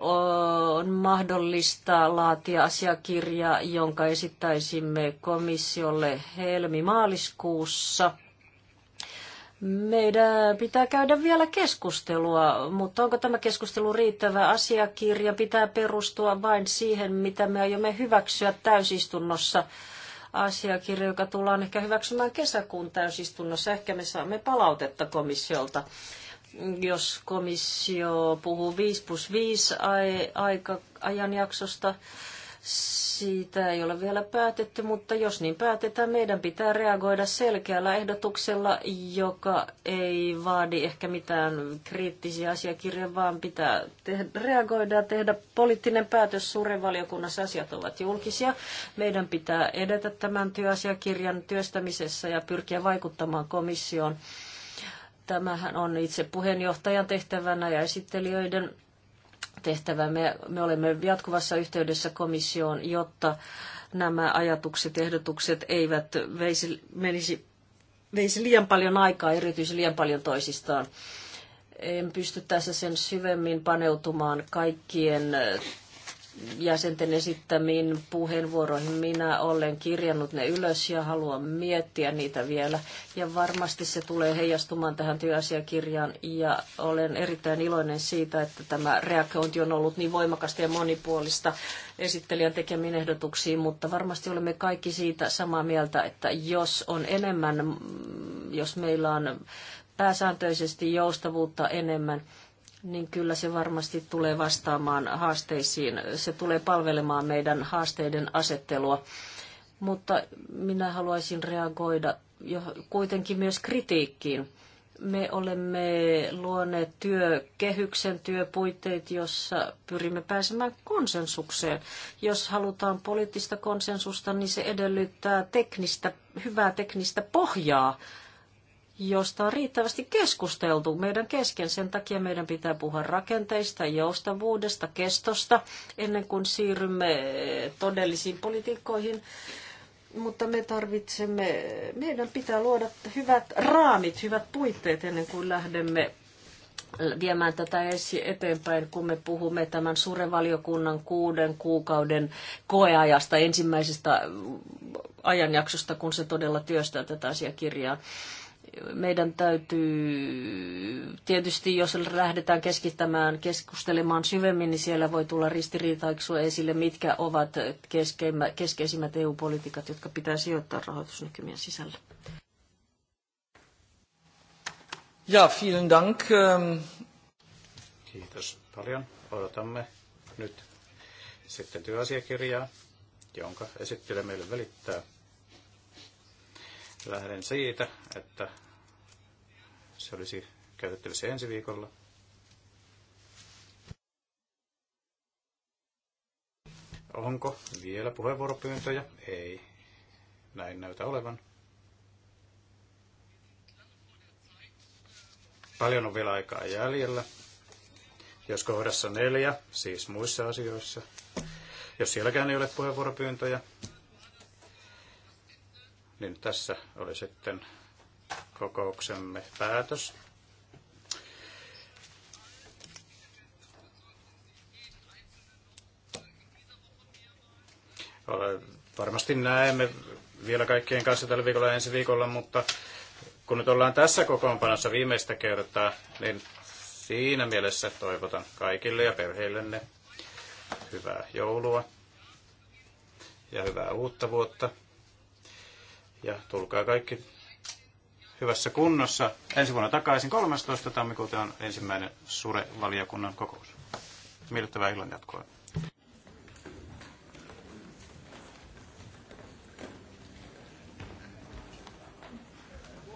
on mahdollista laatia asiakirja, jonka esittäisimme komissiolle helmimaaliskuussa – meidän pitää käydä vielä keskustelua, mutta onko tämä keskustelu riittävä asiakirja? Pitää perustua vain siihen, mitä me aiomme hyväksyä täysistunnossa. Asiakirja, joka tullaan ehkä hyväksymään kesäkuun täysistunnossa. Ehkä me saamme palautetta komissiolta. Jos komissio puhuu 5 plus 5 ajanjaksosta, siitä ei ole vielä päätetty, mutta jos niin päätetään, meidän pitää reagoida selkeällä ehdotuksella, joka ei vaadi ehkä mitään kriittisiä asiakirjoja, vaan pitää tehdä, reagoida ja tehdä poliittinen päätös. Suuren valiokunnassa asiat ovat julkisia. Meidän pitää edetä tämän työasiakirjan työstämisessä ja pyrkiä vaikuttamaan komissioon. Tämähän on itse puheenjohtajan tehtävänä ja esittelijöiden tehtävä. Me, me olemme jatkuvassa yhteydessä komissioon, jotta nämä ajatukset, ehdotukset eivät veisi, menisi, veisi liian paljon aikaa, erityisesti liian paljon toisistaan. En pysty tässä sen syvemmin paneutumaan kaikkien jäsenten esittämiin puheenvuoroihin. Minä olen kirjannut ne ylös ja haluan miettiä niitä vielä. Ja varmasti se tulee heijastumaan tähän työasiakirjaan. Ja olen erittäin iloinen siitä, että tämä reagointi on ollut niin voimakasta ja monipuolista esittelijän tekemiin ehdotuksiin. Mutta varmasti olemme kaikki siitä samaa mieltä, että jos on enemmän, jos meillä on pääsääntöisesti joustavuutta enemmän, niin kyllä se varmasti tulee vastaamaan haasteisiin. Se tulee palvelemaan meidän haasteiden asettelua. Mutta minä haluaisin reagoida jo kuitenkin myös kritiikkiin. Me olemme luoneet työkehyksen, työpuitteet, jossa pyrimme pääsemään konsensukseen. Jos halutaan poliittista konsensusta, niin se edellyttää teknistä, hyvää teknistä pohjaa josta on riittävästi keskusteltu meidän kesken. Sen takia meidän pitää puhua rakenteista, joustavuudesta, kestosta, ennen kuin siirrymme todellisiin politiikkoihin. Mutta me tarvitsemme, meidän pitää luoda hyvät raamit, hyvät puitteet ennen kuin lähdemme viemään tätä eteenpäin, kun me puhumme tämän surevaliokunnan kuuden kuukauden koeajasta, ensimmäisestä ajanjaksosta, kun se todella työstää tätä asiakirjaa meidän täytyy, tietysti jos lähdetään keskittämään, keskustelemaan syvemmin, niin siellä voi tulla ristiriitaiksua esille, mitkä ovat keskeisimmät EU-politiikat, jotka pitää sijoittaa rahoitusnäkymien sisällä. Ja, vielen dank. Ähm. Kiitos paljon. Odotamme nyt sitten työasiakirjaa, jonka esittelee meille välittää. Lähden siitä, että se olisi käytettävissä ensi viikolla. Onko vielä puheenvuoropyyntöjä? Ei. Näin näytä olevan. Paljon on vielä aikaa jäljellä. Jos kohdassa neljä, siis muissa asioissa, jos sielläkään ei ole puheenvuoropyyntöjä, niin tässä oli sitten kokouksemme päätös. Varmasti näemme vielä kaikkien kanssa tällä viikolla ja ensi viikolla, mutta kun nyt ollaan tässä kokoonpanossa viimeistä kertaa, niin siinä mielessä toivotan kaikille ja perheillenne hyvää joulua ja hyvää uutta vuotta ja tulkaa kaikki hyvässä kunnossa ensi vuonna takaisin. 13. tammikuuta on ensimmäinen Sure-valiokunnan kokous. Miellyttävää illan jatkoa.